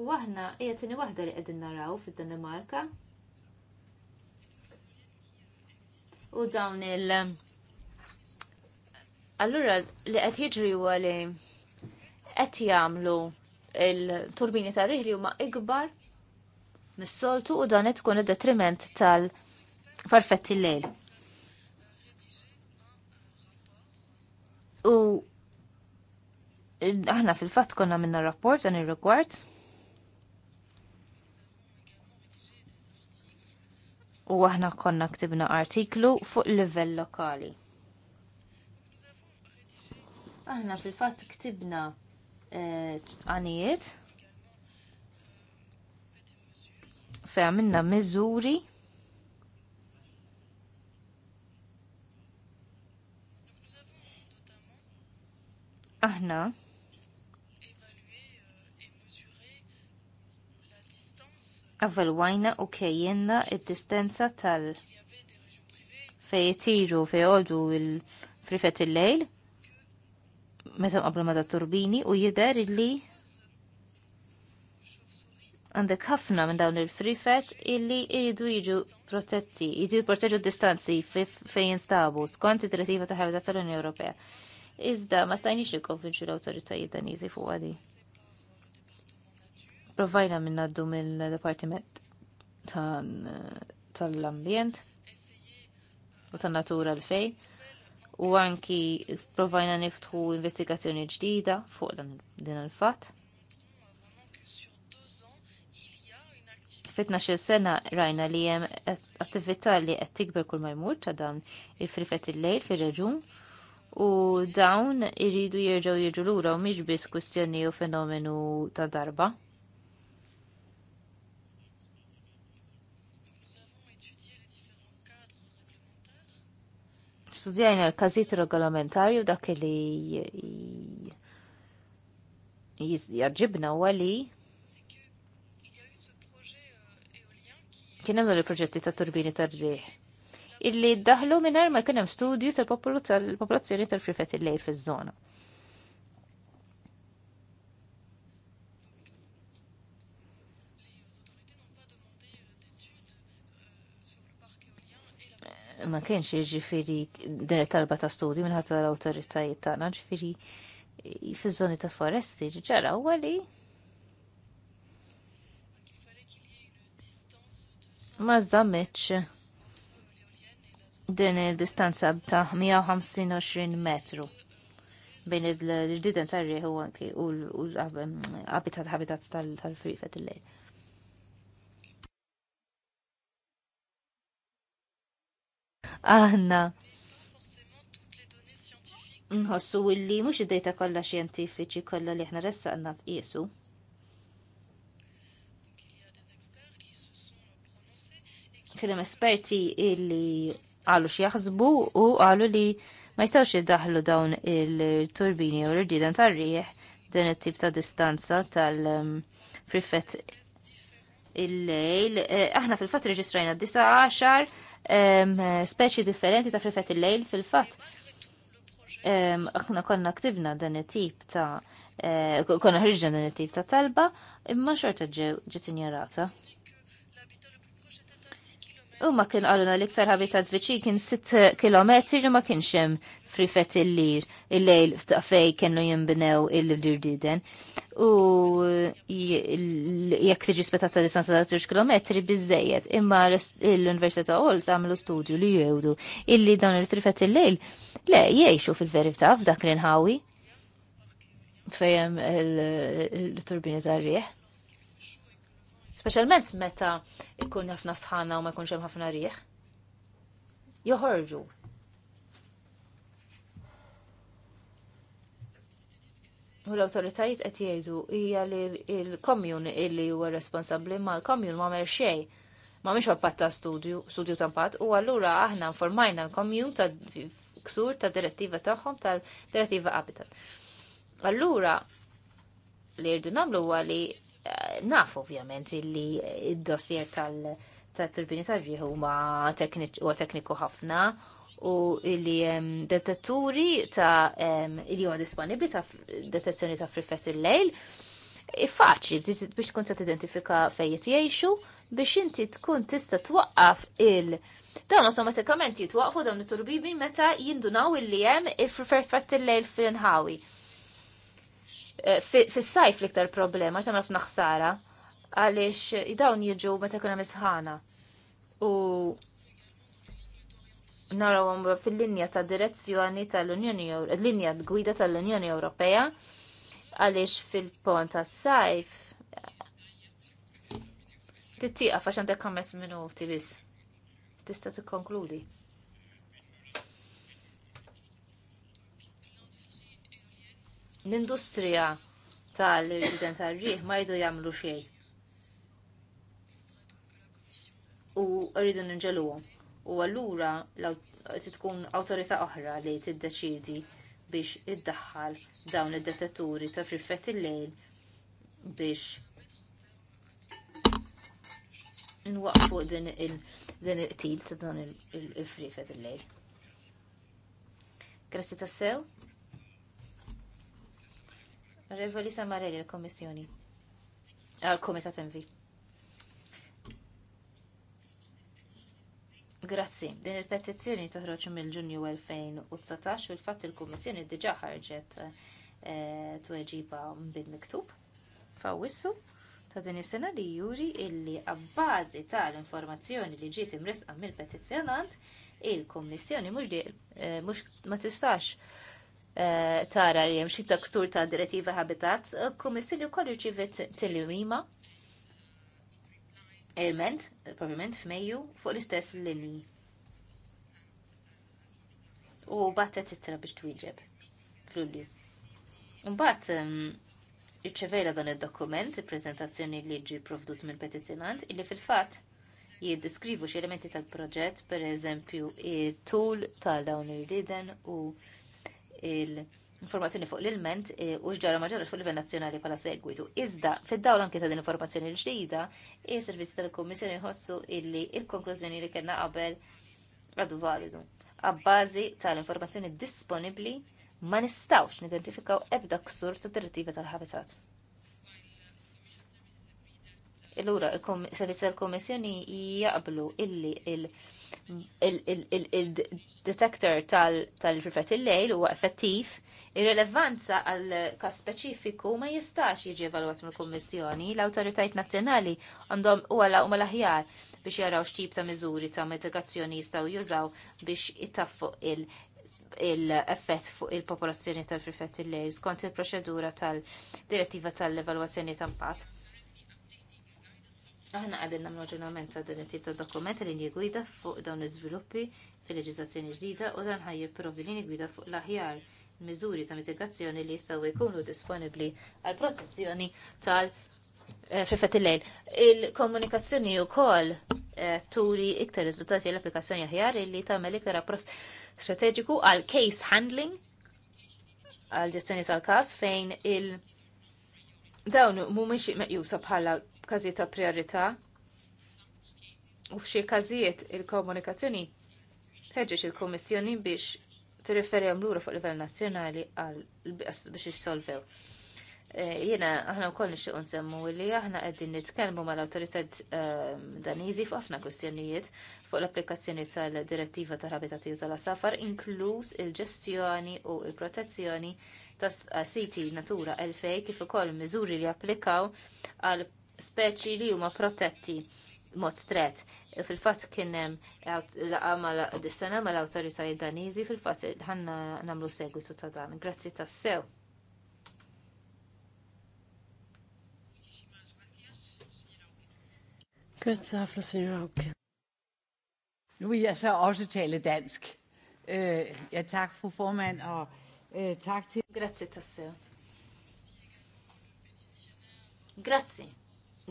U aħna hija wahda waħda li qegħdin naraw fid-Danimarka. u dawn il- Allura li qed jiġri huwa li qed jagħmlu il-turbini ta' riħli huma ikbar mis-soltu u dan qed tkun id-detriment tal-farfetti l-lejl. U aħna fil-fatt konna minna rapport dan ir-rigward. u aħna konna ktibna artiklu fuq livell lokali. Aħna fil-fatt ktibna eh, għanijiet Fe' għamilna minna miżuri aħna avvalwajna u kejjenna id-distanza tal- fej jitiru fej għodu il-frifet il-lejl meta qabel ma turbini u jider li għandek ħafna minn dawn il-frifet illi jridu jiġu protetti, jridu jipproteġu distanzi fejn jinstabu skont id-direttiva ta' ħabda tal-Unjoni Ewropea. Iżda ma stajniex nikkonvinċu l-awtoritajiet daniżi fuq għadi provajna minn għaddu mill-Departiment eh, tal-Ambjent u tan-Natura l-fej u anki provajna niftħu investigazzjoni ġdida fuq din il-fatt. fitna xil sena rajna li jem attività li qed tikber kull ma jmur ta' dawn il-frifet il-lejl fir-reġun u dawn iridu jirġgħu jiġu lura u mhix biss u fenomenu ta' darba. studjajna l-kazit u dak li jarġibna u għali kienem l proġetti ta' turbini tar riħ illi daħlu minn ma kienem studju tal-popolazzjoni tal-frifet il-lejl fiż-żona. ma kienx jiġifieri din talba ta' studju minn ħata l-awtoritajiet tagħna ġifiri fiż-żoni ta' foresti ġara huwa li ma żammitx din il-distanza ta' 150-20 metru bejn il-rididen tarri u l-habitat habitat tal frifet il-lejl. aħna nħossu illi mhux id-dejta kollha xjentifiċi kollha li aħna ressaqna f'qiesu. Kien hemm esperti illi qalu xieħzbu jaħsbu u qalu li ma jistgħux daħlu dawn il-turbini u l ġidan tar-rieħ din it-tip ta' distanza tal um, frifet il-lejl. Eh, aħna fil-fatt reġistrajna 19 speċi differenti ta' frifet il-lejl fil-fat. Aħna konna aktivna dan it-tip ta' eh, konna ħriġna dan it-tip ta' talba imma xorta ġew ġiet injorata. U ma kien għaluna l-iktar habitat viċi kien 6 km u ma kienx hemm frifet il-lir il-lejl fej kienu jimbnew il diden. U jekk tiġi spetata distanza ta' 3 km biżejjed, imma l-Università Ols għamlu studju li jgħudu illi dawn il-frifet il-lejl le jgħixu fil-verità f'dak l-inħawi fejem il-turbini tar-rieħ specialment meta jkun ħafna sħana u ma jkunx hemm ħafna rieħ. Joħorġu. U l-autoritajiet qed jgħidu hija li l-komjun illi huwa responsabbli ma l-komjun ma mer xejn. Ma mhix ta' studju, studju ta' u allura aħna informajna l-komjun ta' ksur ta' direttiva tagħhom tal direttiva Habitat. Allura li jirdu nagħmlu huwa li Eh, naf ovvjament illi id-dossier tal-turbini tal huma ma tekniku ħafna u illi detetturi ta' illi huwa disponibli ta' detezzjoni ta' friffet il-lejl. Faċli biex tkun ta' identifika fejjet jgħixu biex inti tkun tista' twaqqaf il- Dawn automatikament jitwaqfu dawn it-turbini meta jindunaw illi hemm il-friffet il-lejl fil-inħawi. il friffet il lejl fil il il lejl inħawi Eh, fis-sajf l-iktar problema, għax għamlaf għalix għaliex dawn jiġu meta kuna misħana. U narawhom fil-linja ta' direzzjoni tal-Unjoni linja gwida tal-Unjoni Ewropea għaliex fil-pont tas-sajf tittiqa għax għandek ħames minuti biss. Tista' tikkonkludi. L-industrija tal-irġiden tar-riħ ma jdu jagħmlu xejn. U rridu ninġeluhom. U allura tkun awtorità oħra li tiddeċiedi biex iddaħħal dawn id-detetturi ta' friffet il-lejl biex nwaqfu din il-qtil ta' dawn il-friffet il-lejl. Grazzi tassew. Revoli Samarelli l-Komissjoni. Għal-Komitat Envi. Grazzi, din il-petizzjoni toħroġ mill-ġunju 2019 u l-fatt il-Kummissjoni diġa ħarġet eh, tweġiba bil-miktub fawissu ta' din is-sena li juri illi għabbażi tal-informazzjoni li ġiet imresqa mill-petizzjonant il-Kummissjoni mhux eh, ma tistax Eh, tara li hemm xi takstur ta' direttiva Habitat, eh, kollu wkoll irċivet tilwima element, eh, probabilment f'Mejju, fuq l-istess linji. U battet ittra biex twieġeb f'Lulju. Mbagħad ehm, iċċevejla dan id-dokument, il-preżentazzjoni li ġi provdut mill-petizzjonant, illi fil-fatt jiddeskrivu xi elementi tal-proġett, per eżempju, it-tul tal dawn il-riden u l informazzjoni fuq l-ilment e, u ġara maġġara fuq livell nazzjonali bħala segwitu. Iżda, fid-dawl anke ta' din informazzjoni l-ġdida, is-servizzi tal-Kommissjoni jħossu illi il-konklużjoni li kellna qabel għadu validu. Għabbażi tal-informazzjoni disponibli ma nistawx nidentifikaw ebda ksur ta' direttiva tal-habitat. Illura, il-servizzi tal-Kommissjoni jaqblu illi il-, -il il-detector tal-rifet il-lejl huwa effettiv, ir-relevanza għal kas speċifiku ma jistax jiġi evalwat mill kummissjoni l-awtoritajiet nazzjonali għandhom u għala u mal-aħjar biex jaraw x'tip ta' miżuri ta' mitigazzjoni jistgħu jużaw biex jittaffu il- l-effett fuq il-popolazzjoni tal-frifett il-lejl skont il-proċedura tal-direttiva tal-evalwazzjoni ta' impatt Aħna għadin namlu ġurnament ta' din it-tip ta' dokument li jgwida fuq dawn iż-żviluppi fil-leġiżlazzjoni ġdida u dan ħaj jipprovdi li jgwida fuq l-aħjar miżuri ta' mitigazzjoni li jistgħu jkunu disponibbli għal protezzjoni tal- eh, fil il-lejl. Il-komunikazzjoni u eh, turi iktar rizultati l-applikazzjoni aħjar li tagħmel iktar approċ strateġiku għal case handling għal ġestjoni tal-każ fejn il- dawn mhumiex meqjusa bħala f'każijiet ta' priorità u f'xi każijiet il-komunikazzjoni ħeġġeġ il-Kummissjoni biex tirriferjom lura fuq livell nazzjonali biex jissolvew. E, jiena aħna wkoll nixtieq nsemmu li aħna qegħdin nitkellmu mal-awtoritet ehm, Daniżi fuq ħafna kwistjonijiet fuq l-applikazzjoni tal-direttiva tal-abitati u tal-asafar, inkluż il-ġestjoni u l protezzjoni ta' eh, siti Natura 2000 kif ukoll miżuri li applikaw għal speċi li huma protetti mod stret. Fil-fatt kien hemm dis-sena mal-awtoritajiet Daniżi fil-fatt ħanna nagħmlu segwitu ta' dan. Grazzi tassew. Grazzi ħafna Sinjur Hawke. Nu vil er jeg så også tale dansk. Øh, ja, tak, fru formand, og øh, tak til... Grazie, Tasseo. Grazie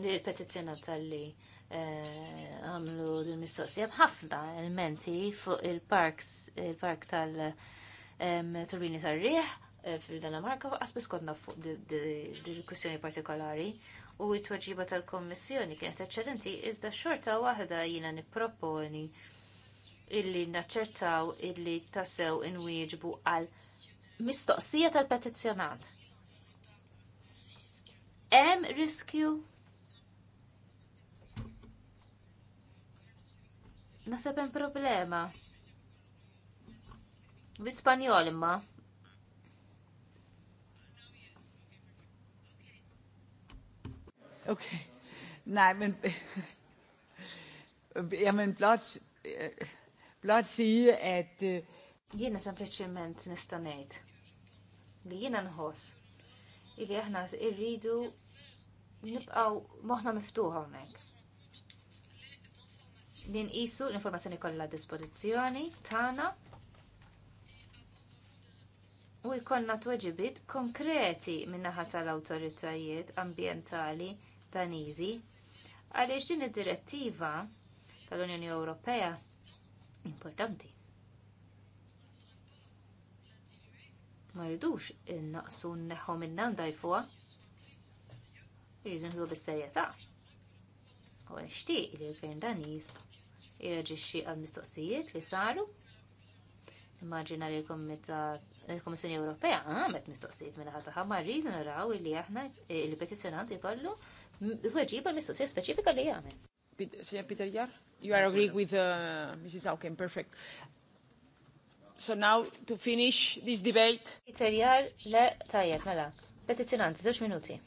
l-petizjonat tal-li eh, għamlu e, dil-mistoqsija bħafna elementi fuq il-parks, il-park tal-turbini tal-riħ eh, fil-Danamarka, għasbis kodna fuq dil-kussjoni partikolari u it-tweġiba tal-Kommissjoni kienet eċċedenti, iżda xorta waħda jina nipproponi illi naċċertaw illi tasew inwieġbu għal mistoqsija tal petizzjonat Hemm riskju Nasab hemm problema. Bl-Ispanjol imma. Ok. Nej, men jamen blot, blot sige, at... Äh, jiena sempliciment nista' ngħid li jiena nħoss Ili aħna irridu nibqgħu moħħna miftuħa hawnhekk li nqisu l-informazzjoni kollha dispożizzjoni tagħna u jkollna tweġibiet konkreti min-naħa tal-awtoritajiet ambjentali Daniżi għaliex din id-direttiva tal-Unjoni Ewropea importanti. Ma rridux innaqsu neħħu minnan dajfuha. Irridu nħu bis-serjetà. U nixtieq li l-gvern Daniż jirraġixxi għal mistoqsijiet li saru. Immaġina li l-Komissjoni Ewropea għamet mistoqsijiet minn ħadd ħamma rridu naraw li aħna il-petizzjonant petizjonanti kollu għagġib għal mistoqsijiet specifika li għamet. Sir Peter Jar, you are agreeing with uh, Mrs. Auken, perfect. So now to finish this debate. Peter Jar, le tajjeb, mela. Petizjonanti, żewġ minuti.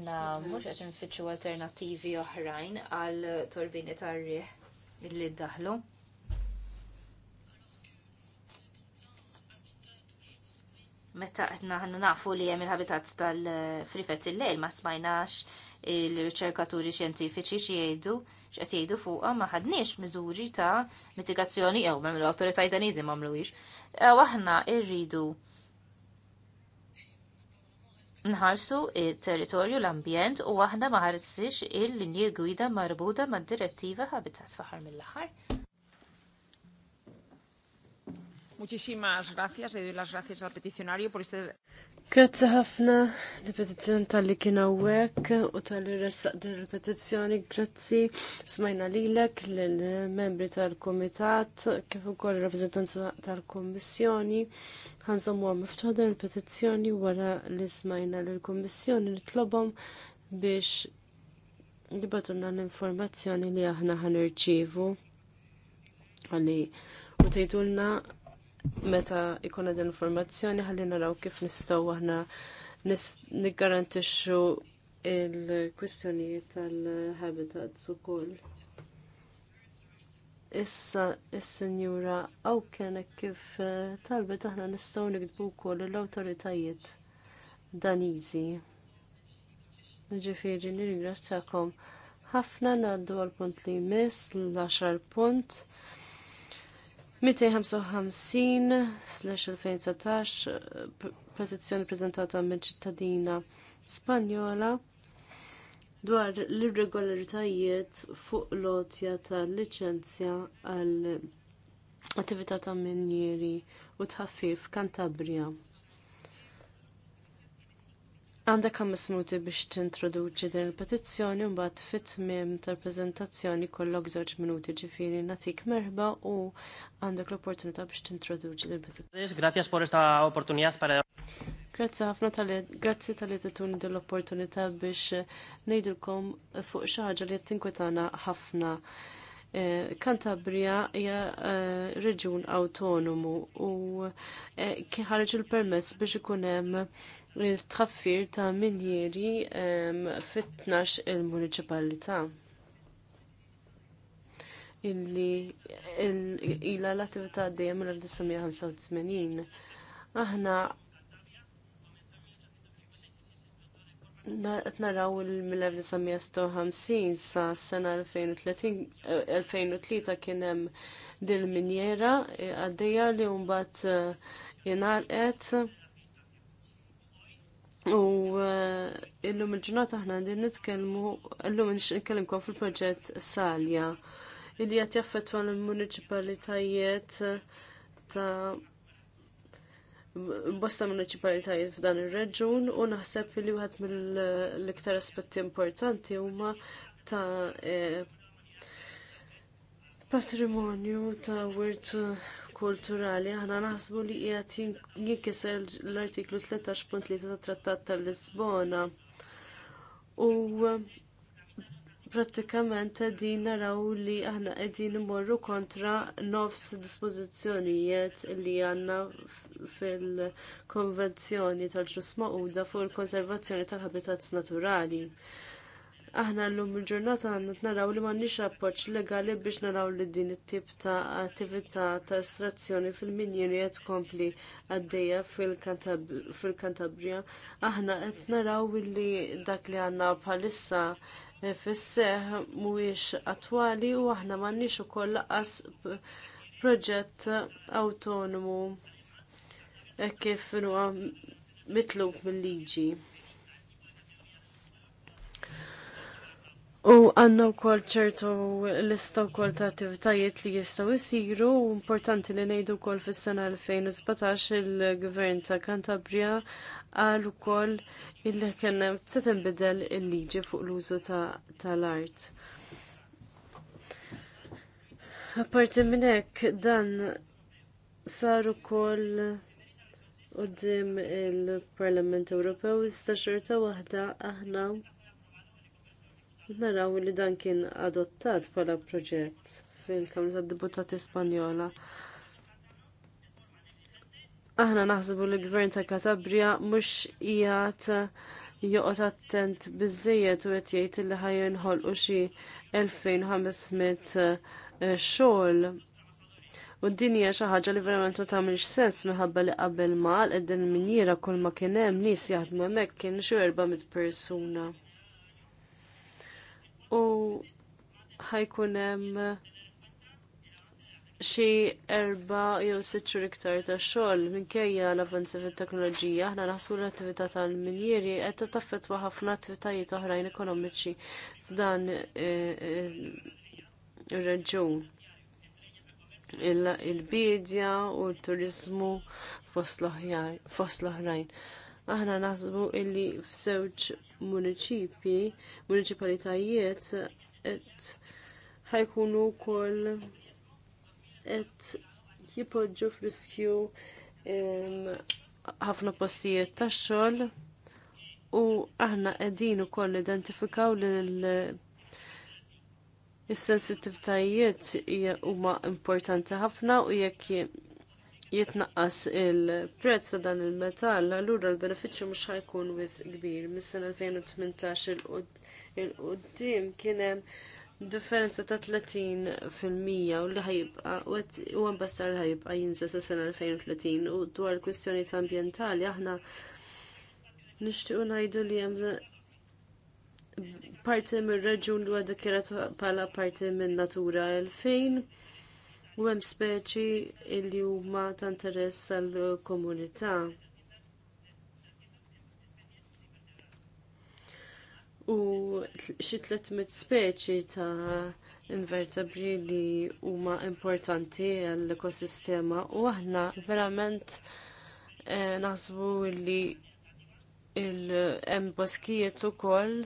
aħna mhux qed infittxu alternattivi oħrajn għal torbini tar-riħ li ddaħlu. Meta qedna ħanna nafu li hemm il-habitat tal-frifet il-lejl ma smajnax il-riċerkaturi xjentifiċi xi jgħidu x'qed jgħidu fuqhom ma ħadniex miżuri ta' mitigazzjoni jew l-awtoritajiet Daniżi m'għamluwix. aħna rridu nħarsu il-territorju l-ambjent u aħna ma ħarsix il-linji gwida marbuta mad direttiva Habitat faħar mill-aħħar. Muchísimas gracias, le doy las gracias al peticionario por este... Grazie ħafna li petizzjoni tal-li kien hawnhekk u tal-li ressaq din il-petizzjoni. Grazzi smajna lilek lill-membri tal-kumitat kif ukoll ir rappresentanza tal-kummissjoni. Ħanżommu miftuħ din il-petizzjoni wara li smajna lill-kummissjoni nitlobhom biex jibatulna l-informazzjoni li aħna ħanirċievu għalli u tgħidulna meta ikonna din informazzjoni ħalli naraw kif nistgħu aħna niggarantixxu il-kwistjonijiet tal-habitats ukoll. Issa is-sinjura aw kienek kif eh, talbet aħna nistgħu nikdbu wkoll l-awtoritajiet Daniżi. Ġifieri nirringrazzjakom ħafna ngħaddu għall punt li jmiss l-10 punt. 255-2019 eh, petizzjoni prezentata minn ċittadina Spanjola dwar l-irregolaritajiet fuq lotja ta' licenzja għal attività ta' minjeri u tħaffif Kantabria. Għandek ħammes minuti biex tintroduċi din il-petizzjoni mbagħad fit mim tal prezentazzjoni kollok żewġ minuti ġifiri nagħtik merħba u għandek l-opportunità biex tintroduċi din il-petizzjoni. Grazie per questa opportunità. Grazie Grazzi ħafna tal grazzi tal-li din l-opportunità biex ngħidulkom fuq xi ħaġa li tinkwetana ħafna. Eh, Kantabria hija eh, reġjun autonomu u eh, kħarġ il-permess biex ikun hemm il-tħaffir ta' minjeri fit tnax il-municipalità illi ila l-attività għaddejja mill-1985. Aħna qed naraw mill-1956 sa sena 2003 eh, kien hemm din minjera eh, għaddejja li mbagħad eh, ingħalqet U eh, illum il-ġurnata aħna għandin nitkellmu, illum nitkellimkom fil-proġett Salja, illi jaffet għan il municipalitajiet eh, ta' bosta municipalitajiet f'dan ir-reġun u naħseb li wieħed mill-iktar aspetti importanti huma ta' eh, patrimonju ta' wirt kulturali aħna naħsbu li qiegħed jinkiser l-artiklu 13.3 tat Trattat tal-Lisbona. U prattikament qegħdin naraw li aħna qegħdin immorru kontra nofs dispożizzjonijiet li għandna fil-Konvenzjoni tal-Ġus Maquda fuq il-konservazzjoni tal-habitats naturali. Aħna llum il-ġurnata għandna naraw li m'għandniex appoġġ legali biex naraw li din it-tip ta' attività ta' estrazzjoni fil-minjeri qed tkompli għaddejja fil-Kantabrija. Aħna qed naraw li dak li għandna bħalissa eh, fis-seħ mhuwiex attwali u aħna m'għandniex ukoll laqas proġett awtonomu eh, kif huwa mitlub mill-liġi. U għanna u kol ċertu lista istaw kol ta' attivitajiet li jistaw jisiru, importanti li nejdu kol fis sena 2017 il-gvern ta' Kantabria għal u kol il-li kena t-setem bidel il-liġi fuq l-użu tal-art. Ta Apparti minnek dan saru kol u il-Parlament Ewropew, istaxurta wahda aħna Naraw li dan kien adottat bħala proġett fil-Kamra tad Deputati Spanjola. Aħna naħsbu li l-Gvern ta' Katabria mhux qiegħed joqgħod attent biżżejjed u qed jgħid li ħajinħolqu xi 2500 eh, xogħol U d-dinja xi ħaġa li verament ma tagħmilx sens minħabba li qabel ma għal din il-minjiera kull ma kien hemm nies jaħdmu hemmhekk kien xi erba' persuna u ħajkun hemm xi erba jew sitt xhur iktar ta' xogħol minkejja l-avanzi fit-teknoloġija aħna naħsbu l-attività tal-minjieri qed taffettwa ħafna attivitajiet oħrajn ekonomiċi f'dan e, e, ir-reġjun il-bidja u l-turizmu fost l-oħrajn. Aħna naħsbu illi f'żewġ municipi, municipalitajiet et ħajkunu kol et jipoġġu friskju ħafna postijiet ta' xol u aħna qegħdin ukoll identifikaw li s sensitivitajiet huma importanti ħafna u jekk jitnaqqas il-prezz ta' dan il-metall, allura l-benefiċċju mhux ħajkun wis kbir. Mis-sena 2018 il-qudiem kien hemm differenza ta' 30% fil-mija u li ħajibqa' u ambassar ħajibqa' jinżel sa' sena 2030 u dwar kwistjoni ta' ambjentali aħna nixtiequ ngħidu li hemm parti mir-reġun li għadha kienet bħala parti minn Natura 2000 u hemm speċi li huma ta' interess għall komunità U xi 300 speċi ta' invertebri li huma importanti għall-ekosistema u aħna verament eh, naħsbu li il-hemm boskijiet ukoll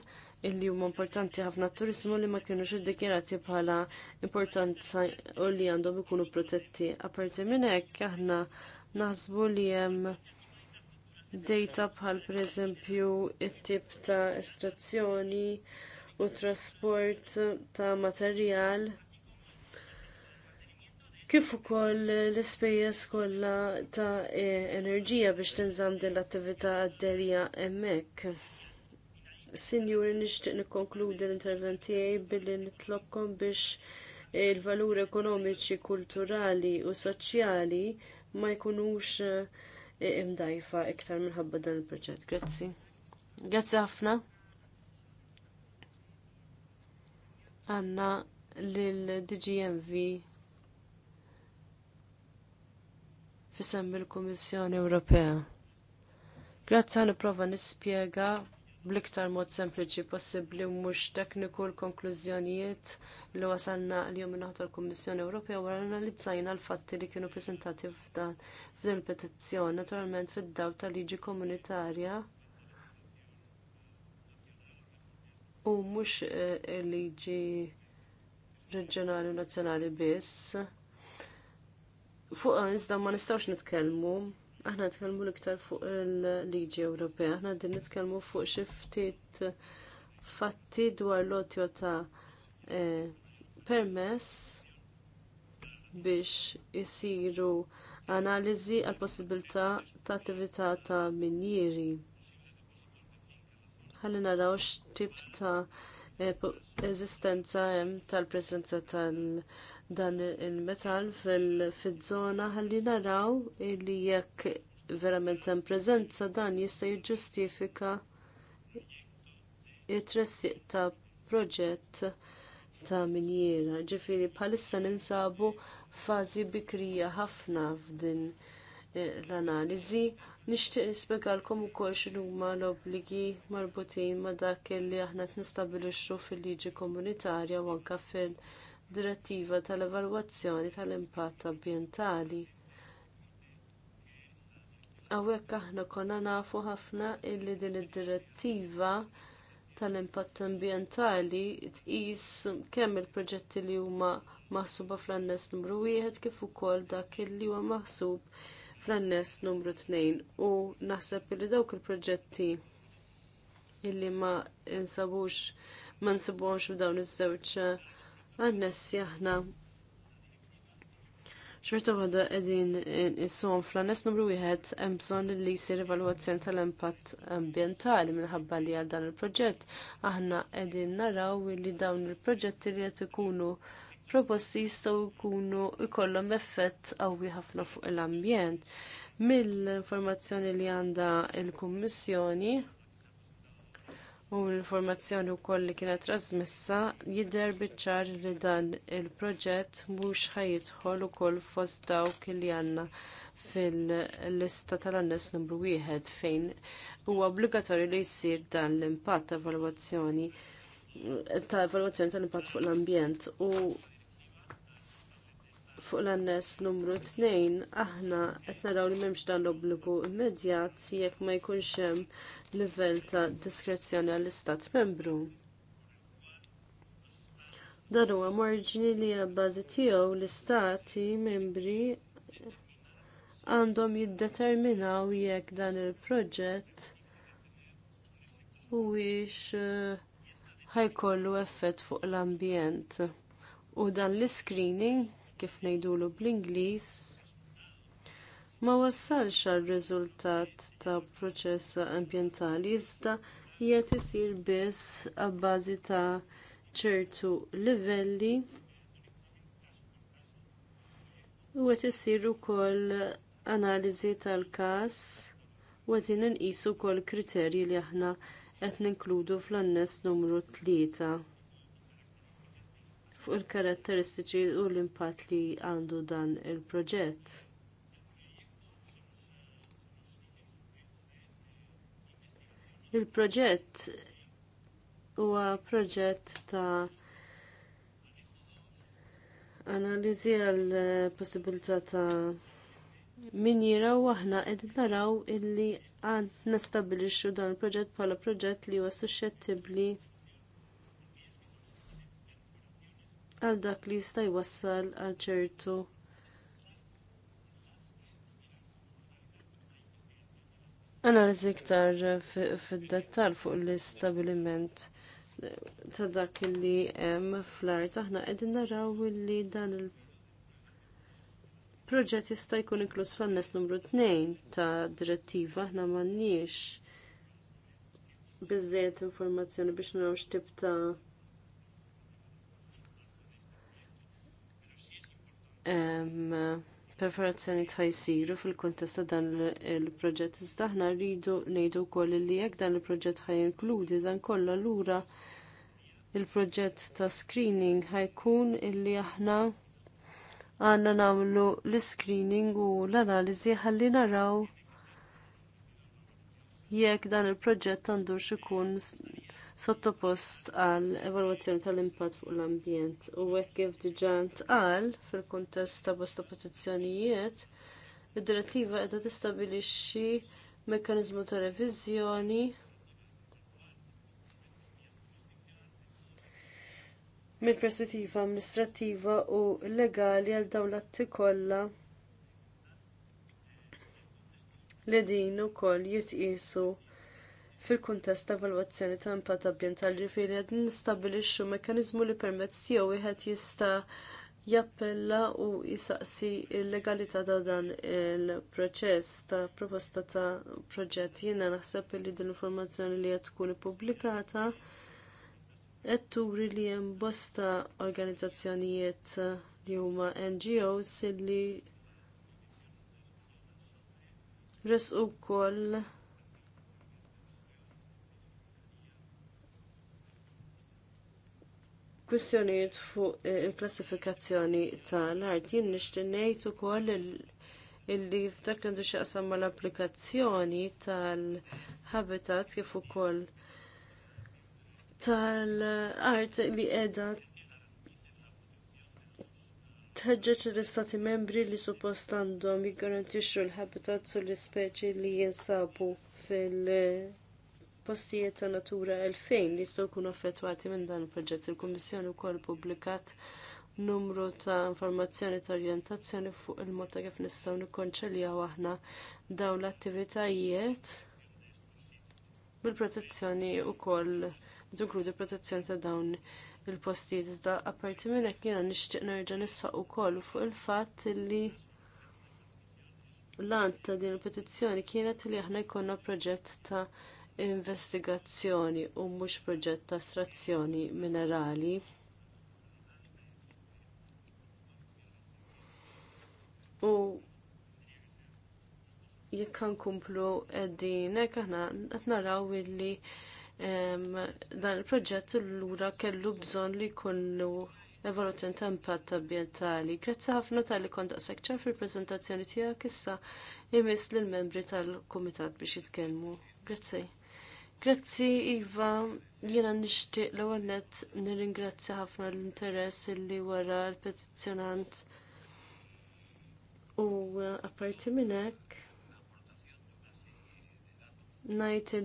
illi huma importanti ħafna turismu li ma kienux iddikjerati bħala importanza u li għandhom ikunu protetti. Aparti minn hekk aħna naħsbu li hemm data bħal pereżempju it-tip ta' estrazzjoni u trasport ta' materjal Kif ukoll l-ispejjeż kollha ta' enerġija biex tinżamm din l-attività għaddejja hemmhekk. Sinjuri nixtieq nikkonkludi l-intervent tiegħi billi nitlobkom biex il-valuri ekonomiċi, kulturali u soċjali ma jkunux eh, imdajfa iktar minħabba dan il-proġett. Grazzi. Grazzi ħafna. Anna lil-DGMV fisem il-Kummissjoni Ewropea. Grazzi għan prova nispiega bl-iktar mod sempliċi possibbli u mhux tekniku l-konklużjonijiet li wasalna l-jum minnaħta l-Kummissjoni Ewropea wara analizzajna l-fatti li kienu ppreżentati f'dan f'din il-petizzjoni, naturalment fid-daw tal-liġi komunitarja u mhux eh, il-liġi reġjonali u nazzjonali biss. Fuq iżda ma nistgħux nitkellmu aħna nitkellmu l-iktar fuq il-liġi Ewropea, aħna din nitkellmu fuq xi ftit fatti dwar l l-otjo ta' e, permess biex isiru analiżi għal possibilità ta' attività ta' minjieri. Ħalli naraw x'tip ta' e, eżistenza tal-preżenza tal-, -presenza tal dan il-metal fil-żona ħalli naraw li jekk verament hemm preżenza dan jista' jiġġustifika it-tressiq ta' proġett ta' minjera. Ġifieri bħalissa ninsabu fażi bikrija ħafna f'din eh, l-analiżi. Nixtieq nispjegalkom ukoll x'inhuma l-obbligi marbutin ma' dak li aħna qed nistabilixxu fil-liġi komunitarja u anke fil-, -liġi direttiva tal-evalwazzjoni tal-impatt ambjentali. Hawnhekk aħna konna nafu ħafna illi din id-direttiva tal-impatt ambjentali tqis kemm il-proġetti li huma maħsuba fl-annes numru wieħed kif ukoll dak li huwa maħsub fl-annes numru 2 u naħseb li dawk il-proġetti illi ma insabux ma nsibux f'dawn iż-żewġ għannessi aħna ċertu għada għedin insom fl-annes numru wieħed hemm bżonn li jsir evalwazzjoni tal-impatt ambjentali minħabba li għal dan il-proġett aħna qegħdin naraw li dawn il-proġetti li qed ikunu proposti jistgħu jkunu jkollhom effett qawwi ħafna fuq l-ambjent. Mill-informazzjoni li għandha l-Kummissjoni u l-informazzjoni wkoll li kienet trasmessa jidher biċ-ċar li dan il-proġett mhux ħajidħol ukoll fost dawk li għandna fil-lista tal-annes numru wieħed fejn huwa obbligatorju li jsir dan l-impatt ta' evalwazzjoni ta' evalwazzjoni tal-impatt fuq l-ambjent u fuq l-annes numru 2 aħna qed naraw li m'hemmx dan l-obbligu immedjat jekk ma jkunx hemm livell ta' diskrezzjoni għall-istat membru. Dan huwa marġni li għabbażi tiegħu l-istati membri għandhom jiddeterminaw jekk dan il-proġett huwiex eh, ħajkollu effett fuq l-ambjent. U dan l-screening kif ngħidulu bl-Ingliż ma wassalx għal riżultat ta' proċess ambjentali iżda jgħet isir biss għabbażi ta' ċertu livelli u għet isir ukoll analiżi tal-każ u qed inqisu wkoll kriterji li aħna qed ninkludu fl-annes numru tlieta fuq il-karatteristiċi u l-impatt li għandu dan il-proġett. Il-proġett huwa proġett ta' analiżi għal possibilità ta' min u aħna qegħdin naraw illi għand nestabilixxu dan il-proġett bħala proġett li huwa suscettibbli għal dak li jista' jwassal għal ċertu analiżi iktar fid-dettall fuq l-istabiliment ta' dak li hemm fl-art aħna qegħdin naraw li dan il- proġett jista' jkun inkluż fan-nes numru 2 ta' direttiva aħna m'għandniex biżżejjed informazzjoni biex naraw x'tib ta' perforazzjoni tħajsiru fil-kontesta dan il-proġett. Iżda aħna rridu ngħidu wkoll li jekk dan il-proġett ħajinkludi dan kollha lura il-proġett ta' screening ħajkun illi aħna għandna nagħmlu l-screening u l-analiżi ħalli naraw jekk dan il-proġett għandux ikun sottopost għal evalwazzjoni tal-impatt fuq l-ambjent u hekk kif diġà ntqal fil-kuntest ta' bosta petizzjonijiet, id-direttiva qiegħda tistabilixxi mekkaniżmu ta' reviżjoni mill-perspettiva amministrattiva u legali għal dawn l-atti kollha li din ukoll jitqisu fil-kuntest ta' evalwazzjoni ta' impatt ambjentali fejn qed nistabilixxu mekkaniżmu li permezz tiegħu wieħed jista' jappella u jisaqsi l legalità ta' dan il-proċess ta' proposta ta' proġett. Jiena naħseb li din l-informazzjoni li qed tkun ippubblikata qed turi li hemm bosta organizzazzjonijiet li huma NGOs li resqu wkoll kwistjonijiet fuq eh, il-klassifikazzjoni tal-art jien nixtieq ngħid ukoll illi f'dak li għandu x'aqsam mal-applikazzjoni tal-habitat kif ukoll tal-art li qiegħda tħeġġeġ l-istati membri li suppost għandhom jiggarantixxu l-habitat u l-ispeċi li jinsabu fil- postijiet ta' natura 2000 li jistgħu jkunu affettwati minn dan il-proġett. Il-Kummissjoni wkoll publikat numru ta' informazzjoni ta' orjentazzjoni fuq il-mod ta' kif nistgħu nikkonċeljaw aħna dawn l-attivitajiet bil-protezzjoni wkoll tinkludi protezzjoni ta' dawn il-postijiet. Iżda apparti minn hekk jiena nixtieq nerġa' nissaq ukoll fuq il-fatt li l-ant ta' din il-petizzjoni kienet li aħna jkollna proġett ta' investigazzjoni u mhux proġett ta' estrazzjoni minerali. U jekk nkumplu qegħdin hekk aħna qed naraw illi dan il-proġett lura kellu bżonn li jkollu evoluzzjoni ta' impatt ambjentali. Grazzi ħafna tal-li kont daqshekk fil-preżentazzjoni tiegħek issa imiss lill membri tal-kumitat biex jitkellmu. Grazzi. Grazzi, Iva, jiena nixtieq l-ewwel nett nirringrazzja ħafna l-interess li wara l-petizzjonant u apparti minn hekk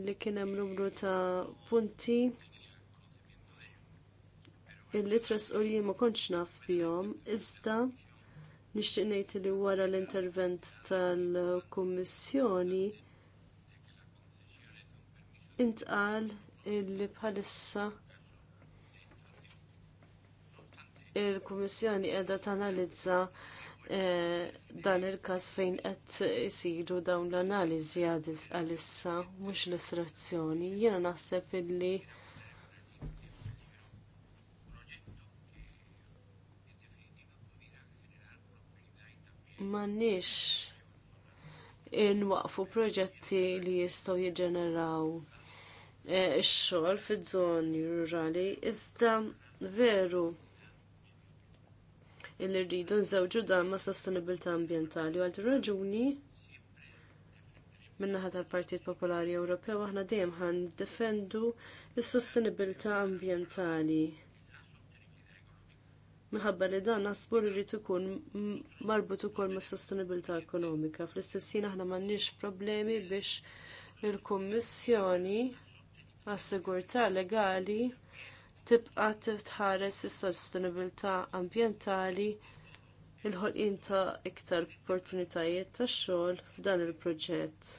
li kien hemm numru ta' punti illi u li ma kontx naf bijom iżda nixtieq ngħid li wara l-intervent tal-Kummissjoni intqal illi bħalissa il-Kummissjoni qiegħda tanalizza eh, dan il-każ fejn qed isiru dawn l-analiżi għadis għalissa mhux l-istrazzjoni. Jiena naħseb illi m'għandniex inwaqfu proġetti li jistgħu jiġġeneraw E, ix-xogħol fiż-żoni rurali iżda veru li rridu nżewġu dan ma' sostenibilità ambjentali u għal raġuni minnaħa tal-Partit Popolari Ewropew aħna dejjem ħan defendu s-sostenibilità ambjentali. Minħabba li dan nasbu li rrid ikun marbut ukoll mas sostenibilità ekonomika. Fl-istessin aħna m'għandniex problemi biex il-Kummissjoni għas-sigurtà legali tibqa tħares is-sostenibilità ambjentali il-ħolqien ta' iktar opportunitajiet tax xogħol f'dan il-proġett.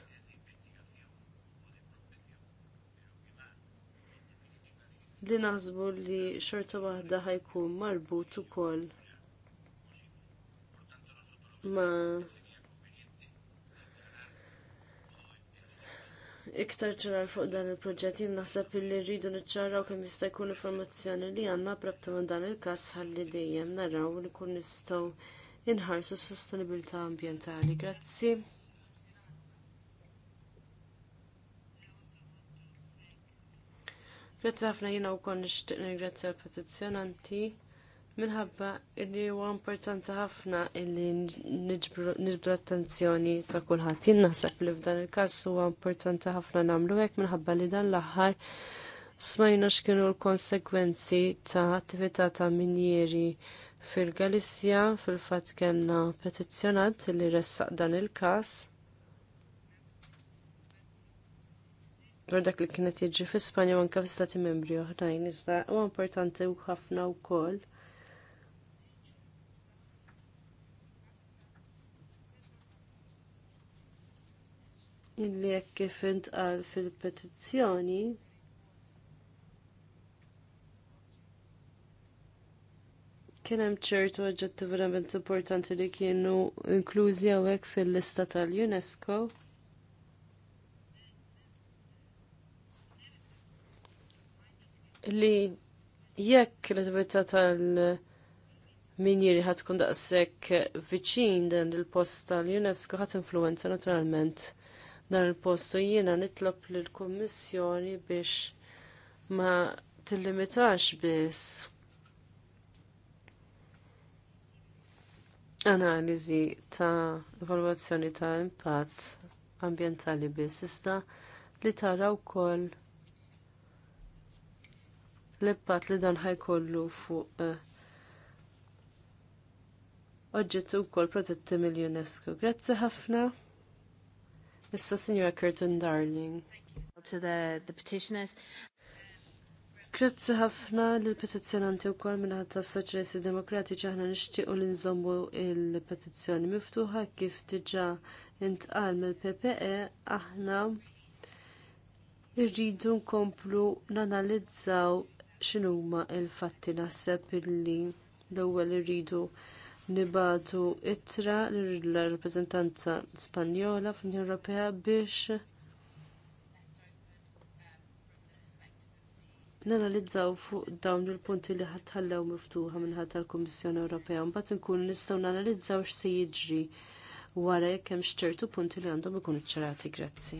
Li naħsbu li xorta waħda ħajkun marbut ukoll ma' iktar ċarar fuq dan il-proġett jien naħseb illi rridu niċċaraw kemm jista' jkun informazzjoni li għandna prabta minn dan il-każ ħalli dejjem naraw li kun nistgħu inħarsu s-sostenibilità ambjentali. Grazzi. Grazzi ħafna jiena wkoll nixtieq nirgrazzja l-petizzjonanti. Minħabba li huwa importanti ħafna illi niġbru attenzjoni ta' kulħadd. Jien naħseb li f'dan il-każ huwa importanti ħafna nagħmlu hekk minħabba li dan l-aħħar smajna x'kienu l-konsekwenzi ta' attività ta' minjeri fil-Galizja fil-fatt kellna petizzjonat li ressaq dan il-każ. dwar dak li kienet jiġri fi Spanja u anke fi stati membri oħrajn, iżda huwa importanti ħafna wkoll illi jekk kif intqal fil-petizzjoni kien hemm ċertu oġġetti verament importanti li kienu inklużi hawnhekk fil-lista tal-UNESCO. Li jekk l-attività tal- min jiri ħat daqshekk viċin dan il-post tal-UNESCO ħat influenza naturalment dan il-postu jiena nitlob lill kummissjoni biex ma tillimitax biss analiżi ta' evalwazzjoni ta' impatt ambjentali biss iżda li tara wkoll l-impatt li dan ħajkollu fuq eh, oġġettu wkoll protetti mill-UNESCO. Grazzi ħafna. Issa Signora Curtin Darling. To the, the petitioners. Grazzi ħafna l-petizzjonanti u kol minna ħatta soċjalisti demokratiċi ħana u li nżommu il-petizzjoni miftuħa kif tiġa intqal mill-PPE aħna irridu nkomplu nanalizzaw x'inhuma l-fatti naħseb illi l-ewwel irridu nibatu ittra l-rappresentanza Spanjola fl-Unjoni Ewropea biex nanalizzaw fuq dawn il-punti li ħatħallew miftuħa minnħat tal-Kummissjoni Ewropea mbagħad inkunu nistgħu nanalizzaw x'se jiġri wara jekk hemm xċertu punti li għandhom ikunu ċċarati, grazzi.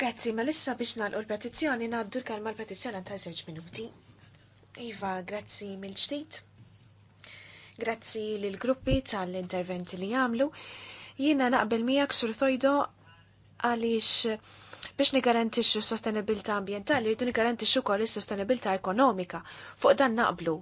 Grazzi, ma lissa biex nagħlqu l-petizzjoni ngħaddu l-kelma l-petizzjoni ta' żewġ minuti. Iva, grazzi mill-ġdid. Grazzi lil gruppi tal-interventi li għamlu. Jina naqbel miegħek sur tojdo għaliex biex nigarantixxu sostenibilità ambjentali rridu nigarantixxu wkoll is-sostenibilità ekonomika. Fuq dan naqblu.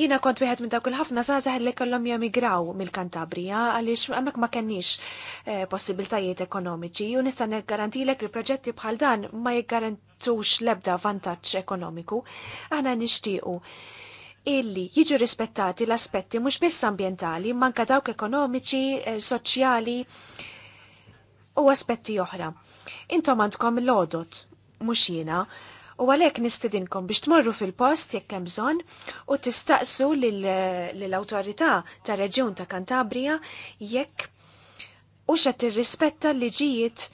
Jina kont wieħed minn dawk il-ħafna żgħażagħ li kellhom jemigraw mill-Kantabrija għaliex hemmhekk ma kenniex eh, possibiltajiet ekonomiċi u nista' niggarantilek li proġetti bħal dan ma jiggarantux l-ebda vantaġġ ekonomiku. Aħna nixtiequ illi jiġu rispettati l-aspetti mhux biss ambjentali, manka dawk ekonomiċi, eh, soċjali u aspetti oħra. Intom għandkom l-odot, mhux jiena, u għalhekk nistidinkom biex tmorru fil-post jekk hemm bżonn u tistaqsu lill-awtorità ta' reġjun ta' Kantabria jekk u xa tirrispetta l-liġijiet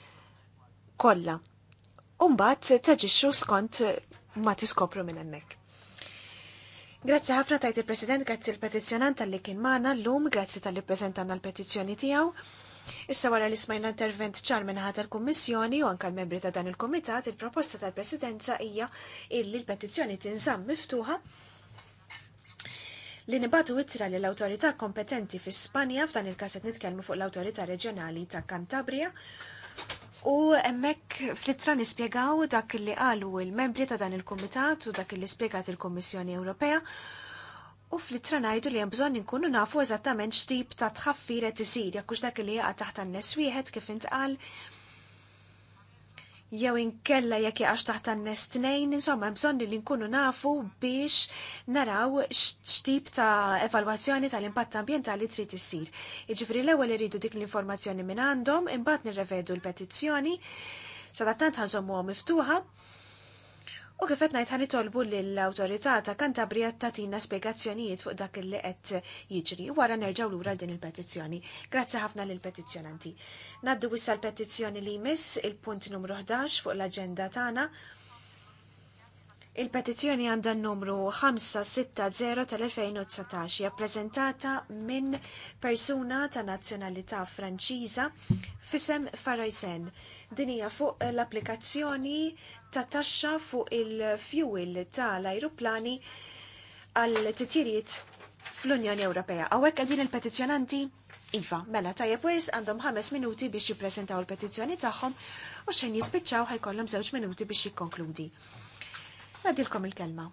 kollha. mbagħad taġixxu skont ma tiskopru minn hemmhekk. Grazzi ħafna tajt il-President, grazzi il-petizjonant tal-li kien maħna l-lum, grazzi tal-li prezentanna l-petizjoni tijaw. Issa wara li smajna intervent ċar ħata l kommissjoni u anka l-membri ta' dan il-Komitat, il-proposta tal-Presidenza hija illi l-petizzjoni tinżamm miftuħa li nibatu ittra li l-autorità kompetenti fi Spanja f'dan il-kaset nitkellmu fuq l-autorità reġjonali ta' Kantabria U emmek flittra nispiegaw dak li qalu il-membri ta' dan il-Komitat u dak li spiegat il-Kommissjoni Ewropea u flittra najdu li bżonn inkunu nafu eżattament x'tip ta' tħaffir qed isir jekk hux dak li jaqa' taħt annes wieħed kif intqal jew inkella jekk jaqax taħt għannes tnejn, insomma bżonni li nkunu nafu biex naraw x'tip ta' evalwazzjoni tal-impatt ambjentali trid issir. Jiġifieri l-ewwel iridu dik l-informazzjoni minn għandhom, imbagħad nirrevedu l-petizzjoni, sadattant ħażommuha miftuħa U kif qed ngħid ħanitolbu lill-awtorità ta' Kantabria tagħtina spjegazzjonijiet fuq dak li qed jiġri u wara nerġgħu lura din il-petizzjoni. Grazzi ħafna lill petizzjonanti Naddu wissa l-petizzjoni li jmiss il-punt numru 11 fuq l-aġenda tagħna. Il-petizzjoni għandha n-numru 560 tal-2019 hija minn persuna ta' nazzjonalità Franċiża fisem Farajsen Din hija fuq l-applikazzjoni ta' taxxa fuq il-fuel tal-ajruplani għal titjiriet fl-Unjoni Ewropea. Għawek għadin il-petizjonanti Iva, mela tajjeb wis għandhom ħames minuti biex jippreżentaw il-petizzjoni tagħhom u xejn jispiċċaw ħajkollhom żewġ minuti biex jikkonkludi. Nadilkom il-kelma.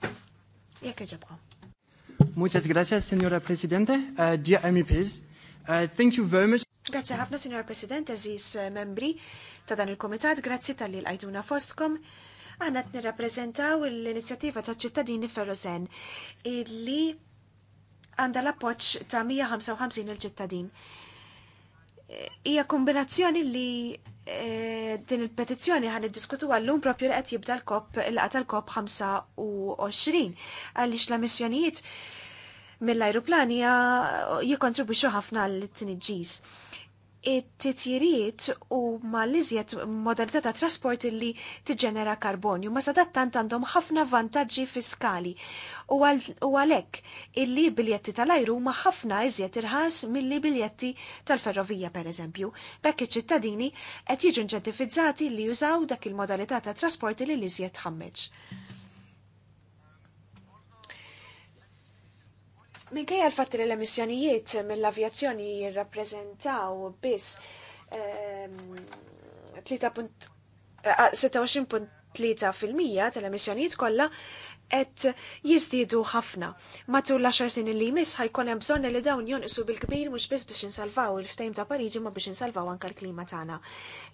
Jekk iġabkom. Muchas gracias, Signora Presidente. Uh, dear MEPs, uh, thank you very much. Grazie ħafna, Signora Presidente, ziz eh, membri ta' dan il-Komitat, grazzi tal-li l-għajduna fostkom. Għanna t-nirrapprezentaw l-inizjativa ta' ċittadini Ferrozen illi għanda l-appoċ ta' 155 il-ċittadin. Hija kombinazzjoni li e, din il-petizzjoni id diskutu għallum propju li qed jibda l-kop l qata l-kop 25 għaliex la missjonijiet mill-ajruplani eh, jikontribuxu ħafna l-tniġġis it-titjiriet u ma iżjed modalità ta' trasport li tiġġenera karbonju. Ma tant għandhom ħafna vantaġġi fiskali u għalhekk illi biljetti tal-ajru ma ħafna iżjed irħas milli biljetti tal-ferrovija pereżempju. Bekk iċ-ċittadini qed jiġu inċentifizzati li jużaw dak il-modalità ta' trasport li l l-iżjed ħammeġ. Minkejja l-fatt li l-emissjonijiet mill-avjazzjoni jirrappreżentaw biss 26.3% ehm, tal-emissjonijiet kollha qed jiżdiedu ħafna. Matul l-10 snin li jmiss ħajkun hemm bżonn li dawn jonqsu bil-kbir mhux biss biex insalvaw il-ftehim ta' Pariġi ma biex insalvaw anke l-klima tagħna.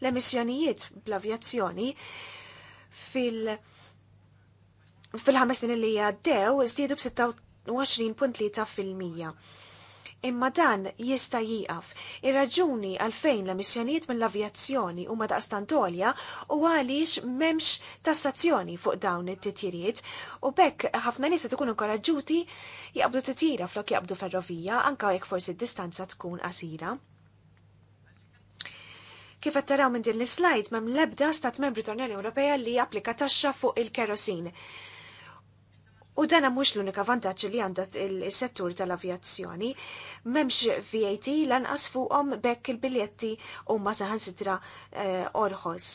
L-emissjonijiet bl-avjazzjoni fil- fil-ħames snin li għaddew iżdiedu b 20.3 fil-mija. Imma dan jista jieqaf. Ir-raġuni għalfejn l-emissjonijiet mill-avjazzjoni huma madaqs tolja u għaliex memx tassazzjoni fuq dawn it-titjiriet u bekk ħafna nies tkun inkoraġġuti jaqbdu titjira flok jaqbdu ferrovija anka jekk forsi d-distanza tkun qasira. Kif qed taraw minn din l-slide m'hemm l-ebda stat membri tal-Unjoni Ewropea li japplika taxxa fuq il-kerosin. U dana mhux l-unika vantaċ li għandha il-settur tal-avjazzjoni. M'hemmx VAT lanqas fuqhom bekk il-biljetti huma saħansitra eh, orħos.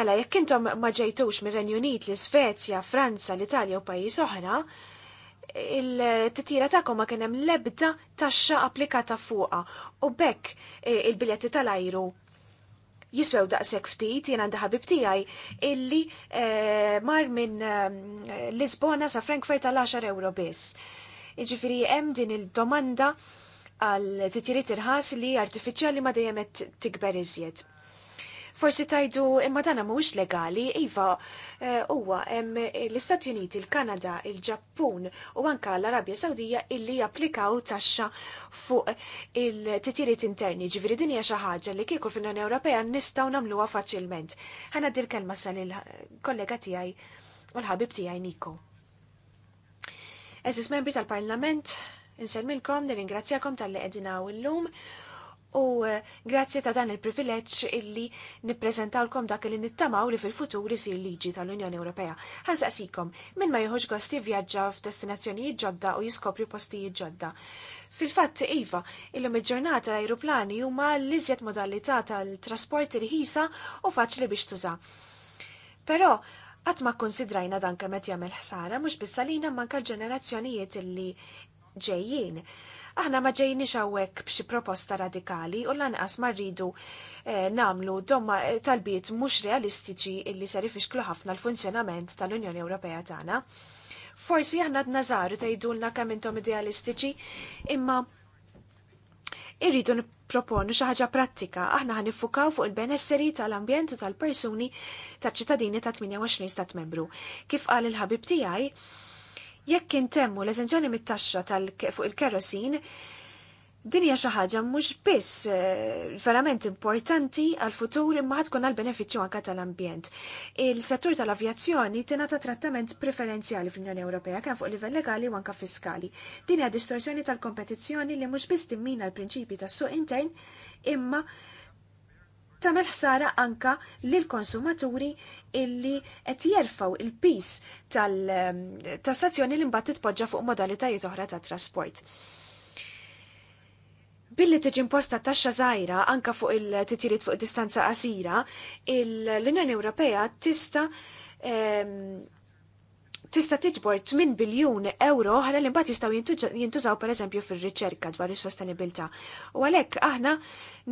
Mela jekk intom ma ġejtux mir-Renju Unit, l-Svezja, Franza, l-Italja u pajjiż oħra, il-titira tagħkom ma kien hemm l-ebda taxxa applikata fuqha u bekk eh, il-biljetti tal-ajru jiswew daqshekk ftit jien għandi ħabib tiegħi illi eh, mar minn eh, Lisbona sa Frankfurt għal 10 euro biss. Jiġifieri hemm din il-domanda għal titjiriet irħas li artifiċjali ma dejjem qed tikber iżjed. Forsi tajdu imma dana mhuwiex legali, iva eh, huwa hemm l-Istati Uniti, il-Kanada, il-Ġappun u anka l-Arabja Sawdija illi japplikaw taxxa fuq il-titjiriet interni. Ġifieri din hija xi ħaġa li kieku fin unjoni Ewropea nistgħu nagħmluha faċilment. Ħana dir kelma sal il-kollega tiegħi u l-ħabib tiegħi Niko. Eżis membri tal-Parlament, Inselmilkom, nir-ingrazzjakom tal-li għedinaw il-lum u eh, grazzi ta' dan il-privileġġ illi nippreżentawlkom dak li nittamaw li fil-futur isir liġi tal-Unjoni Ewropea. saqsikom, minn ma jħoġ gosti vjaġġa f'destinazzjonijiet ġodda u jiskopri postijiet ġodda. Fil-fatt, Iva, illum il-ġurnata l-ajruplani huma l-iżjed modalità tal-trasport il-ħisa u faċli biex tuża. Però, qatt ma konsidrajna dan kemm qed jagħmel ħsara mhux bissalina manka l-ġenerazzjonijiet illi ġejjin. Aħna ma ġejniex hawnhekk b'xi proposta radikali u lanqas ma rridu eh, namlu domma eh, talbiet mhux realistiċi illi ser ifixklu ħafna l-funzjonament tal-Unjoni Ewropea tagħna. Forsi aħna d-nazaru tgħidulna kemm intom idealistiċi, imma irridu proponu xi ħaġa prattika, aħna ħanifukaw fuq il-benesseri tal-ambjent u tal-persuni taċ-ċittadini ta' 28 stat membru. Kif qal il-ħabib tiegħi, Jekk intemmu l-eżenzjoni mit-taxxa fuq il-kerosin, dinja xi ħaġa mhux biss eh, verament importanti għal futur imma tkun għal benefiċċju anke tal-ambjent. Il-settur tal-avjazzjoni tingħata trattament preferenzjali fl-Unjoni Ewropea kemm fuq livell legali u anke fiskali. Din hija distorsjoni tal-kompetizzjoni li mhux biss timmina l-prinċipji tas-suq intern imma tamel ħsara anka lil konsumaturi illi qed jerfaw il-pis tal-tassazzjoni ehm, li mbagħad titpoġġa fuq modalitajiet oħra ta' trasport. Billi tiġi imposta taxxa żgħira anka fuq il-titjiriet fuq distanza qasira, l-Unjoni Ewropea tista' ehm, tista' tiġbor 8 biljun euro oħra li mbagħad jistgħu jintużaw pereżempju fir-riċerka dwar is-sostenibilità. U għalhekk aħna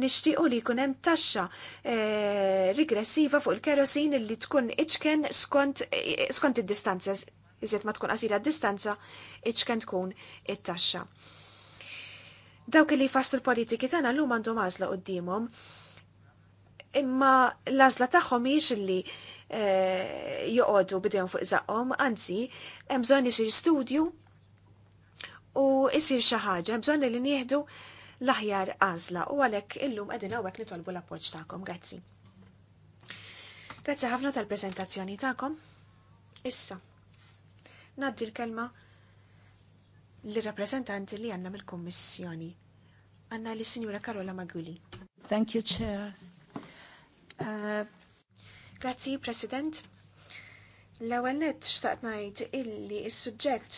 nixtiequ li jkun hemm taxxa eh, regressiva fuq il-kerosin li tkun iċken skont eh, skont id-distanza iżjed ma tkun qasira d-distanza iċken tkun it-taxxa. Dawk li jfassu l-politiki tagħna llum għandhom għażla qudiemhom imma l-għażla tagħhom mhijiex li Eh, joqodu bidejhom fuq zaqom, anzi hemm bżonn studju u jisir xi ħaġa, hemm bżonn li nieħdu l-aħjar għażla u għalhekk illum qegħdin hawnhekk nitolbu l-appoġġ tagħkom. Grazzi. Grazzi ħafna tal-preżentazzjoni tagħkom. Issa, naddi l-kelma l-rappresentanti li għanna mill-Kommissjoni. Għanna li Signora Karola Maguli. Thank you, Chair. Uh, Grazzi, President. L-ewwel nett xtaqt ngħid illi s-suġġett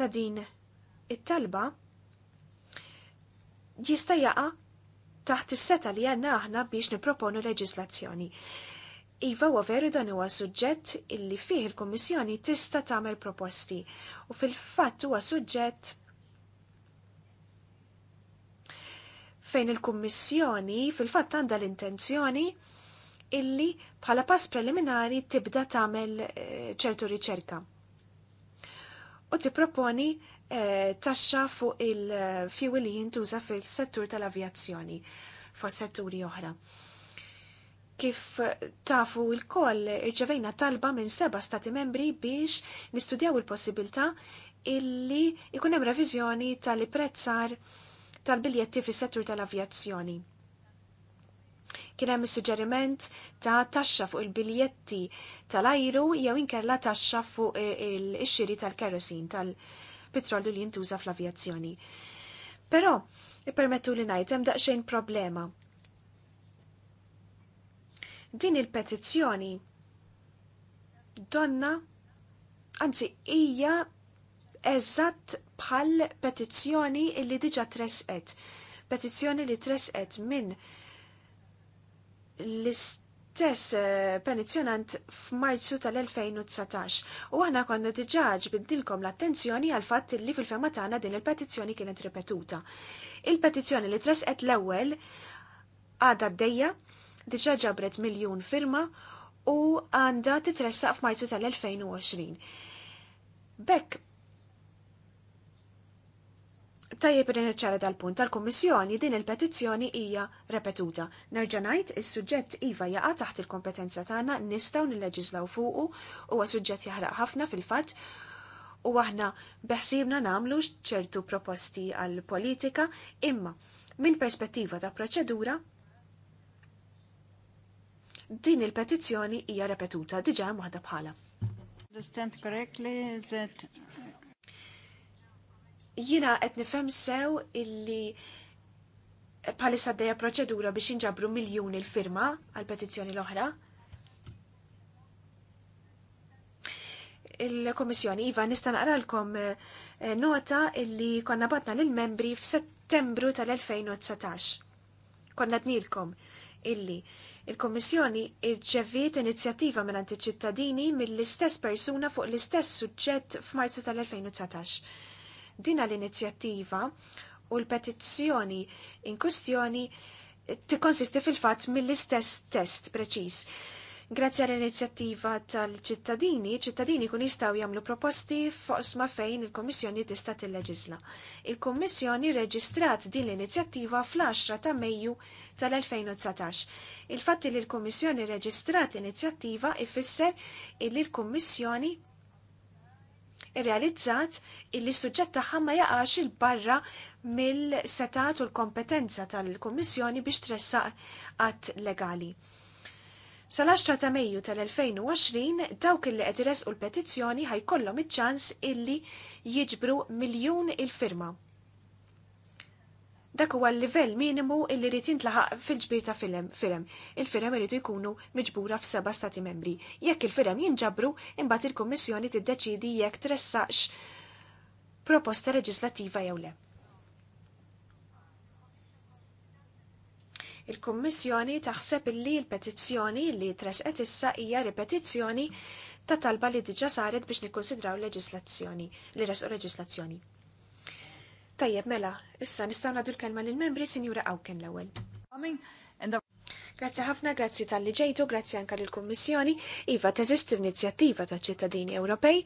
ta' din it-talba jista' jaqa' taħt is-seta li għanna aħna biex nipproponu leġislazzjoni. Iva huwa veru dan huwa suġġett illi fih il-Kummissjoni tista' tagħmel proposti u fil-fatt huwa suġġett fejn il-Kummissjoni fil-fatt għandha l-intenzjoni illi bħala pass preliminari tibda tagħmel eh, ċertu riċerka. U tipproponi eh, taxxa fuq il fiwi li jintuża fil-settur tal-avjazzjoni fuq setturi oħra. Kif tafu il-koll irċevejna talba minn seba stati membri biex nistudjaw il-possibilità illi ikun hemm reviżjoni tal-prezzar tal-biljetti fis-settur tal-avjazzjoni Kien hemm is-suġġeriment ta' taxxa fuq il-biljetti tal-ajru jew inkella taxxa fuq eh, il-xiri tal-kerosin tal-petrolju li jintuża fl-avjazzjoni. Però, ippermettu li ngħid hemm daqsxejn problema. Din il-petizzjoni donna anzi hija eżatt bħal petizzjoni li diġa tresqet. Petizzjoni li tresqet minn l-istess eh, penizjonant f'Marzu tal-2019 u għana konna diġaġ biddilkom l-attenzjoni għal fatt li fil-fema tagħna din il-petizzjoni kienet ripetuta. Il-petizzjoni li tresqet l-ewwel għadha d-dejja diġa ġabret miljun firma u għanda titressaq f'Marzu tal-2020. Bekk Tajjeb li niċċara dal-punt tal-Kummissjoni din il-petizzjoni hija repetuta. Nerġa' ngħid is-suġġett iva jaqa' taħt il-kompetenza tagħna nistgħu nilleġislaw fuqu huwa suġġett jaħraq ħafna fil-fatt u aħna beħsibna nagħmlu ċertu proposti għal politika imma minn perspettiva ta' proċedura din il-petizzjoni hija repetuta diġà waħda bħala. Understand correctly that Jina qed nifhem sew illi palissa għaddeja proċedura biex inġabru miljun l firma għal petizzjoni l-oħra. Il-Komissjoni Iva nista' naqralkom eh, nota illi konna batna lill-membri f'Settembru tal-2019. Konna dnilkom illi il-Komissjoni irċeviet inizjattiva minn ċittadini mill-istess persuna fuq l-istess suġġett f'Marzu tal-2019 dina l-inizjattiva u l-petizzjoni in kustjoni tikkonsisti fil-fatt mill-istess test preċis. Grazzi għall-inizjattiva tal-ċittadini, ċittadini kun jistaw jamlu proposti fosma fejn il-Kommissjoni tista' tilleġisla. Il-Kommissjoni reġistrat din l-inizjattiva fl-10 ta' Mejju tal-2019. Il-fatti li l-Kommissjoni reġistrat l-inizjattiva ifisser illi l-Kommissjoni irrealizzat illi suġġett tagħha ma jaqax il barra mill-setat u l-kompetenza tal-Kummissjoni biex tressaq għat legali. Sal-10 ta' Mejju tal-2020 dawk illi qed u l-petizzjoni ħajkollhom iċ-ċans illi jiġbru miljun il-firma Dak huwa l-livell minimu illi rrid jintlaħaq fil-ġbir ta' film. film. Il-firem irridu jkunu miġbura f'seba' stati membri. Jekk il-firem jinġabru, imbagħad il-Kummissjoni tiddeċidi jekk tressaqx proposta leġislattiva jew le. il-Kummissjoni taħseb illi l-petizzjoni li tresqet issa hija ripetizzjoni ta' talba li diġa saret biex nikkonsidraw leġislazzjoni, li resqu leġislazzjoni. Tajjeb, mela, issa nistaw nadu l-kelma l-membri, Sinjura Awken l-ewel. Grazzi ħafna, grazzi tal-li ġejtu, grazzi anka l-Kommissjoni, iva teżist l-inizjattiva ta' ċittadini Ewropej.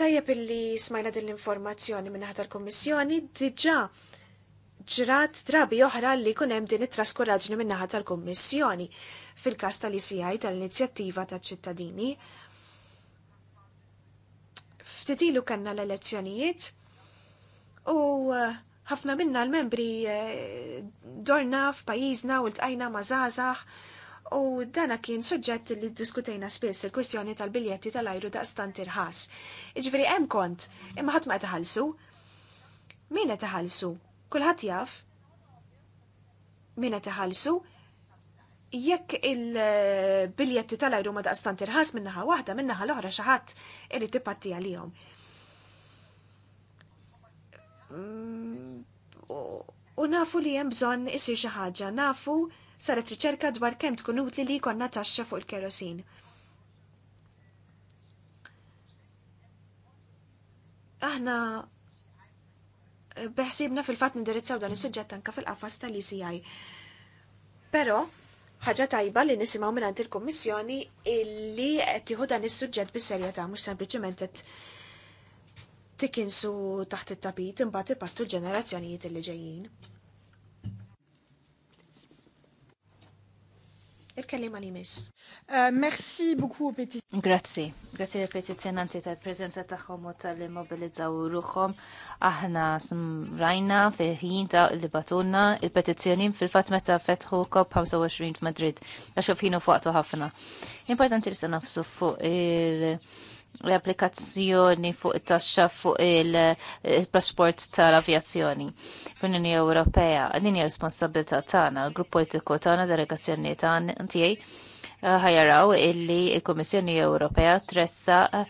Tajjeb illi smajna din l-informazzjoni minn ħata kommissjoni diġa ġrat drabi oħra li kunem din it-traskuraġni minn ħata kommissjoni fil-kas tal-ICI tal-inizjattiva ta' ċittadini. Ta Ftitilu kanna l-elezzjonijiet u uh, ħafna minna l-membri uh, dorna f'pajjiżna u l-tqajna ma' u dana kien suġġett li diskutejna spiss il-kwistjoni tal-biljetti tal-ajru daqstan tirħas. Iġveri hemm kont, imma ħadd ma taħalsu. Min qed iħallsu? Kulħadd jaf. Min qed iħallsu? jekk il-biljetti tal-ajru ma daqstan irħas minnaħa waħda minnaħa l-oħra xaħat irrid tippatti għalihom. Mm, u nafu li hemm bżonn isir xi ħaġa, nafu saret riċerka dwar kemm tkun utli li konna taxxa fuq il-kerosin. Aħna eh, beħsibna fil-fatt nindirizzaw dan is-suġġett anke fil-qafas tal ici Però, ħaġa tajba li nisimgħu mingħand il-Kummissjoni illi qed tieħu dan is-suġġett bis-serjetà mhux sempliċement qed tikinsu taħt it-tapit imbagħad il-pattu l-ġenerazzjonijiet li ġejjin. Il-kellima li miss. Eh, merci beaucoup, Petit. Grazzi. Grazzi li petizjonanti tal-prezenza taħħom u tal-immobilizzaw ruħom. Aħna rajna fiħin ta' li batunna il petizjonim fil fat meta fetħu COP25 f'Madrid. Għaxu fħinu fuqtu ħafna. Importanti li se nafsu fuq il- l-applikazzjoni fuq it-taxxa fuq il passport tal-avjazzjoni fl-Unjoni Ewropea. Din hija responsabilità tagħna, l-grupp politiku tagħna, delegazzjoni tagħna tiegħi ħajaraw illi l-Kummissjoni Ewropea tressa uh,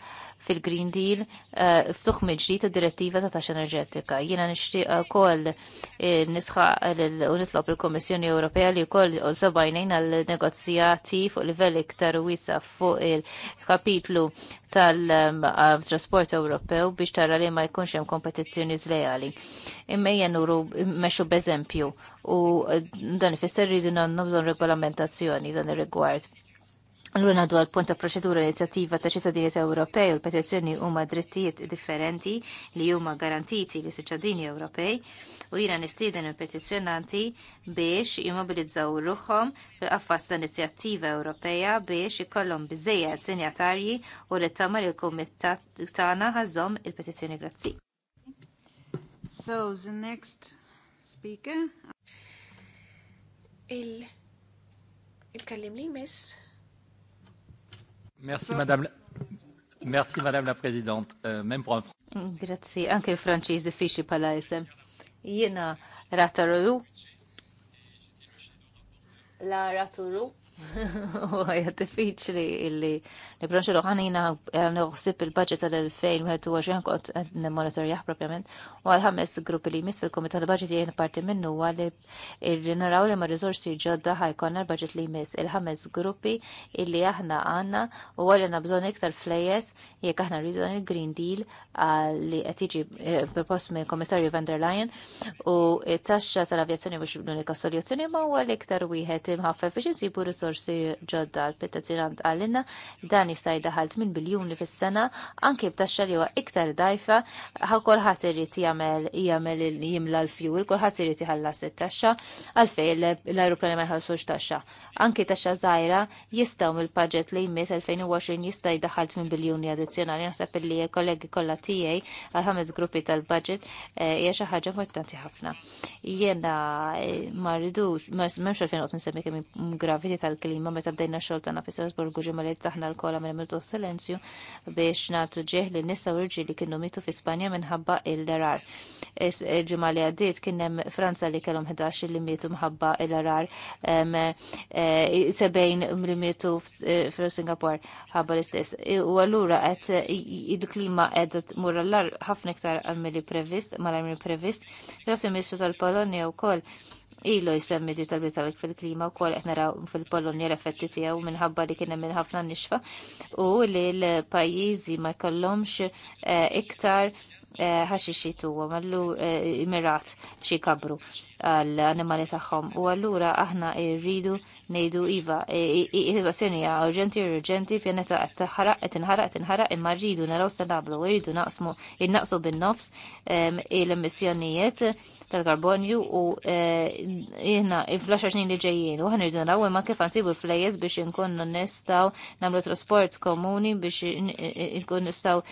fil-Green Deal eh, ftuħ meġdi id-direttiva ta' taxxa enerġetika. Jiena nixtieq ukoll eh, nisħaq u nitlob il-Kommissjoni Ewropea li wkoll żabajnejn għal negozjati fuq livell iktar wiesa fuq il-kapitlu tal-trasport eh, Ewropew biex tara li ma jkunx hemm kompetizzjoni zlejali. Imma uru meċu b'eżempju u dan ifisser rridu nagħmlu bżonn regolamentazzjoni dan ir-rigward. Allura dwar għal-punt ta' proċedura l-inizjattiva ta' ċittadini Ewropej u l-petizzjoni huma drittijiet differenti li huma garantiti li ċittadini Ewropej u jina nistieden il-petizzjonanti biex jimmobilizzaw ruħom fil-qaffas ta' inizjattiva Ewropeja biex ikollhom biżejjed sinjatarji u li tagħmel il-kumitat tagħna ħażhom il-petizzjoni grazzi. So the next speaker il il li miss Merci, madame. Merci, madame la President. Uh, Mem pour Grazzi, anke l-Franċiż diffiċli pala jisem. Eh. Jiena Raturu, la Raturu, U għajja diffiċli illi nibranċi l-ħanina uħsib il-budget tal-2021 kont n-monitorjaħ propjament u għal-ħames gruppi li jmiss fil-komitat tal-budget jgħin parti minnu għalli il-naraw li ma rizorsi ġodda ħajkonna l-budget li jmiss il-ħames gruppi illi aħna għanna u għalli bżon iktar flejes jek aħna għan il-Green Deal li għatiġi eh, propost minn komissarju van der Leyen u it-taxxa tal-avjazzjoni mux l-unika soluzzjoni ma għalli iktar wieħed imħaffef biex nsibu sorsi ġodda l-petazjonant għalina dan jista' jdaħal 8 biljuni fis-sena anke b'taxxa li huwa iktar dajfa ħa kulħadd irid jagħmel jagħmel jimla l fjuwil kulħadd irid iħallas it-taxxa għalfejn l-ajruplani ma jħallsux taxxa. Anke taxxa żgħira jistgħu mill-paġġett li jmiss 2020 jista' jdaħal minn biljuni addizzjonali naħseb li kollegi kollha tiegħi għal ħames gruppi tal-budget eh, hija xi ħaġa importanti ħafna. Jiena eh, ma rridux ma m'hemmx għalfejn qed nsemmi kemm graviti tal tal-klima meta bdejna xogħol tagħna fi Strasburgu ġimgħa taħna l-kola minn minutu silenzju biex nagħtu ġeħ li nisa u li kienu mitu fi Spanja minħabba il-darar. Ġimali għaddiet kien hemm Franza li kellhom 11 li mietu mħabba il-darar, 70 e, li mietu fi e, Singapore ħabba l-istess. E, u allura qed il-klima qiegħda tmur l ħafna iktar mill-previst, mal previst, però f'semmissu tal u wkoll ilu jisemmi di tal fil-klima u kol naraw fil-Polonja l-effetti tijaw minħabba li kienem minn ħafna nixfa u li l-pajizi ma jkollomx eh, iktar ħaxixi tuwa, mallu eh, imirat xie kabru għall-animali taħħom. U għallura aħna irridu nejdu iva, eh, iva senija, urġenti, urġenti, pjaneta għat taħraq, għat inħaraq, inħaraq, imma rridu naraw sanablu, rridu naqsmu, innaqsu bin-nofs ehm, il-emissjonijiet tal-karbonju u eh, jihna il-flaxa xnin li ġejjien u ħanirdu naraw imma kif għansibu l-flejes biex nkunnu nistaw namlu trasport komuni biex nkun nistaw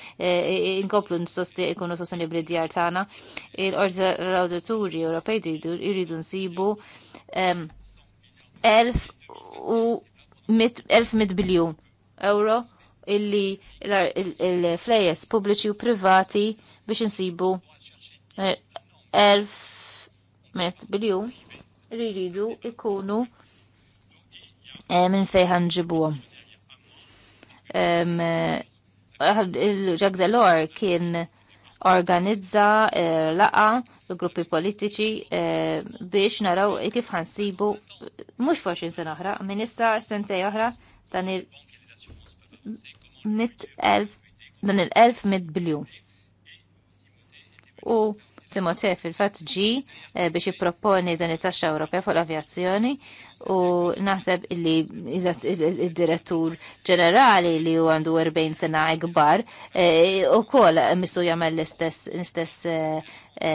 nkoplu nsosti ikunu nagħmlu sostenibbli djar tagħna. il orza l-Awdituri Ewropej jridu nsibu 1000 u biljun euro illi il-flejes pubbliċi u privati biex insibu 1000 eh, biljun li jridu ikunu eh, minn fejħan ġibuhom. Eh, Il-Jack Delor kien organizza eh, laqa l-gruppi politiċi eh, biex naraw kif ħansibu mhux forxin sena oħra, minn issa sentej oħra dan il mit elf dan il-elf mit biljun. U Timote fil fat ġi eh, biex jipproponi dan it-taxxa Ewropea fuq l-avjazzjoni u naħseb li il-direttur ġenerali li u għandu 40 sena ikbar eh, u kol misu jagħmel l-istess eh, E,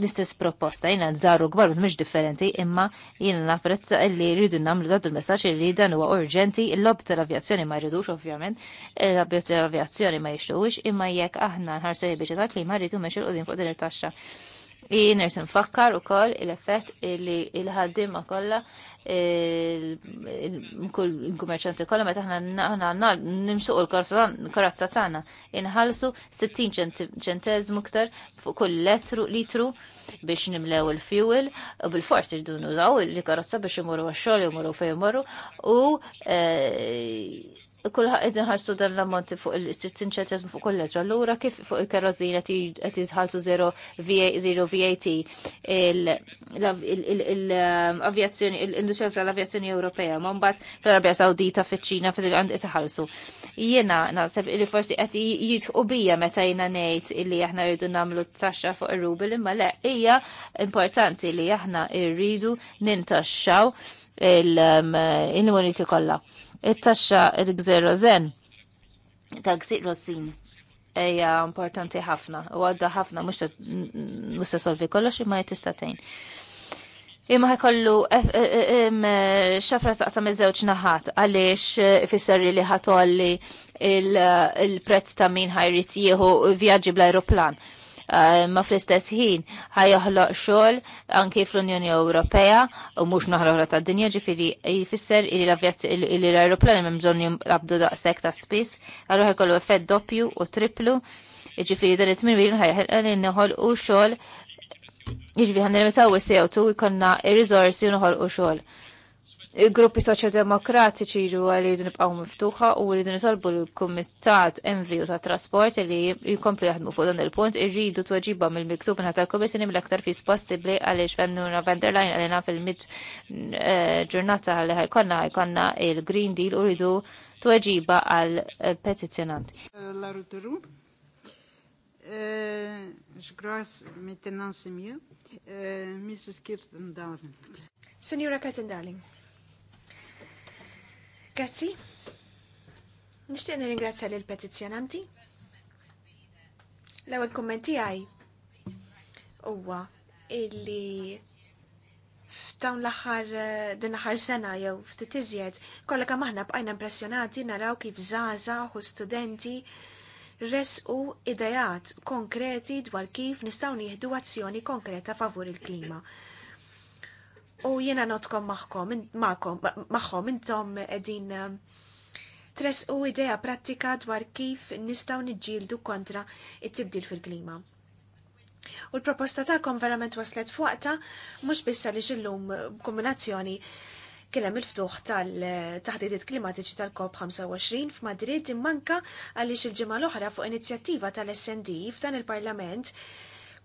l-istess proposta. Jina nżaru gbar mhux differenti imma jina napprezza li rridu nagħmlu dadu il-messaġġ li dan huwa urġenti l-lob tal-avjazzjoni ma jridux ovvjament, l-lob tal-avjazzjoni ma jixtuwix imma jekk aħna nħarsu li biex li ma rridu mexxu qudiem fuq din it-taxxa. Nerti nfakkar u koll il-effett li il-ħaddima kolla il-kummerċanti kolla meta ħna u il-karazza tagħna inħalsu 60 ċentezmu iktar fuq kull litru biex nimlew il-fuel u bil-fors irdu nużaw il-karozza biex imorru għax-xogħol imorru fejn imorru u eh, kullħat id nħarsu dan l-ammonti fuq il-tinċetjazmu fuq kull leġra. L-ura kif fuq il-kerozina qed izħalsu 0 VAT l-avjazzjoni l-industrija tal-avjazzjoni Ewropea, ma mbagħad fl-Arabja Sawdita fiċ-Ċina fil għand itħallsu. Jiena naħseb li forsi qed jidħu bija meta jiena ngħid illi aħna rridu nagħmlu taxxa fuq ir-rubel imma le hija importanti li aħna rridu nintaxxaw um, il-muniti kollha it-taxxa il-gżerozen ta' gżir Rossin eja importanti ħafna u għadda ħafna mux ta' solvi kollox imma jtistatejn. Imma kollu eh, eh, eh, xafra ta' ta' mezzewċ naħat għaliex fisserri li ħatolli il-prezz ta' min ħajrit jieħu vjaġġi bl-aeroplan. Eh, ma fl-istess ħin ħajoħloq xogħol anki fl-Unjoni Ewropea u mhux oħra tad-dinja ġifieri jfisser li l-ajruplani m'hemm bżonn jabdu daqshekk ta' spiss, allura ħajkollu effett doppju u triplu. Ġifieri dan it-tmien bil ħajħelqan inħolqu xogħol jiġifieri ħan nirmitaw is-CO2 jkollna ir-riżorsi u noħolqu xogħol gruppi soċjodemokratiċi jiru għalli jridu nibqgħu miftuħa u jridu nitolbu l-Kumitat Enviju ta' Trasport li jkomplu jaħdmu fuq dan il-punt irridu tweġiba mill-miktub minn l kommissjoni mill-aktar fis possibbli għaliex Fennuna van der Leyen għalina fil-mid eh, ġurnata li ħajkonna ħajkonna il-Green Deal u rridu tweġiba għal petizzjonanti. Laruturu, ġgras eh, Mrs. Eh, Kirton Darling. Senjura Kirton Darling. Grazzi. Nishtiq nirringrazzja lil petizzjonanti. L-ewwel kummenti għaj huwa illi f'dawn l-aħħar din l aħħar sena jew ftit iżjed kollha kemm aħna bqajna impressjonati naraw kif żgħażagħ u studenti resqu idejat konkreti dwar kif nistgħu nieħdu azzjoni konkreta favur il-klima u jena notkom maħkom, intom edin eh, tres u idea pratika dwar kif nistaw nġildu kontra it-tibdil fil-klima. U l-proposta kom verament waslet fuqta, mux bissa li xillum kombinazzjoni kienem il-ftuħ tal-taħdidiet klimatiċi tal-COP25 f'Madrid immanka għaliex il-ġimgħa l-oħra fuq inizjattiva tal-SND f'dan il-Parlament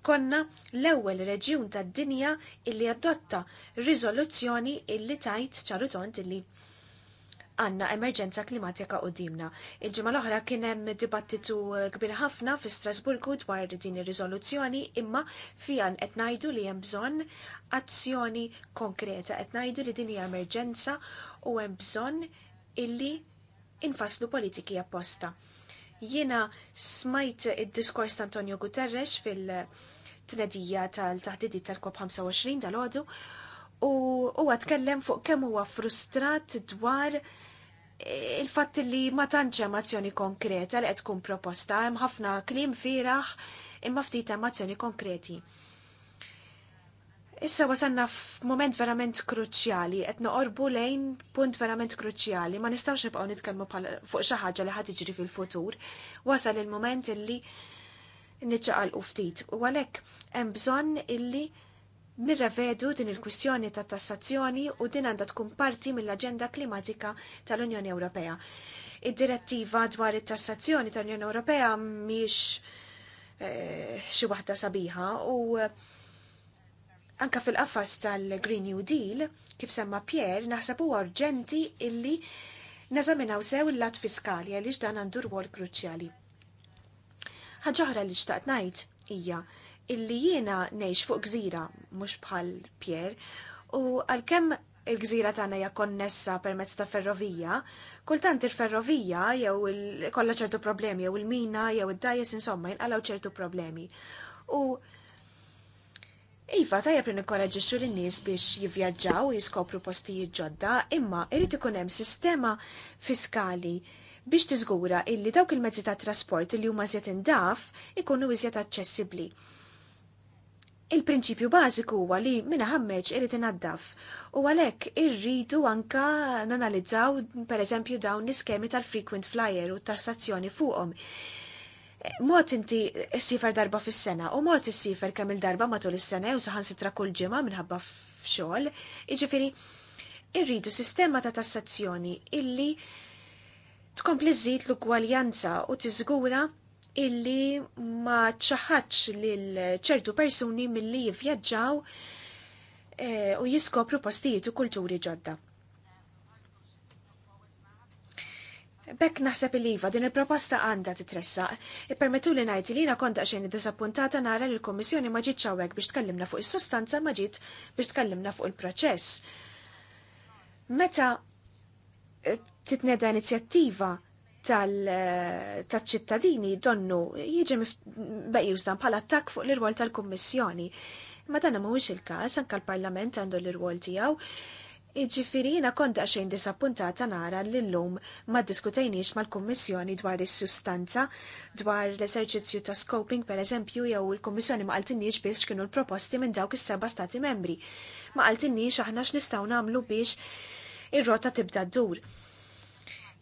konna l-ewwel reġjun tad-dinja illi adotta riżoluzzjoni illi tajt ċaru tont illi għanna emerġenza klimatika u dimna. Il-ġimma l-oħra kien hemm dibattitu kbir ħafna fi Strasburgu dwar din ir-riżoluzzjoni imma fihan qed ngħidu li hemm bżonn azzjoni konkreta, qed ngħidu li din hija emerġenza u hemm bżonn illi infaslu politiki apposta. Jiena smajt id-diskors ta' Antonio Guterres fil-tnedija tal-taħdidi kop 25 dal-ħodu u huwa tkellem fuq kemm huwa frustrat dwar il-fatt li ma tantx hemm azzjoni konkreta li qed tkun proposta hemm ħafna kliem fieraħ imma ftit hemm azzjoni konkreti. Issa wasanna f-moment verament kruċjali, qed noqorbu lejn punt verament kruċjali, ma nistawx nibqaw nitkellmu fuq xi ħaġa li ħad tiġri fil-futur. Wasal il-moment illi niċċaqalqu ftit. U għalhekk hemm bżonn illi nirrevedu din il-kwistjoni ta' tassazzjoni u din għandha tkun parti mill-aġenda klimatika tal-Unjoni Ewropea. Id-direttiva dwar it-tassazzjoni tal-Unjoni Ewropea mhix eh, xi waħda sabiħa u Anka fil-qafas tal-Green New Deal, kif semma Pierre, naħseb huwa urġenti illi nazaminaw sew il-lat fiskali għaliex dan għandu rwol kruċjali. Ħaġaħra li xtaqt ngħid hija illi jiena ngħix fuq gżira mhux bħal Pierre u għalkemm il-gżira tagħna hija konnessa permezz ta' ferrovija, kultant il-ferrovija jew il kollha ċertu problemi jew il-mina jew id-dajes insomma jinqalaw ċertu problemi. U Iva, tajab li nikkoraġixxu lin nies biex jivvjaġġaw u jiskopru postijiet ġodda, imma irrit ikun hemm sistema fiskali biex tiżgura illi dawk il-mezzi ta' trasport li huma iżjed indaf ikunu iżjed aċċessibbli. Il-prinċipju bażiku huwa li minn ħammeġ irid inaddaf u għalhekk irridu anka nanalizzaw pereżempju dawn l-iskemi tal-frequent flyer u tassazzjoni fuqhom mod inti s sifar darba fis-sena u mod s sifar kemm il-darba matul is-sena u saħan sitra kull ġimgħa minħabba f'xogħol, jiġifieri irridu sistema ta' tassazzjoni illi tkompli żid l-ugwaljanza u tiżgura illi ma ċaħatx lil ċertu persuni milli jivvjaġġaw eh, u jiskopru postijiet u kulturi ġodda. Bekk naħseb il-liva din il-proposta għandha titressaq. Ippermettu li ngħid li jiena kont xejn disappuntata nara li l-Kummissjoni ma ġietx biex tkellimna fuq is-sustanza ma biex tkellimna fuq il-proċess. Meta eh, titneda inizjattiva tal-ċittadini eh, donnu jiġi bejjuż dan bħala attakk fuq l-irwol tal-Kummissjoni. Ma dan mhuwiex il-każ, anke l-Parlament għandu l-irwol tiegħu Iġifiri jina konta xejn disappuntata nara li l-lum ma diskutejniex mal-Kommissjoni dwar is-sustanza, dwar l-eżerċizzju ta' scoping per eżempju jew il-Kommissjoni ma għaltinniex biex kienu l-proposti minn dawk is-seba' stati membri. Ma għaltinniex aħna x'nistgħu nagħmlu biex ir-rota tibda ddur.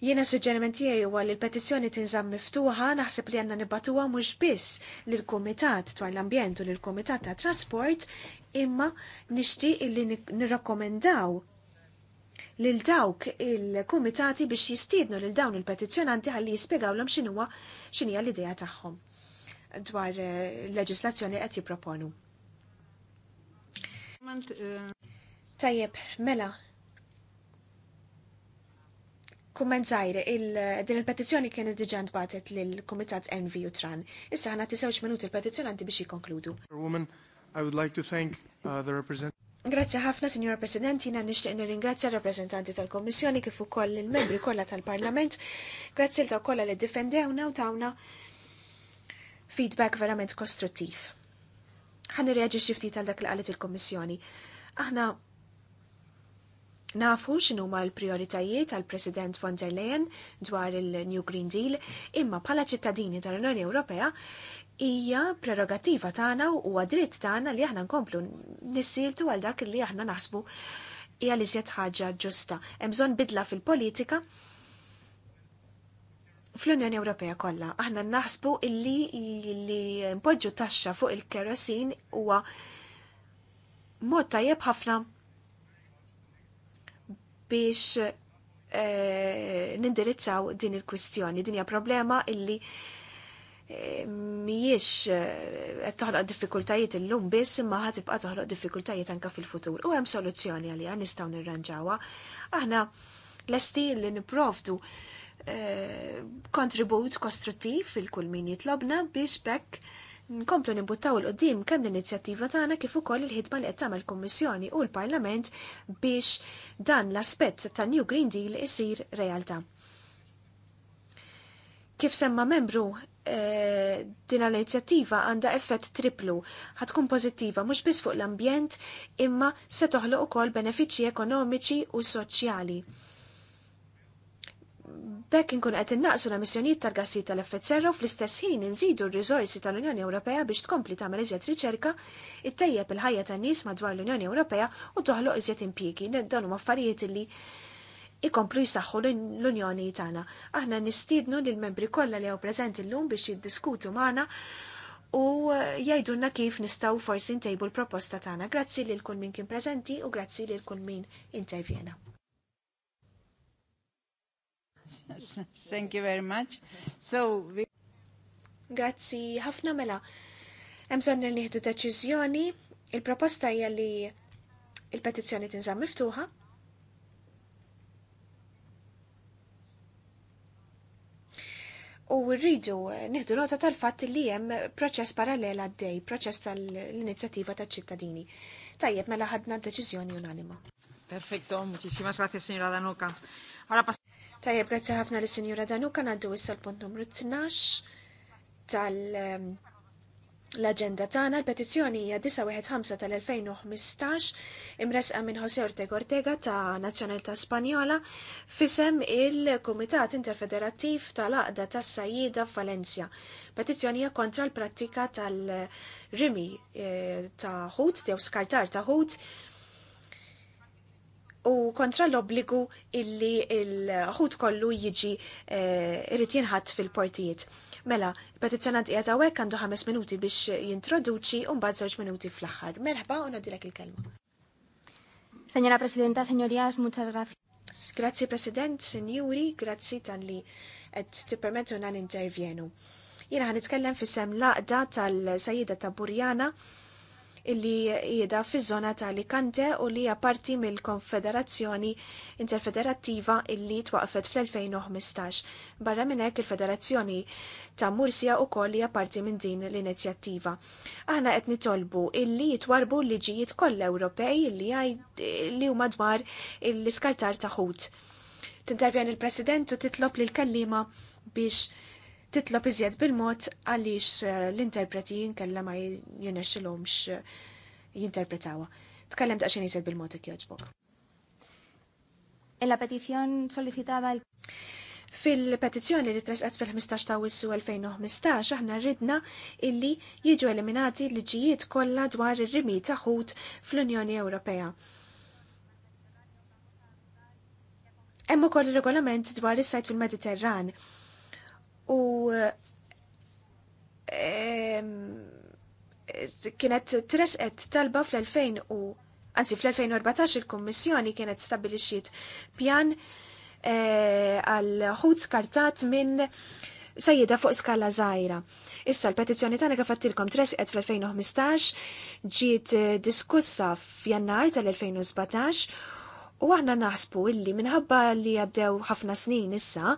Jiena suġġerimenti għaj li l-petizzjoni tinżamm miftuħa naħseb li għandna nibbatuha mhux biss lill-Kumitat dwar l-Ambjent u lill-Kumitat ta' Trasport imma nixtieq illi nirrakkomendaw lil dawk il-kumitati biex jistiednu lil dawn il-petizzjonanti ħalli jispiegaw l x'inhuwa xinija l-idea tagħhom dwar eh, leġislazzjoni qed jipproponu. Tajjeb, mela. Kumment zaħir, din il-petizzjoni kienet diġa batet lill-Kumitat Envi u Tran. Issa ħana tisewċ minuti il-petizzjonanti biex jikonkludu. I would like to thank uh, the representative Grazzi ħafna, Signor President, jina nishtiq nir-ingrazzja rappresentanti tal-Kommissjoni kif ukoll il-membri kollha tal-Parlament. Grazzi l kollha li ddifendewna u tawna feedback verament kostruttiv. Ħan irreġi ftit għal dak li qalet il-Kommissjoni. Aħna Nafu x'inhu ma l-prioritajiet tal President von der Leyen dwar il-New Green Deal, imma bħala ċittadini tal-Unjoni Ewropea hija prerogativa tagħna u huwa dritt tagħna li aħna nkomplu nissieltu għal dak li aħna naħsbu hija li żjed ħaġa ġusta. Hemm bżonn bidla fil-politika fl-Unjoni Ewropea kollha. Aħna naħsbu illi li npoġġu taxxa fuq il-kerosin huwa mod tajjeb ħafna biex eh, nindirizzaw din il-kwistjoni. Din hija problema illi miex eh, qed toħloq diffikultajiet illum biss imma ħad tibqa' toħloq diffikultajiet anka fil-futur. U hemm soluzzjoni għalija nistgħu nirranġawha. Aħna lesti li nipprovdu eh, kontribut kostruttiv fil-kull min jitlobna biex bekk nkomplu nimbuttaw il-qoddim kemm l-inizjattiva tagħna kif ukoll il-ħidma li qed tagħmel kummissjoni u l-Parlament biex dan l-aspett tan-New Green Deal isir realtà. Kif semma membru Eh, din l-inizjattiva għandha effett triplu, ħatkun pozittiva mhux biss fuq l-ambjent imma se toħloq ukoll benefiċċji ekonomiċi u soċjali. Bekk inkun qed innaqsu l-emissjonijiet tal-gassijiet tal-effett serra fl-istess ħin inżidu r-riżorsi tal-Unjoni Ewropea biex tkompli tagħmel iżjed riċerka, ittejjeb il-ħajja tan-nies madwar l-Unjoni Ewropea u toħloq iżjed impjiegi. Dan huma affarijiet li ikomplu jisaxħu l-Unjoni tagħna. Aħna nistiednu l membri kollha li jew preżenti llum biex jiddiskutu magħna u eh, jgħidulna kif nistgħu forsi ntejbu l-proposta tagħna. Grazzi li kull min kien preżenti u grazzi li kull min intervjena. Thank you very much. So we... Grazzi ħafna mela. Hemm bżonn nieħdu deċiżjoni. Il-proposta hija li il-petizzjoni tinżamm miftuħa U rridu eh, nieħdu nota tal-fatt li hemm proċess parallela għaddej, proċess tal-inizjattiva tal-ċittadini. Tajjeb, mela ħadna deċiżjoni unanima. Perfetto, muchísimas gracias, signora Danuka. Tajjeb, grazzi ħafna li signora Danuka, naddu issa l-punt numru 12 tal- ehm, L-agenda tagħna l-petizzjoni hija 915 tal-2015 imresqa minn Jose Ortega Ortega ta' Nazzjonalità Spanjola fisem il-Kumitat Interfederattiv tal-Aqda tas-Sajjida f'Valencia. Petizzjoni hija kontra l-prattika tal-rimi eh, ta' ħut, jew skartar ta' ħut u kontra l-obbligu illi il-ħut kollu jiġi eh, irrit jinħat fil-portijiet. Mela, petizzjonant qiegħed hawnhekk għandu ħames minuti biex jintroduċi u mbagħad żewġ minuti fl-aħħar. Merħba u nadilek il-kelma. Senjora Presidenta, senjorijas, muchas gracias. Grazzi President, Sinjuri, grazzi tan li għed t permetu nan intervjenu. Jena għan itkellem fissem laqda tal-sajida ta' Burjana illi jieda fi zona ta' Alicante u li parti mill-Konfederazzjoni Interfederattiva illi twaqfet fl-2015. Barra minn hekk il-Federazzjoni ta' Mursija u koll hija parti minn din l-inizjattiva. Aħna qed nitolbu illi jitwarbu l-liġijiet kollha Ewropej li huma dwar l-iskartar ta' ħut. Tintervjen il-President u titlob l kellima biex titlob iżjed bil-mod għaliex eh, l-interpreti jinkella ma jinexxilhomx eh, jinterpretawa. Tkellem daqsxejn iżjed bil-mod jekk jogħġbok. La petizzjon sollicitada Fil-petizzjoni li tresqet fil-15 ta' wissu 2015 aħna rridna illi jiġu eliminati l-ġijiet kollha dwar ir-rimi ta' fl-Unjoni Ewropea. Hemm ukoll regolament dwar is-sajt fil-Mediterran u ehm, kienet tresqet talba fl-2000 u anzi fl-2014 il-Kommissjoni kienet stabilixiet pjan eh, għal ħut skartat minn sajjida fuq skala zaħira. Issa l-petizjoni tana kafattilkom tresqet fl-2015 ġiet eh, diskussa f'jannar tal-2017 u aħna naħsbu illi minħabba li għaddew ħafna snin issa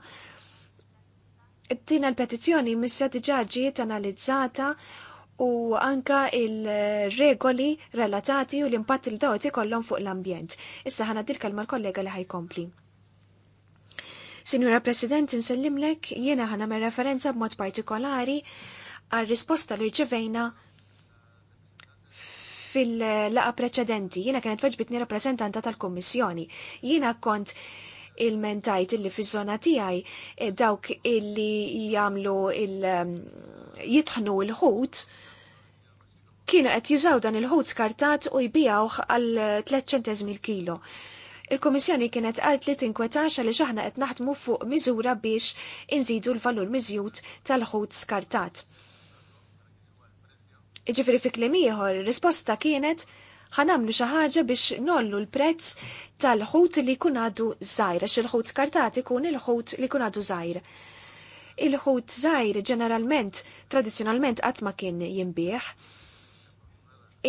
tina l-petizjoni missa diġa ġiet analizzata u anka il-regoli relatati u l-impatt il dawti ikollhom fuq l-ambjent. Issa ħana dirka l l-kollega li ħajkompli. Signora President, insellimlek jiena ħana me referenza b'mod partikolari għal risposta li ġivejna fil-laqa preċedenti. Jiena kienet weġbitni rappresentanta tal-Kommissjoni. Jiena kont il-mentajt illi fi zona tijaj eh, dawk illi jamlu il-jitħnu um, il-ħut kienu qed jużaw dan il-ħut skartat u jbijawh għal 3 ċentezmi l-kilo. Il-Komissjoni kienet qalt li tinkwetax għal aħna qed naħdmu fuq miżura biex inżidu l-valur miżjud tal-ħut skartat. Ġifiri fi klim risposta kienet ħanamlu xi ħaġa biex nollu l-prezz tal-ħut li jkun għadu żgħir għax il-ħut skartat ikun il-ħut li jkun għadu żgħir. Il-ħut żgħir ġeneralment tradizzjonalment qatt ma kien jinbih.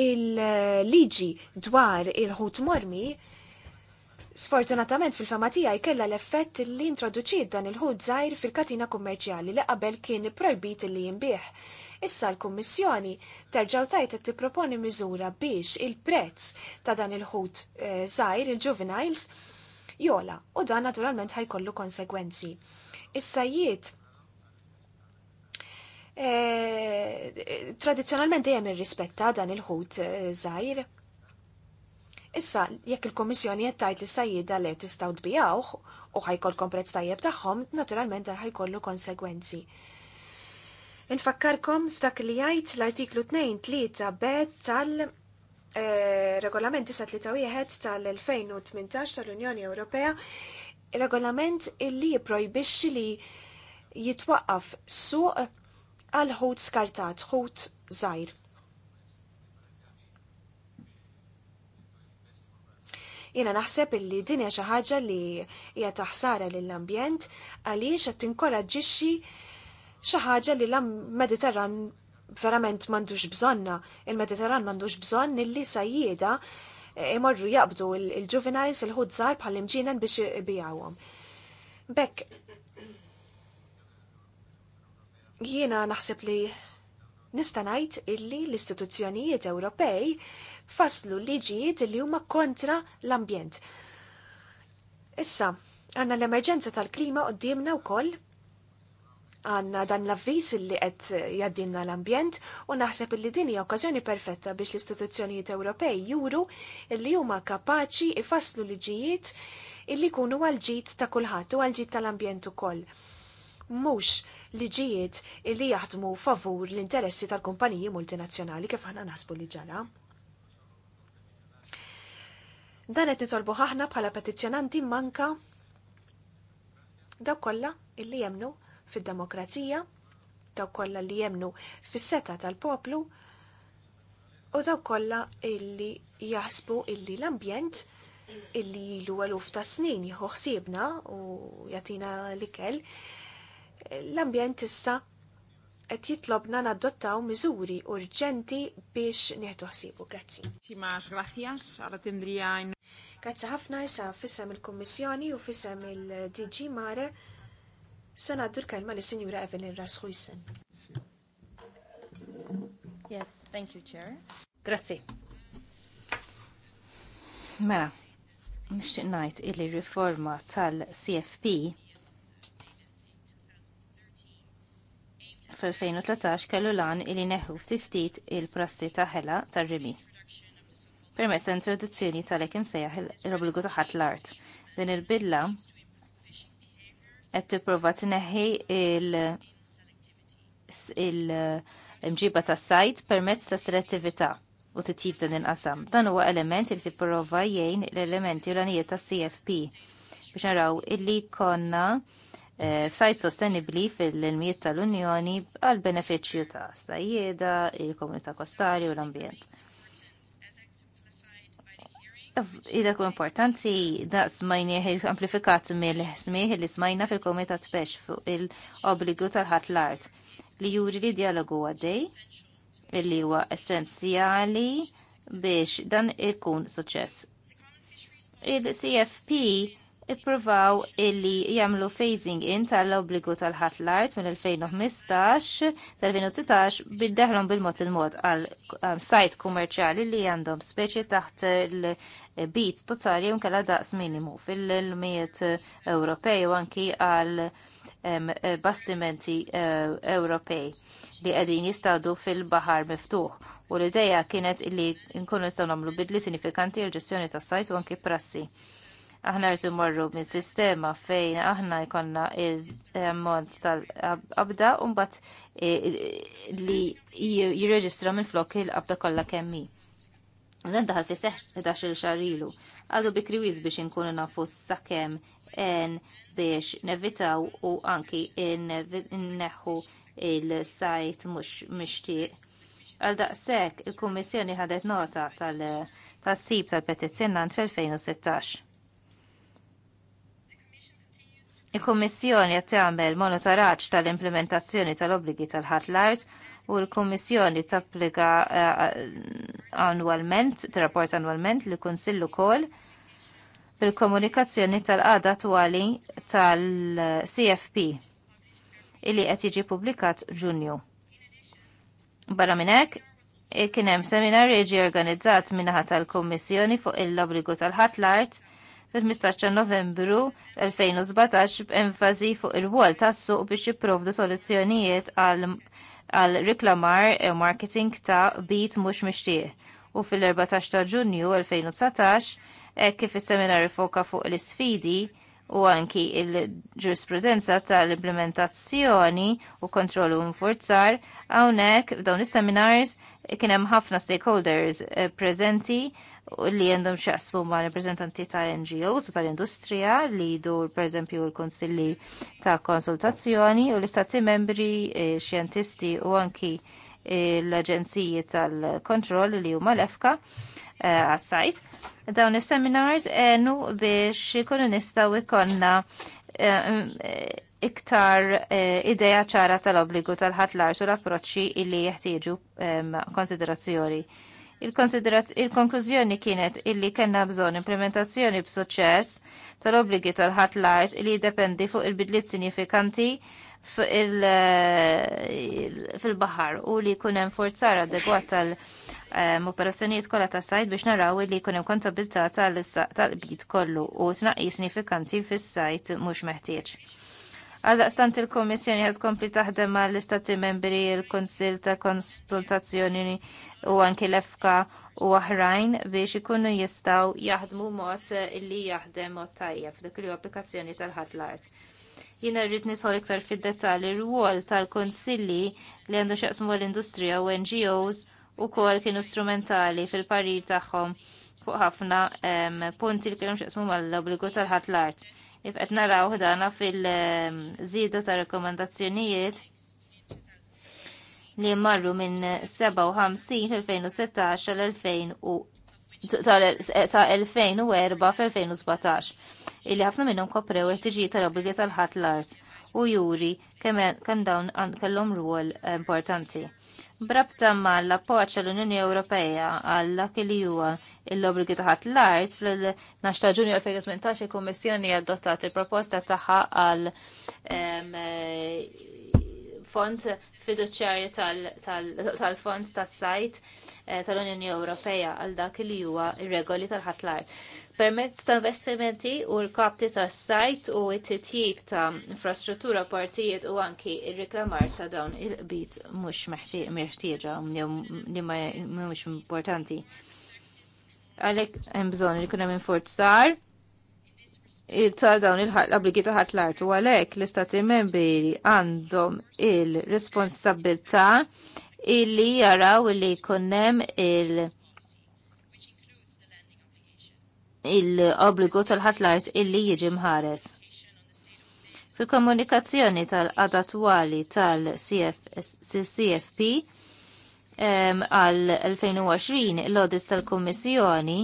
Il-liġi dwar il-ħut mormi Sfortunatament fil-fama tiegħi kellha l-effett li introduċiet dan il-ħud żgħir fil-katina kummerċjali li qabel kien projbit li jinbih. Issa l-Kummissjoni terġaw tajt qed tipproponi miżura biex il-prezz ta' dan il-ħut eh, żgħir il-juveniles jola u dan naturalment ħajkollu konsegwenzi. Issa jiet eh, tradizzjonalment dejjem irrispetta dan il-ħut eh, żgħir. Issa, jekk il kummissjoni qed tgħid li sajjida li tistgħu tbijawh u ħajkol prezz tajjeb tagħhom, naturalment dan ħajkollu konsegwenzi. Infakkarkom f'dak li jgħid l-artiklu 2-3 b tal- eh, regolament 931 tal-2018 tal-Unjoni Ewropea, regolament illi jiprojbixxi li jitwaqqaf suq għal ħut skartat, ħut żgħir. Jiena naħseb illi din hija xi ħaġa li hija taħsara lill-ambjent għaliex qed tinkoraġġixxi xi ħaġa li l-Mediterran verament m'għandux bżonna. Il-Mediterran m'għandux bżonn illi sajjieda eh, imorru jaqbdu il-juveniles il-ħudżar bħal-imġinen biex ibijawhom. Bekk jiena naħseb li nista' ngħid illi l-istituzzjonijiet Ewropej faslu liġijiet li huma kontra l-ambjent. Issa, għanna l-emerġenza tal-klima qoddimna wkoll għanna dan l-avvis li qed jaddinna l-ambjent u naħseb li din hija okkażjoni perfetta biex l-istituzzjonijiet Ewropej juru li huma kapaċi ifasslu liġijiet illi jkunu għal-ġid ta' kulħadd u għal-ġid tal-ambjent ukoll. Mhux liġijiet illi jaħdmu favur l-interessi tal-kumpaniji multinazzjonali kif aħna naħsbu li ġara. Dan qed nitolbu aħna bħala petizzjonanti manka dawk kollha illi jemnu fid-demokrazija, daw kollha li jemnu fis-seta tal-poplu u daw kollha illi jaħsbu illi l-ambjent illi jilu għaluf ta' snin jħuħsibna u jatina l-ikel, l-ambjent issa qed jitlobna nadottaw miżuri urġenti biex nieħdu ħsibu. Grazzi. Simax, grazzjas, għala tindrija. Grazzi ħafna issa fissem il-Kommissjoni u fissem il-DG Mare Se ngħaddu l-kelma lis sinjura Evelyn Rasmussen. Yes, thank you, Chair. Grazie. Mela, nishtiq najt illi riforma tal-CFP f 2013 kellu lan illi neħu ftit il-prassi taħela ħela tar-rimi. Permezz introduzzjoni tal-ekim sejaħ il-obligu taħat l-art. Din il billa qed tipprova tneħħi il imġiba tas sajt permezz ta' selettività u titjib dan il-qasam. Dan huwa element li tipprova jgħin l-elementi u l-anijiet ta' CFP biex naraw illi konna eh, f'sajt sostenibli fil-ilmijiet tal-Unjoni għal beneficju ta' sajjeda, il-komunità kostali u l-ambjent. Ida ku importanti da smajni amplifikat mill-ħsmieħ li smajna fil-komitat pex fuq il-obligu tal-ħat l-art li juri li dialogu għaddej li huwa essenzjali biex dan ikun suċess. Il-CFP ippruvaw illi jagħmlu phasing in tal-obbligu tal-ħadd l-art minn 2015 tal-2016 biddeħlhom bil-mod il-mod għal sajt kummerċjali li għandhom speċi taħt il-bit totali u kellha daqs minimu fil-mijiet Ewropej u anki għal bastimenti eh, Ewropej li qegħdin jistadu fil-baħar miftuħ u l-idea kienet li nkunu nistgħu nagħmlu bidli sinifikanti għall ġestjoni tas-sajt u anki prassi. Aħna rritu morru minn sistema fejn aħna jkollna il-mont tal-abda u mbagħad e, e, li jirreġistra minn flok il-abda kollha kemm hi. daħal fi seħ 11 xahar ilu. Għadu bikri wis biex inkunu nafu sakem en biex nevitaw u anki neħu il-sajt mux mishtiq. Għal daqsek, il-Kummissjoni ħadet nota tal-sib tal-petizzjonant fil-2016. Il-Kummissjoni qed tagħmel monitoraġġ tal-implementazzjoni tal-obbligi tal ħatlart u l-Kummissjoni tapplika eh, annwalment, tirrapport annwalment li kunsillu ukoll fil-komunikazzjoni tal-qada attwali tal-CFP illi qed jiġi publikat Ġunju. Barra minn hekk kien hemm seminar jiġi organizzat minnaħa tal-Kummissjoni fuq il-obbligu tal ħatlart l-art fil-15 novembru 2017 b'enfasi fuq il-wol tas-suq biex jipprovdu soluzzjonijiet għal riklamar marketing ta' bit mhux mixtieq. U fil-14 ta' Ġunju 2019 hekk kif is-seminar foka fuq l-isfidi u anki il-ġurisprudenza tal-implementazzjoni u kontrollu mfurzar hawnhekk f'dawn is-seminars kien hemm ħafna stakeholders eh, prezenti li jendom xaqsmu ma' reprezentanti ta' NGOs u tal-industrija li jidu per eżempju l-konsilli ta' konsultazzjoni u l-istati membri eh, xjentisti u anki eh, l-aġenziji tal-kontroll li huma l-efka eh, għas-sajt. Dawn is-seminars għenu biex ikunu nistaw ikonna iktar ideja ċara tal-obbligu tal-ħatlar u l-approċċi li jeħtieġu konsiderazzjoni Il-konklużjoni kienet illi kellna bżonn implementazzjoni b'suċċess tal-obbligi tal-ħadd l-art li jiddependi fuq il-bidliet sinifikanti fil-baħar u li jkun hemm forzar adegwat tal-operazzjonijiet ehm, kollha ta' sajt biex naraw li jkun hemm kontabilità tal-bid kollu u tnaqqis sinifikanti fis-sajt mhux meħtieġ għal stant il-Komissjoni għad kompli taħdem l istati membri il-Konsil ta' Konsultazzjoni u anki l-EFKA u oħrajn biex ikunu jistaw jaħdmu mod li jaħdem mod tajjeb f'dik li applikazzjoni tal art Jina rrit nisħol iktar fid-dettali l wol tal-konsilli li għandu xaqsmu l-industrija u NGOs u kol kienu strumentali fil-parir tagħhom fuq ħafna ehm, punti li kienu xaqsmu mal-obbligu tal-ħatlart. art if qed naraw ħdana fil-żieda ta' rekomendazzjonijiet li marru minn 57 2016 l-2000 sa' 2004 fil-2017 illi ħafna minnhom koprew it-tiġi tal-obbligi tal ħat l-art u juri kemm dawn kellhom rwol importanti. Brabta mal l-appoċ l-Unjoni Ewropea dak li huwa l-obligi taħat l-art fl-12 ta' ġunju 2018 il-Kummissjoni adottat il-proposta taħħa għal eh, fond fiduċjarju tal-fond tas-sajt eh, tal-Unjoni Ewropea għal dak li huwa ir-regoli tal-ħatlar. Permezz ta' investimenti u l-kapti ta' sajt u t-tip ta' infrastruttura partijiet u anki il-reklamar ta' dawn il-bit mux meħtieġa li mux importanti. Għalek bżonn li kuna minn fort ta' dawn il-obligi ta' l u għalek l-istati membri għandhom il-responsabilta' illi jaraw li jkun hemm il- il-obbligu tal l-art illi jiġi mħares. Fil-komunikazzjoni tal-adatwali tal-CFP għal-2020 l-audit tal-Kommissjoni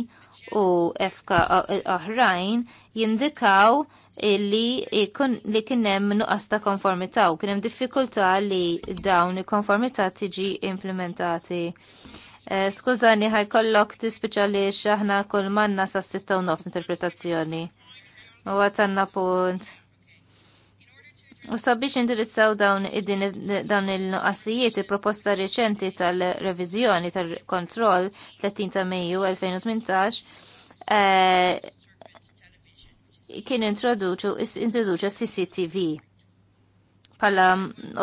u FK eh, oħrajn jindikaw li li kienem nuqqas ta' konformità u kienem diffikultà li dawn il-konformità tiġi implementati. Eh, skużani, ħajkollok tispiċa li xaħna kol manna sa' sitta u nofs interpretazzjoni. U għatanna punt. U sabiex indirizzaw dawn il-nuqqasijiet il-proposta reċenti tal-revizjoni tal-kontroll 30 ta' Mejju 2018 eh, kien introduċu CCTV pala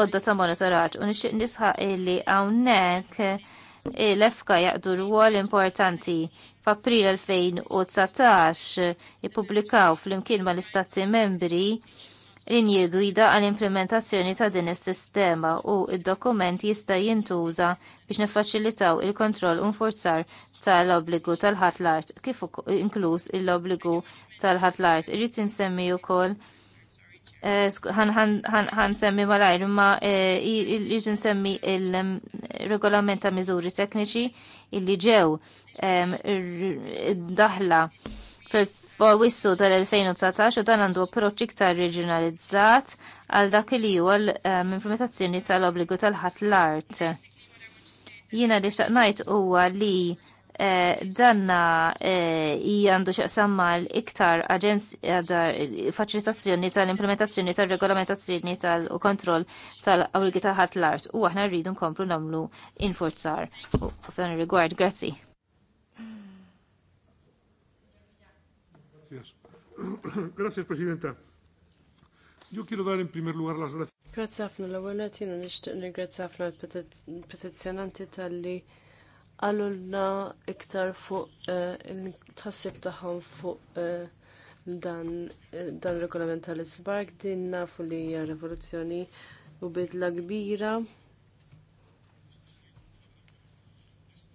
odda ta' monitoraġġ u nixtieq nisħaq illi hawnhekk l-EFKA jaqdu rwol importanti. F'April 2019 ippubblikaw fl-imkien ma l-Istati membri linji gwida għall-implementazzjoni ta' din is-sistema u id-dokument jista' jintuża biex niffaċilitaw il-kontroll u nfurzar tal-obbligu tal-ħatlart, kif inkluż l-obbligu tal-ħatlart. Irrid insemmi wkoll Eh, ħan semmi malajr, imma eh, irrid nsemmi il-regolament ta' miżuri tekniċi illi ġew daħla fil fawissu tal-2019 u dan għandu approċċ iktar reġjonalizzat għal dak li huwa l-implementazzjoni tal-obbligu tal ħat l-art. Jiena li xtaqnajt huwa li Eh, danna eh, għandu xaqsam l iktar faċilitazzjoni tal-implementazzjoni tal-regolamentazzjoni tal-kontroll tal-awrigi taħat l-art u aħna rridu nkomplu namlu infurzar f'dan ir-rigward. Grazzi. Grazie Presidenta. Ġu kienu dar in primer lugar las grazie. Grazie ħafna l-ewwel qed jiena nixtieq ningrazzja ħafna l-petizzjonanti tal-li għallulna iktar fuq eh, tħassib taħħom fuq eh, dan eh, dan regolament tal-isbark din nafu li hija rivoluzzjoni u bidla kbira.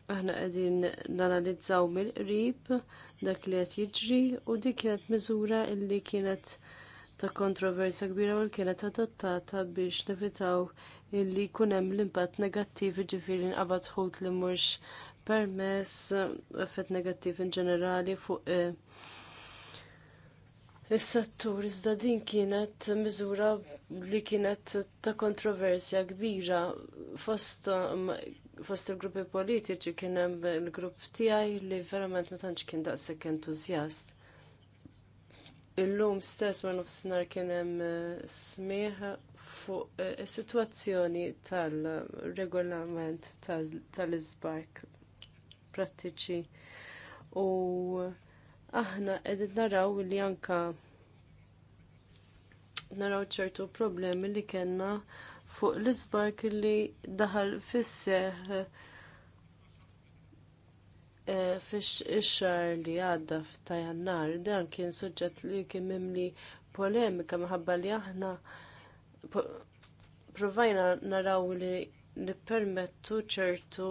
aħna qegħdin nanalizzaw mill-qrib dak li qed jiġri u dik kienet miżura li kienet ta' kontroversja kbira u kienet adottata biex nevitaw illi jkun hemm l-impatt negattiv jiġifieri nqabad ħut li mhux permess effett negattiv in ġenerali fuq eh, is-settur iżda din kienet miżura li kienet ta' kontroversja kbira fost um, fost il-gruppi politiċi kien hemm il-grupp tiegħi li verament ma tantx kien daqshekk entużjast. Illum stess ma nofsinhar kien hemm eh, smieħ fuq eh, is-sitwazzjoni tal-regolament tal-iżbark prattiċi u aħna qegħdin naraw li anka naraw ċertu problemi li kellna fuq l isbark li daħal fis-seħħ Eh, fix ix li għadda f'Tajannar jannar dan kien suġġett li kien mimli polemika minħabba li aħna provajna naraw li nippermettu ċertu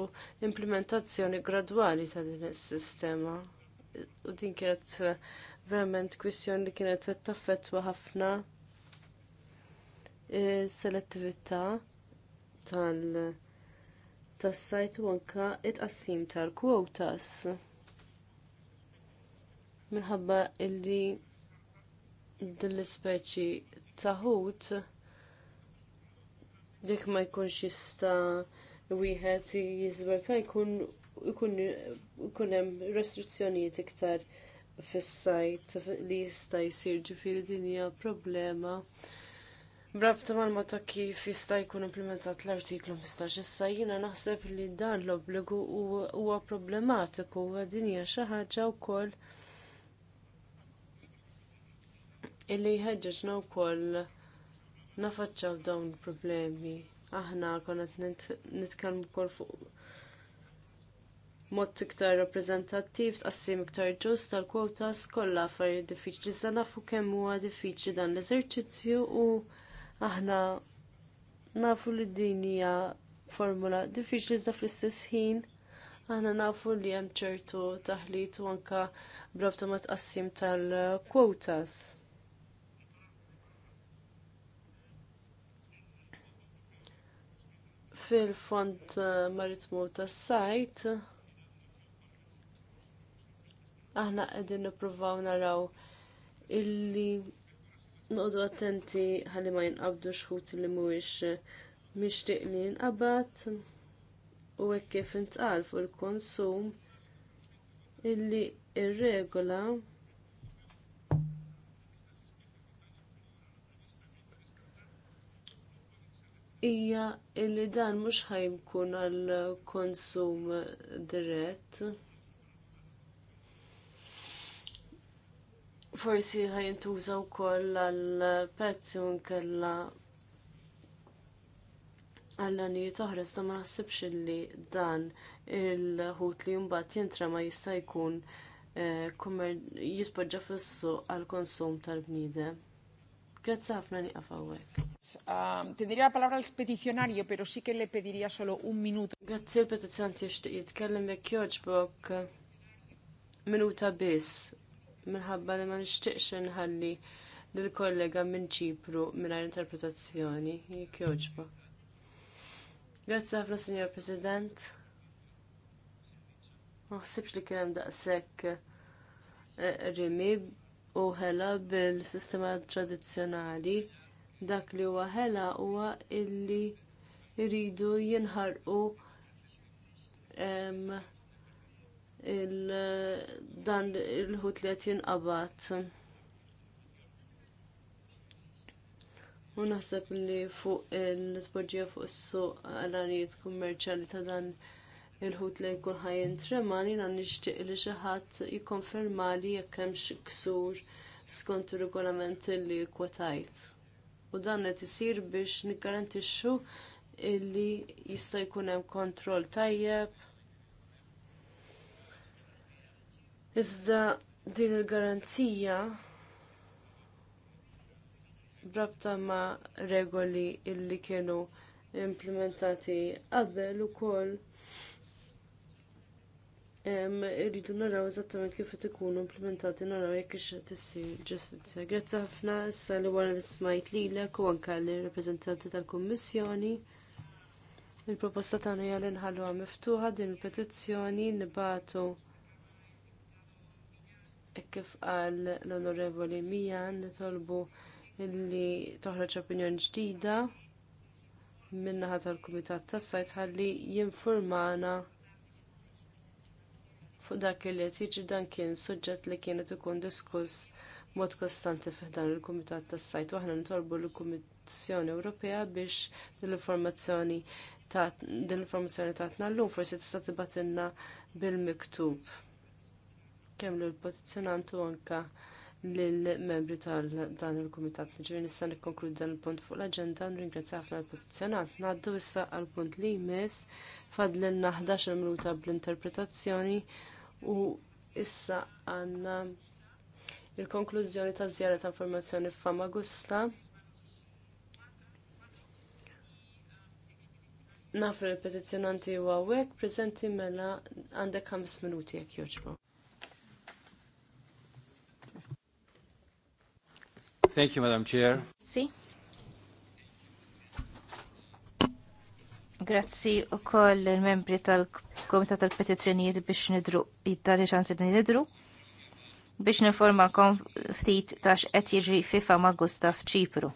implementazzjoni gradwali ta' din is-sistema. U din kienet eh, verament kwistjoni li kienet taffettwa ħafna eh, selettività tal- tas-sajt u anke t tqassim tal-kwotas. Minħabba illi din l-ispeċi taħut dik ma jkunx jista' wieħed jiżwerka jkun ikun hemm restrizzjonijiet iktar fis-sajt li jista' jsir ġifieri din hija problema Brabta mal-mod ta' kif jista' jkun implementat l-artiklu 15 issa jiena naħseb li dan l-obbligu huwa problematiku u din hija xi ħaġa wkoll illi jħeġġeġna wkoll nafaċċaw dawn il-problemi. Aħna konna qed nitkellmu wkoll fuq mod iktar rappreżentattiv tqassim iktar ġust tal-kwotas kollha affarijiet diffiċli sa nafu kemm huwa diffiċli dan l-eżerċizzju u Aħna nafu li din hija formula diffiċli iżda fl-istess ħin. Aħna nafu li hemm ċertu taħlit u anka brabta ma tqassim tal-quotas. Fil-font eh, maritmu tas-sajt aħna qegħdin nippruvaw naraw illi noqdu attenti ħalli ma jinqabdu xħut li mhuwiex eh, mixtieq li jinqabad u hekk kif intqal fuq il-konsum illi ir-regola hija illi dan mhux ħajkun għal konsum dirett. forsi ħajintuża wkoll għal prezzi u nkella għal anijiet oħra iżda ma naħsibx li dan il-ħut li mbagħad jintra ma jista' jkun eh, jitpoġġa fis-suq għall konsum tal bnide Grazzi ħafna li għafawek. Tendría la palabra al peticionario, pero sí que le pediría solo un minuto. Grazzi l-petizjonanti jishtiq jitkellem jekk joġbok minuta biss minħabba li ma nixtieqx nħalli lill kollega minn Ċipru mingħajr interpretazzjoni jekk jogħġba. Grazzi ħafna, Signor President. Ma ħsibx li kien hemm daqshekk eh, rimi u ħela bil-sistema tradizzjonali dak li huwa ħela huwa illi jridu jinħarqu dan il-ħut li qed jinqabad. U naħseb li fuq il-tpoġġija fuq is-suq għal-għanijiet kummerċali ta' dan il-ħut li jkun ħajjin tremani na nixtieq li xi ħadd jikkonferma li jekk ksur skont ir-regolament li kwotajt. U dan qed isir biex nikkarantixxu illi jista' jkun hemm kontroll tajjeb Iżda din il-garanzija brabta ma' regoli illi kienu implementati qabel ukoll irridu naraw eżattament kif qed ikunu implementati naraw jekk ix qed issir ġustizzja. Grazzi ħafna issa li wara li smajt lilek u anke li rappreżentanti tal-Kummissjoni. Il-proposta tagħna hija li nħalluha miftuħa din il-petizzjoni nibatu E kif għal l-onorevoli Mijan nitolbu li toħroġ opinjoni ġdida minnaħa tal-Kumitat tas-Sajt ħalli jinformana fuq dak li qed jiġi dan kien suġġett li kienet ikun diskuss mod kostanti fiħdan il-Kumitat tas-Sajt u aħna nitolbu l-Kummissjoni Ewropea biex l-informazzjoni din l-informazzjoni tatna llum forsi tista' tibatilna bil-miktub. Kemmlu l-petizzjonantu anka lill-membri tal dan il-Kumitat. Ġifieri issa nikkonkludi dan il-punt fuq l-aġenda u ringrazzja ħafna l-petizzjonant. Ngħaddu issa għall punt li jmiss fadlilna 11 minuta bl-interpretazzjoni u issa għandna il-konklużjoni ta' żjara ta' informazzjoni f'Famagusta. Naf il-petizzjonanti u għawek, prezenti mela għandek 5 minuti jekk joġbu. Thank you, Madam Chair. Si. Grazzi u koll il-membri tal-Komitat tal-Petizzjonijiet biex nidru, jittali ċans li nidru, biex niformakom ftit tax qed jiġri fifa ma' Gustaf Ċipru.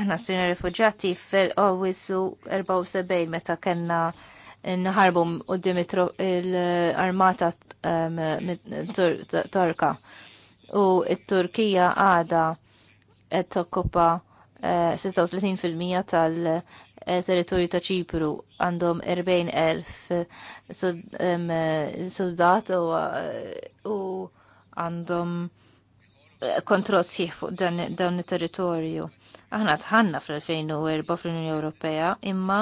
Aħna sirna rifugġati fil-qawisu 74 meta kena nħarbu qudiem l-armata um, torka. U il turkija għada qed okkupa 36% uh, tal-territorju ta' Ċipru għandhom 40,000 um, soldat u uh, għandhom kontrol sieħ fuq dawn it-territorju. Aħna tħanna fl-2004 fl-Unjoni Ewropea imma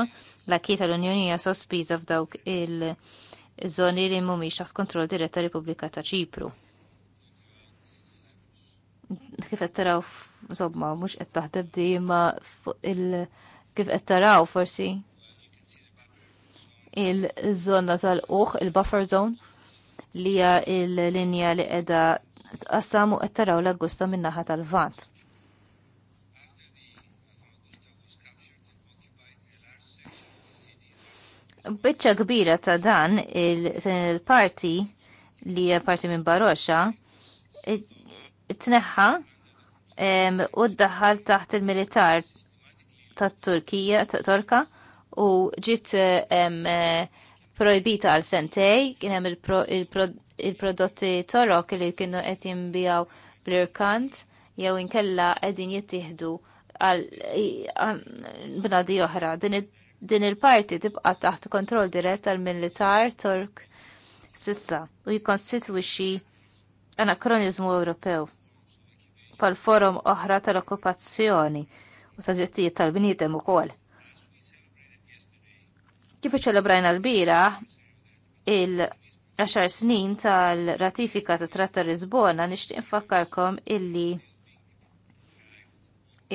l-akki tal-Unjoni hija sospiża f'dawk il-żoni li mhumiex taħt kontroll dirett ta' repubblika ta' Ċipru. Kif qed taraw insomma mhux qed taħdem imma il- kif qed taraw forsi il-żona tal-uħ, il-buffer zone, li hija l-linja li qiegħda tqassam u qed taraw l-Augusta min-naħa tal-Vant. Biċċa kbira ta' dan il-parti li parti minn Barosha tneħħa u d daħal taħt il-militar ta' Turkija, ta' Torka, u ġiet projbita għal sentej, kien hemm il-prodotti torok li kienu qed jinbijaw bl-irkant jew inkella qegħdin jittieħdu għal bnadi oħra. Din il-parti tibqa' taħt kontroll dirett tal militar Tork sissa u jikkonstitwixxi anakronizmu Ewropew pal forum oħra tal-okkupazzjoni u ta' drittijiet tal-bniedem ukoll. Kif iċċelebrajna l-bira, il- għaxar snin tal-ratifika ta' Tratta Lisbona nixtieq infakkarkom illi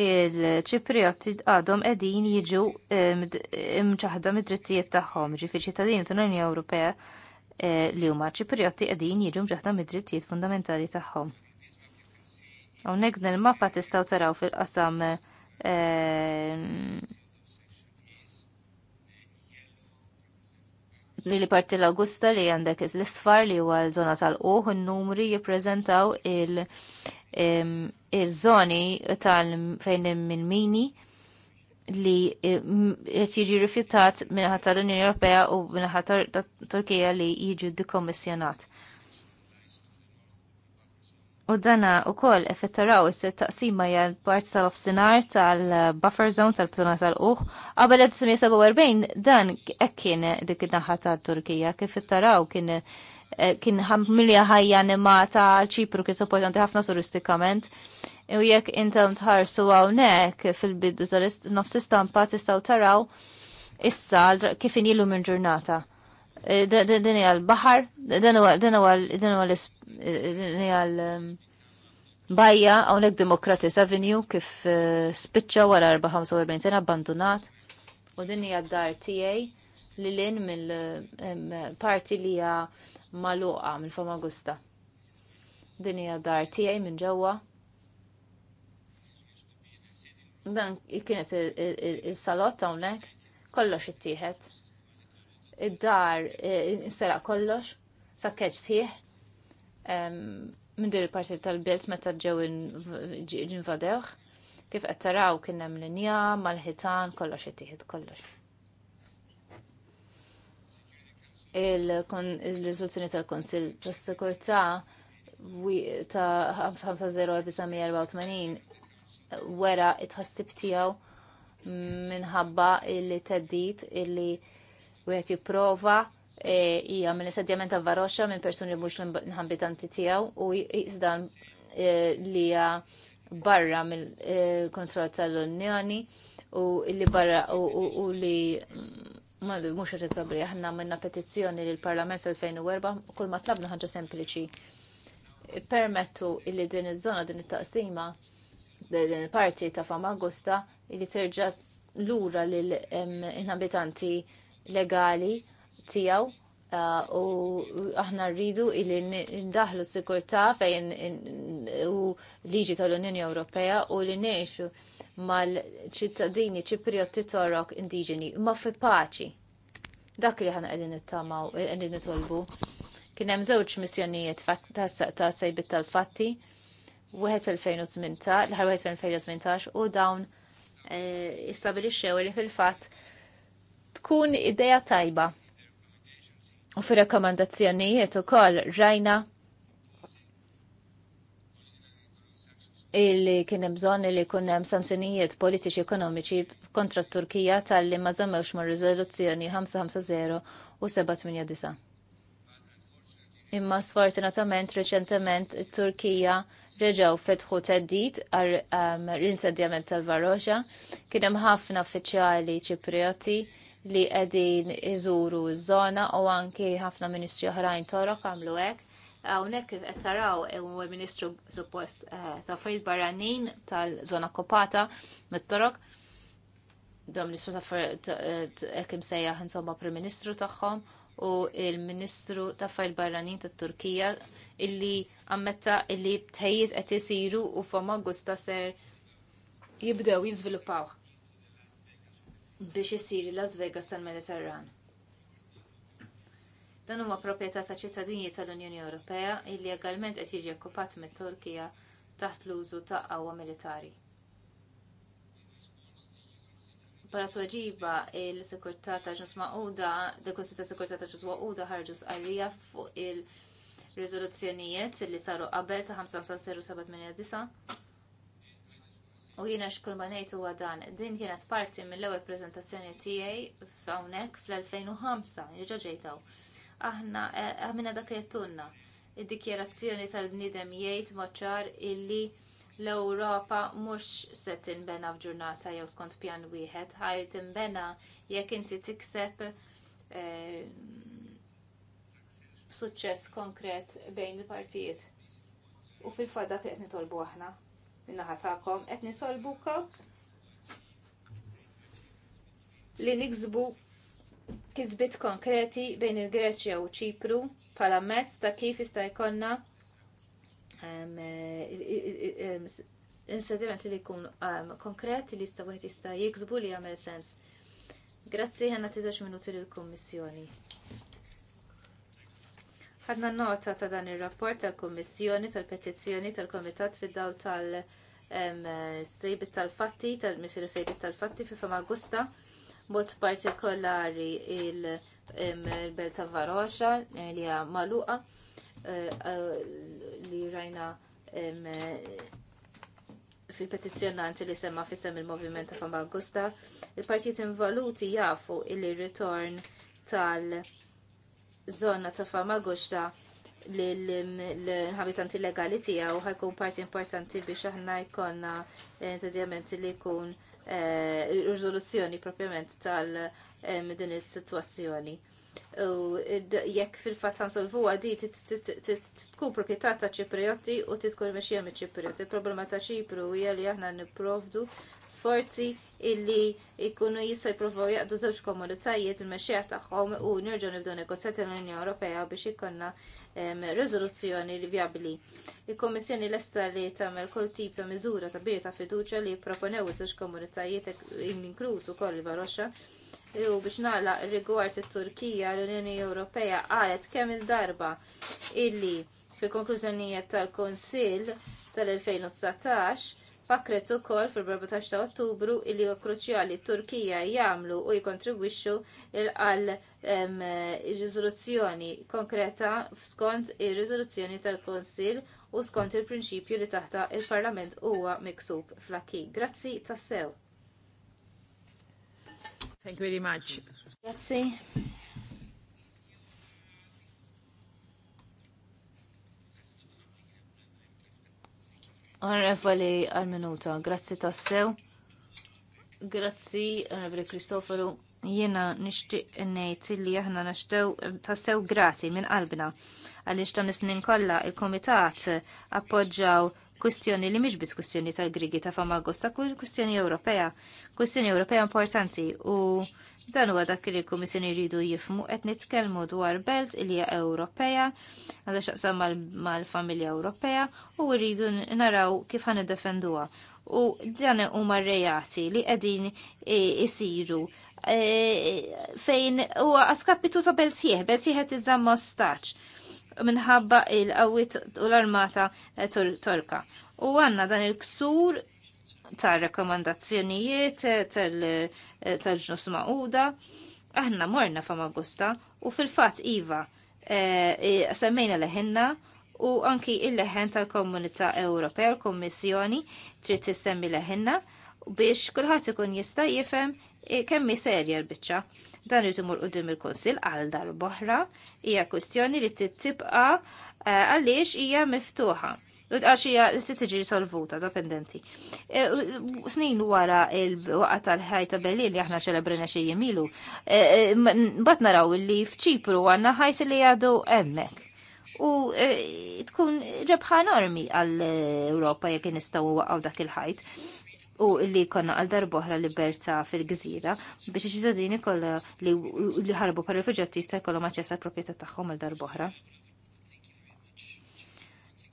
il-ċiprioti għadhom qegħdin jiġu mċaħda mid-drittijiet tagħhom, ġifieri ċittadini tal-Unjoni Ewropea eh, li huma ċiprioti qegħdin jiġu mġaħda mid-drittijiet fundamentali tagħhom. Hawnhekk din il-mappa tistgħu taraw fil-qasam eh, li parti l-Augusta li għandek l-isfar li huwa l-zona tal qoħ n-numri jippreżentaw il-żoni tal fejn minn mini li eh, qed jiġi rifjutat minħatar l-Unjoni Ewropea u minħatar Turkija li jiġu dikommissjonat. U dana u koll effettaraw il-taqsima jgħal part tal-ofsinar tal-buffer zone tal-ptuna tal-uħ. Qabel 1947 dan ekkin dik id naħħa tal-Turkija kif effettaraw kien eh, kien milja ħajja animata ċipru kien supportanti ħafna turistikament. U jekk intom tħarsu hawnhekk fil-bidu tal-nofs istampa tistgħu taraw issa kif inilu minn ġurnata. Eh, din hija l-baħar, din huwa l-bajja um, hawnhekk Democratic Avenue kif eh, spiċċa wara 45 sena abbandunat. U din hija d-dar tiegħi li lin mill-parti li hija maluqa mill-Famagusta. Din hija d-dar tiegħi minn ġewwa. Dan kienet il-salott hawnhekk kollox ittieħed id-dar e, instelaq kollox, sakkeċ siħ, minn dir il-parti tal bilt meta ġew invadew, kif qed taraw kien hemm linja mal-ħitan kollox ittieħed kollox. Il-riżoluzzjoni tal-Konsil tas-Sikurtà ta' 550 wera it-ħassib tiegħu minħabba il-teddit illi u għet jiprofa e, hija minn sedjament ta' varoxa minn persuni mhux l-inħambitanti tiegħu u jisdan e, li hija barra mill-kontroll e, tal-Unjoni u li barra u li mm, mhux qed tabri aħna minna petizzjoni l parlament fil-2004 kull matlabna tlabna ħaġa sempliċi. Permettu li din iż-żona din it-taqsima din il-parti ta' Famagusta li terġa' lura lil inħabitanti legali tiegħu uh, u aħna rridu illi ndaħlu sikurtà fejn u liġi tal-Unjoni Ewropea u li neħxu mal-ċittadini ċiprioti torok indiġeni ma fi paċi. Dak li ħana għedin nittamaw, għedin nitolbu. Kienem zewċ missjonijiet ta' sejbit tal-fatti, wieħed fil-2018, l-ħar wieħed fil-2018 u dawn eh, istabilixxew li fil-fatt tkun ideja tajba. U fi rekomandazzjonijiet u koll rajna illi kien hemm bżonn li jkun hemm sanzjonijiet politiċi ekonomiċi kontra t Turkija tal-li ma żammewx ma' riżoluzzjoni 550 u 789. Imma sfortunatament reċentement it-Turkija reġgħu fetħu teddit għal um, l-insedjament tal-Varroxa, kien hemm ħafna uffiċjali Ċiprioti li qegħdin iżuru ż-żona u anki ħafna ministri oħrajn torok għamlu hekk. Hawnhekk kif qed taraw eh, ministru suppost eh, ta' Fejl barranin tal-żona kopata mit-torok dom ministru ta' ekim eh, sejja insomma prim ministru tagħhom u il-ministru ta' Fejl barranin ta' Turkija illi għammetta illi btejjiż qed isiru u f'Amagusta ser jibdew jizvilupaw biex isir Las Vegas tal-Mediterran. Dan huwa proprjetà ta' ċittadini tal-Unjoni Ewropea illi legalment qed jiġi okkupat mit-Turkija taħt l-użu ta' qawwa militari. Bħala tweġiba il-Sekurtà ta' Ġus Maquda, dekonsil ta' Sekurtà ta' Ġus Maquda ħarġu sqarrija fuq il-riżoluzzjonijiet li saru qabel ta' 55079 U jiena xkull ma nejtu għadan, dan, din kienet parti mill-ewwel prezentazzjoni tiegħi f'hawnhekk fl-2005, jiġa ġejtaw. Aħna e, għamina dak li Id-dikjerazzjoni tal-bniedem jgħid maċar illi l-Ewropa mhux se tinbena f'ġurnata jew skont pjan wieħed, ħaj tinbena jekk inti tikseb e, suċċess konkret bejn il-partijiet. U fil-fadda qed nitolbu aħna minnaħa tagħkom qed kop li niksbu kisbit konkreti bejn il-Greċja u ċipru bħala mezz ta' kif jista' jkollna e, insediment li jkun konkreti li jista' wieħed jista' jiksbu li jagħmel sens. Grazzi ħanna tiżax minuti lill-Kummissjoni. Ħadna nota ta' dan ir-rapport tal-Kummissjoni tal-Petizzjoni tal-Komitat fid-daw tal-, -tal sejbit tal-fatti, tal-Missjoni sejbit tal-fatti fi fama Augusta, mod partikolari il-Belt ta' Varoxa li hija maluqa eh, eh, li rajna fil-petizzjonanti li semma sem il-moviment ta' Gusta. il-partijiet involuti jafu il-ritorn tal- zona ta' fama goxta l-ħabitanti legali tiegħu ħajkun parti importanti biex aħna jkollna eh, insedjamenti li jkun eh, riżoluzzjoni propjament tal- eh, din is-sitwazzjoni u jekk fil-fat ħansolvuha t-tku proprjetà ta' Ċipriotti u titkun mexxija miċ ċiprioti Il-problema ta' Ċipru hija li aħna nipprovdu sforzi illi jkunu jista' jippruvaw jaqdu żewġ komunitajiet il-mexxija tagħhom u nerġgħu nibdu negozjati l-Unjoni Ewropea biex ikollna riżoluzzjoni li vjabbli. il l lesta li tagħmel kull tip ta' miżura ta' bieta fiduċja li proponew iż-żewġ komunitajiet inkluż koll il-Varoxxa hu biex naqla rigward it-Turkija l-Unjoni Ewropea qalet kemm il-darba illi fil-konklużjonijiet tal-Konsill tal-2019 fakret ukoll fil-14 ta' Ottubru illi huwa kruċjali t-Turkija jagħmlu u jikontribwixxu għal riżoluzzjoni konkreta skont ir-riżoluzzjoni tal-Konsill u skont il-prinċipju li taħta il-Parlament huwa miksub fl-akki. Grazzi tassew. Thank you very much. Grazie. Onorevoli għal-minuta, Grazie tassew. Grazzi, onorevoli Kristoforu, Jiena nixtieq ngħid li aħna naxtew tassew grati minn qalbna għaliex ta' snin kollha il-Kumitat appoġġjaw kwistjoni li mhix biss kwestjoni tal-Grigi ta' Famagosta ta' kull kwistjoni Ewropea. Kwistjoni Ewropea importanti u dan huwa dak li l-Kummissjoni jridu jifmu qed nitkellmu dwar belt li hija Ewropea għandha x'aqsam mal-familja Ewropea u rridu naraw kif ħan iddefenduha. U dan huma rejati li qegħdin isiru e, fejn huwa askapitu ta' belt sieħ, belt sieħ tiżamma staċ minħabba il-qawit u l-armata eh, torka. U għanna dan il-ksur ta' rekomandazzjonijiet eh, eh, tal-ġnus ma'uda. Aħna morna fa' Magusta u fil-fat Iva semmejna leħenna u anki il-leħen tal-Komunità Ewropea, l-Kommissjoni, trid tissemmi leħenna biex kulħadd ikun jista' jifhem kemm serja l-biċċa Dan jizumur qudiem il-Kunsill għal dal-boħra hija kwistjoni li tibqa' eh, għaliex hija miftuħa. Għaxija, tiġi solvuta, dependenti. Eh, snin wara il-waqqa tal ħajta ta' Berlin li aħna ċelebrina xie jemilu, eh, bat naraw li fċipru għanna ħajsi li għadu emmek. U tkun rebħa normi għall-Europa jek nistaw waqgħu dak il-ħajt u li konna għal darboħra libertà fil-gżira biex iċ-ċittadini kollha li ħarbu per rifuġjati jista' jkollhom maċċessa l proprjetà tagħhom għal darboħra.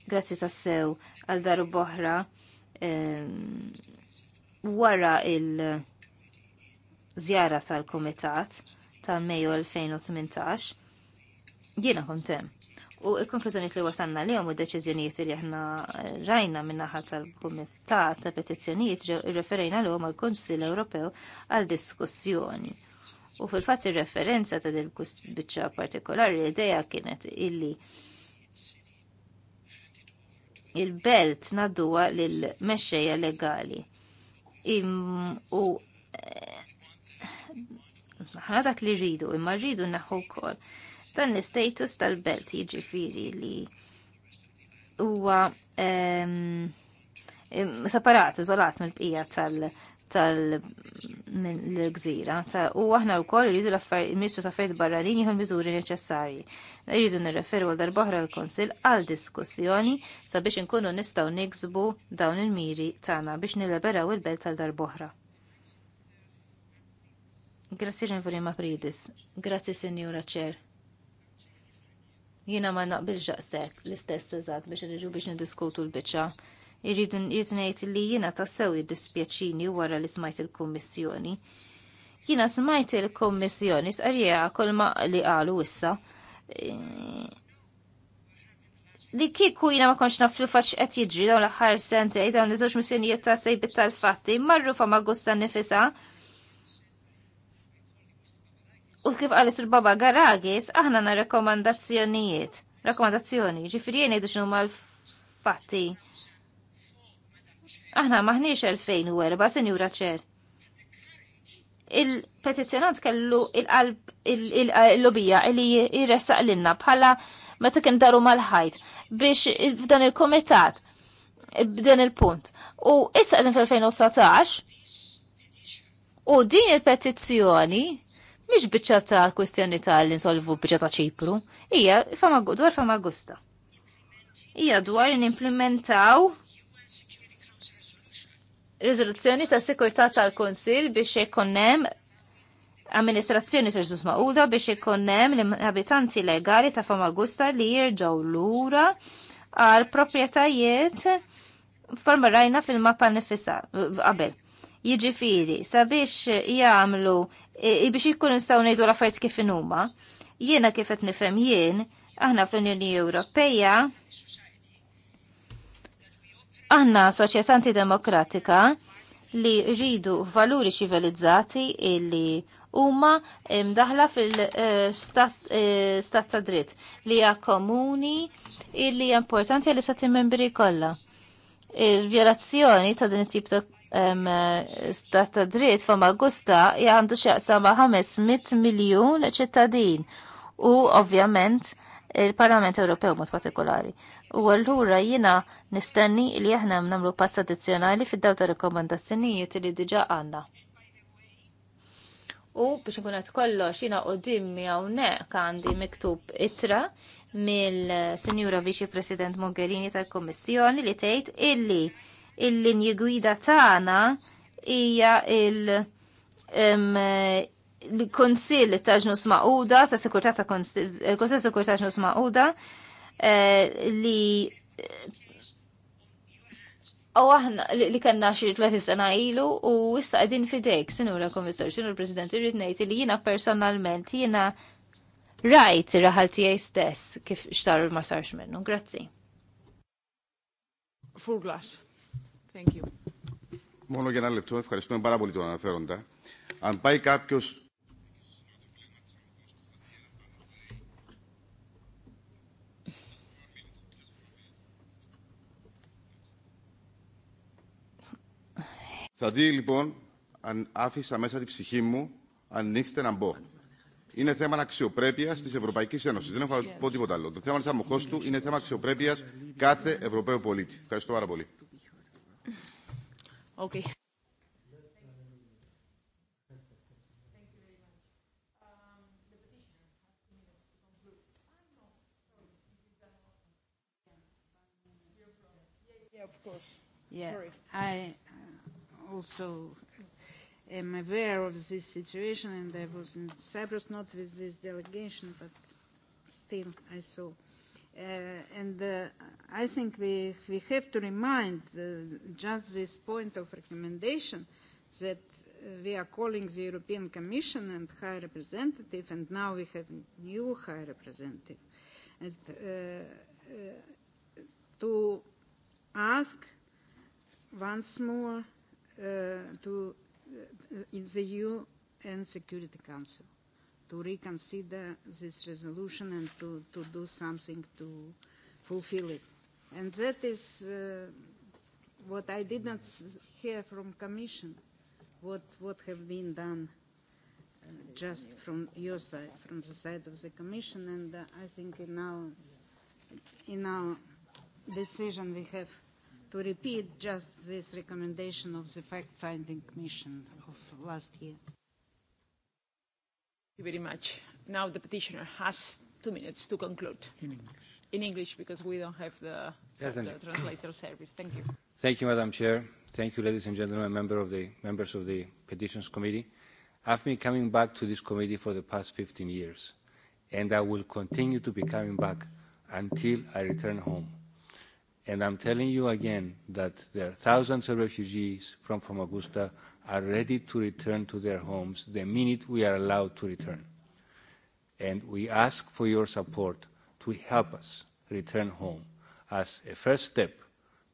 Grazzi tassew għal darboħra ehm, wara il-żjara tal-Kumitat tal-Mejju 2018 jiena kontem U il-konklużjoni li wasanna li u deċiżjonijiet li aħna rajna minnaħat tal-Kumitat ta' Petizzjonijiet irreferejna li għal konsil Ewropew għal diskussjoni. U fil-fatt ir-referenza ta' din biċċa partikolari l ideja kienet illi il-belt nadduwa l-mesċeja legali. u eh, ħana dak li rridu, imma rridu naħu kol dan l status tal-belt jiġifiri li huwa separat, iżolat mill-bqija tal- tal-gżira. U aħna l-koll jridu l-Ministru ta' Affarijiet Barranin jieħu l-miżuri neċessarji. Jridu nirreferu għal darbohra l-Konsil għal diskussjoni sabiex inkunu nistgħu niksbu dawn il-miri tagħna biex nileberaw il-belt tal-darbohra. Grazie, jean ma' Pridis. Grazzi Signora Ċer. Jiena ma naqbil ġaqsek l-istess eżatt biex niġu biex nidiskutu l-biċċa. Irridu ngħid li jiena tassew jiddispjaċini wara li smajt il-Kummissjoni. Jiena smajt il-Kummissjoni sqarija kolma li qalu issa. Eh, li kieku jiena ma konx naf fil-faċ qed jiġri dawn l-aħħar sentej dawn iż-żewġ missjonijiet ta' sejbit tal-fatti marrufa ma' gusta nifisa' U kif għal sur Baba Garagis, aħna na rekomandazzjonijiet. Rekomandazzjoni, ġifiri jeni duxnu mal-fatti. Aħna maħniex 2004, senjura ċer. Il-petizjonant kellu il-qalb il-lobija li jirressaq l-inna bħala meta kien daru mal-ħajt biex f'dan il-komitat b'dan il-punt. U issa għedin fil-2019 u din il-petizzjoni Mhix biċċa ta' kwestjoni ta' l-insolvu biċċa ta' ċipru, hija fama dwar fama gusta. Hija dwar implementaw riżoluzzjoni ta' sikurtà tal-Konsil biex ikun hemm amministrazzjoni serġus maquda biex ikun hemm l-abitanti legali ta' Famagusta li l lura għal proprjetajiet forma rajna fil-mappa nifisa qabel. Jiġifieri sabiex jagħmlu biex ikkun nistgħu ngħidu l-affarijiet kif inhuma. Jiena kif qed nifhem jien, aħna fl-Unjoni Ewropea aħna soċjetanti demokratika li rridu valuri ċivilizzati illi huma mdaħla fil-stat eh, ta' dritt li hija komuni illi importanti għal istati membri kollha. Il-vjolazzjoni ta' din it-tip ta' stat ta' dritt fa' Augusta jgħandu xaqsam 500 miljon ċittadin u ovvjament il-Parlament Ewropew mod partikolari. U allura jina nistenni li aħna nagħmlu pass addizzjonali fid-daw ta' rekomandazzjonijiet li diġa għandna. U biex nkun qed kollox jiena qudiemmi hawnhekk għandi miktub itra mill-Sinjura Viċi President Mogherini tal-Kommissjoni li tgħid illi il-linji gwida tagħna hija il- l-Konsil ta' ġnus ma'uda, ta' sekurtat ta' Konsil ta' ġnus ma'uda eh, li U aħna li kanna xi tletis sena ilu u issa qegħdin fidejk, sinura komissar, sinur President, irrid ngħid li jiena personalment jiena rajt raħalti għaj tiegħi stess kif xtaru ma sarx minnu. Grazzi. Full glass. Thank you. Μόνο για ένα λεπτό, ευχαριστούμε πάρα πολύ τον αναφέροντα. Αν πάει κάποιο. Θα δει λοιπόν αν άφησα μέσα την ψυχή μου, ανοίξτε να μπω. Είναι θέμα αξιοπρέπεια τη Ευρωπαϊκή Ένωση. Δεν έχω να πω τίποτα άλλο. Το θέμα τη αμοχώ του είναι θέμα αξιοπρέπεια κάθε Ευρωπαίου πολίτη. Ευχαριστώ πάρα πολύ. Okay. of course. Yeah, Sorry. I uh, also am aware of this situation, and I was in Cyprus, not with this delegation, but still I saw Uh, and uh, I think we, we have to remind uh, just this point of recommendation that uh, we are calling the European Commission and High Representative, and now we have new High Representative, and, uh, uh, to ask once more uh, to uh, in the and Security Council to reconsider this resolution and to, to do something to fulfill it. And that is uh, what I did not hear from Commission, what, what have been done uh, just from your side, from the side of the Commission, and uh, I think in our, in our decision we have to repeat just this recommendation of the fact-finding Commission of last year. Thank you very much. Now the petitioner has two minutes to conclude. In English. In English, because we don't have the, the translator service. Thank you. Thank you, Madam Chair. Thank you, ladies and gentlemen, member of the, members of the Petitions Committee. I've been coming back to this committee for the past 15 years, and I will continue to be coming back until I return home. And I'm telling you again that there are thousands of refugees from, from Augusta are ready to return to their homes the minute we are allowed to return. And we ask for your support to help us return home as a first step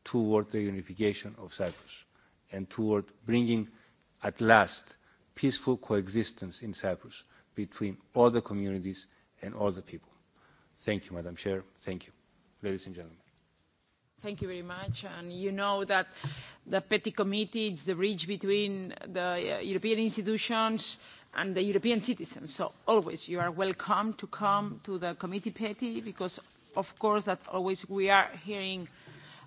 toward the unification of Cyprus and toward bringing at last peaceful coexistence in Cyprus between all the communities and all the people. Thank you, Madam Chair. Thank you, ladies and gentlemen. Thank you very much. And you know that the Petty Committee is the bridge between the uh European institutions and the European citizens. So always you are welcome to come to the Committee Petty because of course that always we are hearing –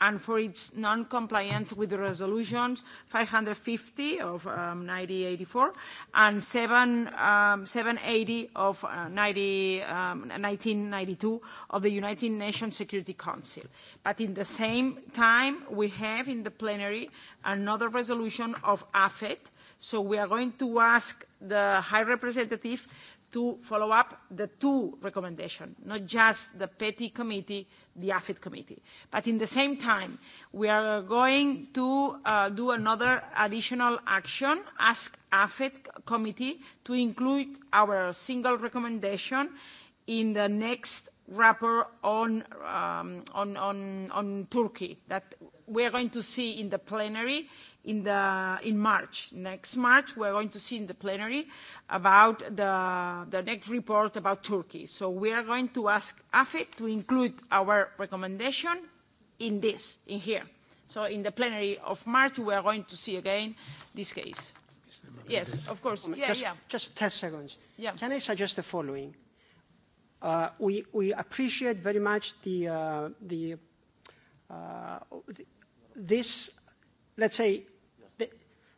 and for its non-compliance with the resolutions 550 of um, 1984 and 7, um, 780 of uh, 90, um, 1992 of the United Nations Security Council. But in the same time, we have in the plenary another resolution of AFET, so we are going to ask the High Representative to follow up the two recommendations, not just the Petty Committee, the AFID Committee. But in the same time, we are going to uh, do another additional action, ask AFID Committee to include our single recommendation in the next rapport on, um, on, on, on Turkey that we are going to see in the plenary in, the, in March, next March, we're going to see in the plenary about the, the next report about Turkey. So we are going to ask AFIT to include our recommendation in this, in here. So in the plenary of March, we are going to see again this case. Yes, of course. Yeah, just, yeah. just 10 seconds. Yeah. Can I suggest the following? Uh, we, we appreciate very much the, uh, the, uh, the, this, let's say,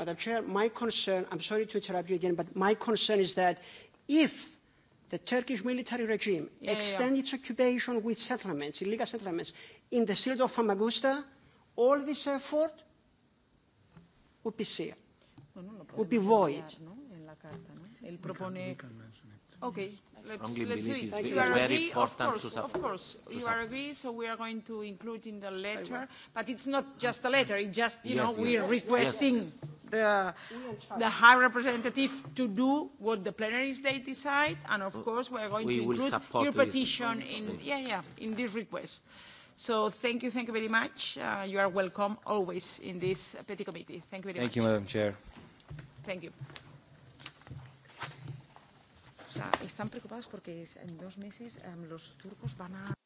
Madam Chair, my concern, I'm sorry to interrupt you again, but my concern is that if the Turkish military regime yeah, extends yeah. its occupation with settlements, illegal settlements, in the city of Famagusta, all this effort would be sealed, no, would be void. Okay, let's, let's see. it. You are agree, of course, to of course. To You are agree, so we are going to include in the letter, but it's not just a letter, it's just, you yes, know, yes. we're requesting yes the, the High Representative to do what the plenaries they decide, and of uh, course we are going we to include your petition in, yeah, yeah, in this request. So thank you, thank you very much. Uh, you are welcome always in this petty committee. Thank you very thank much. Thank you, Madam Chair. Thank you. O sea, están preocupados porque en dos meses um, los turcos van a...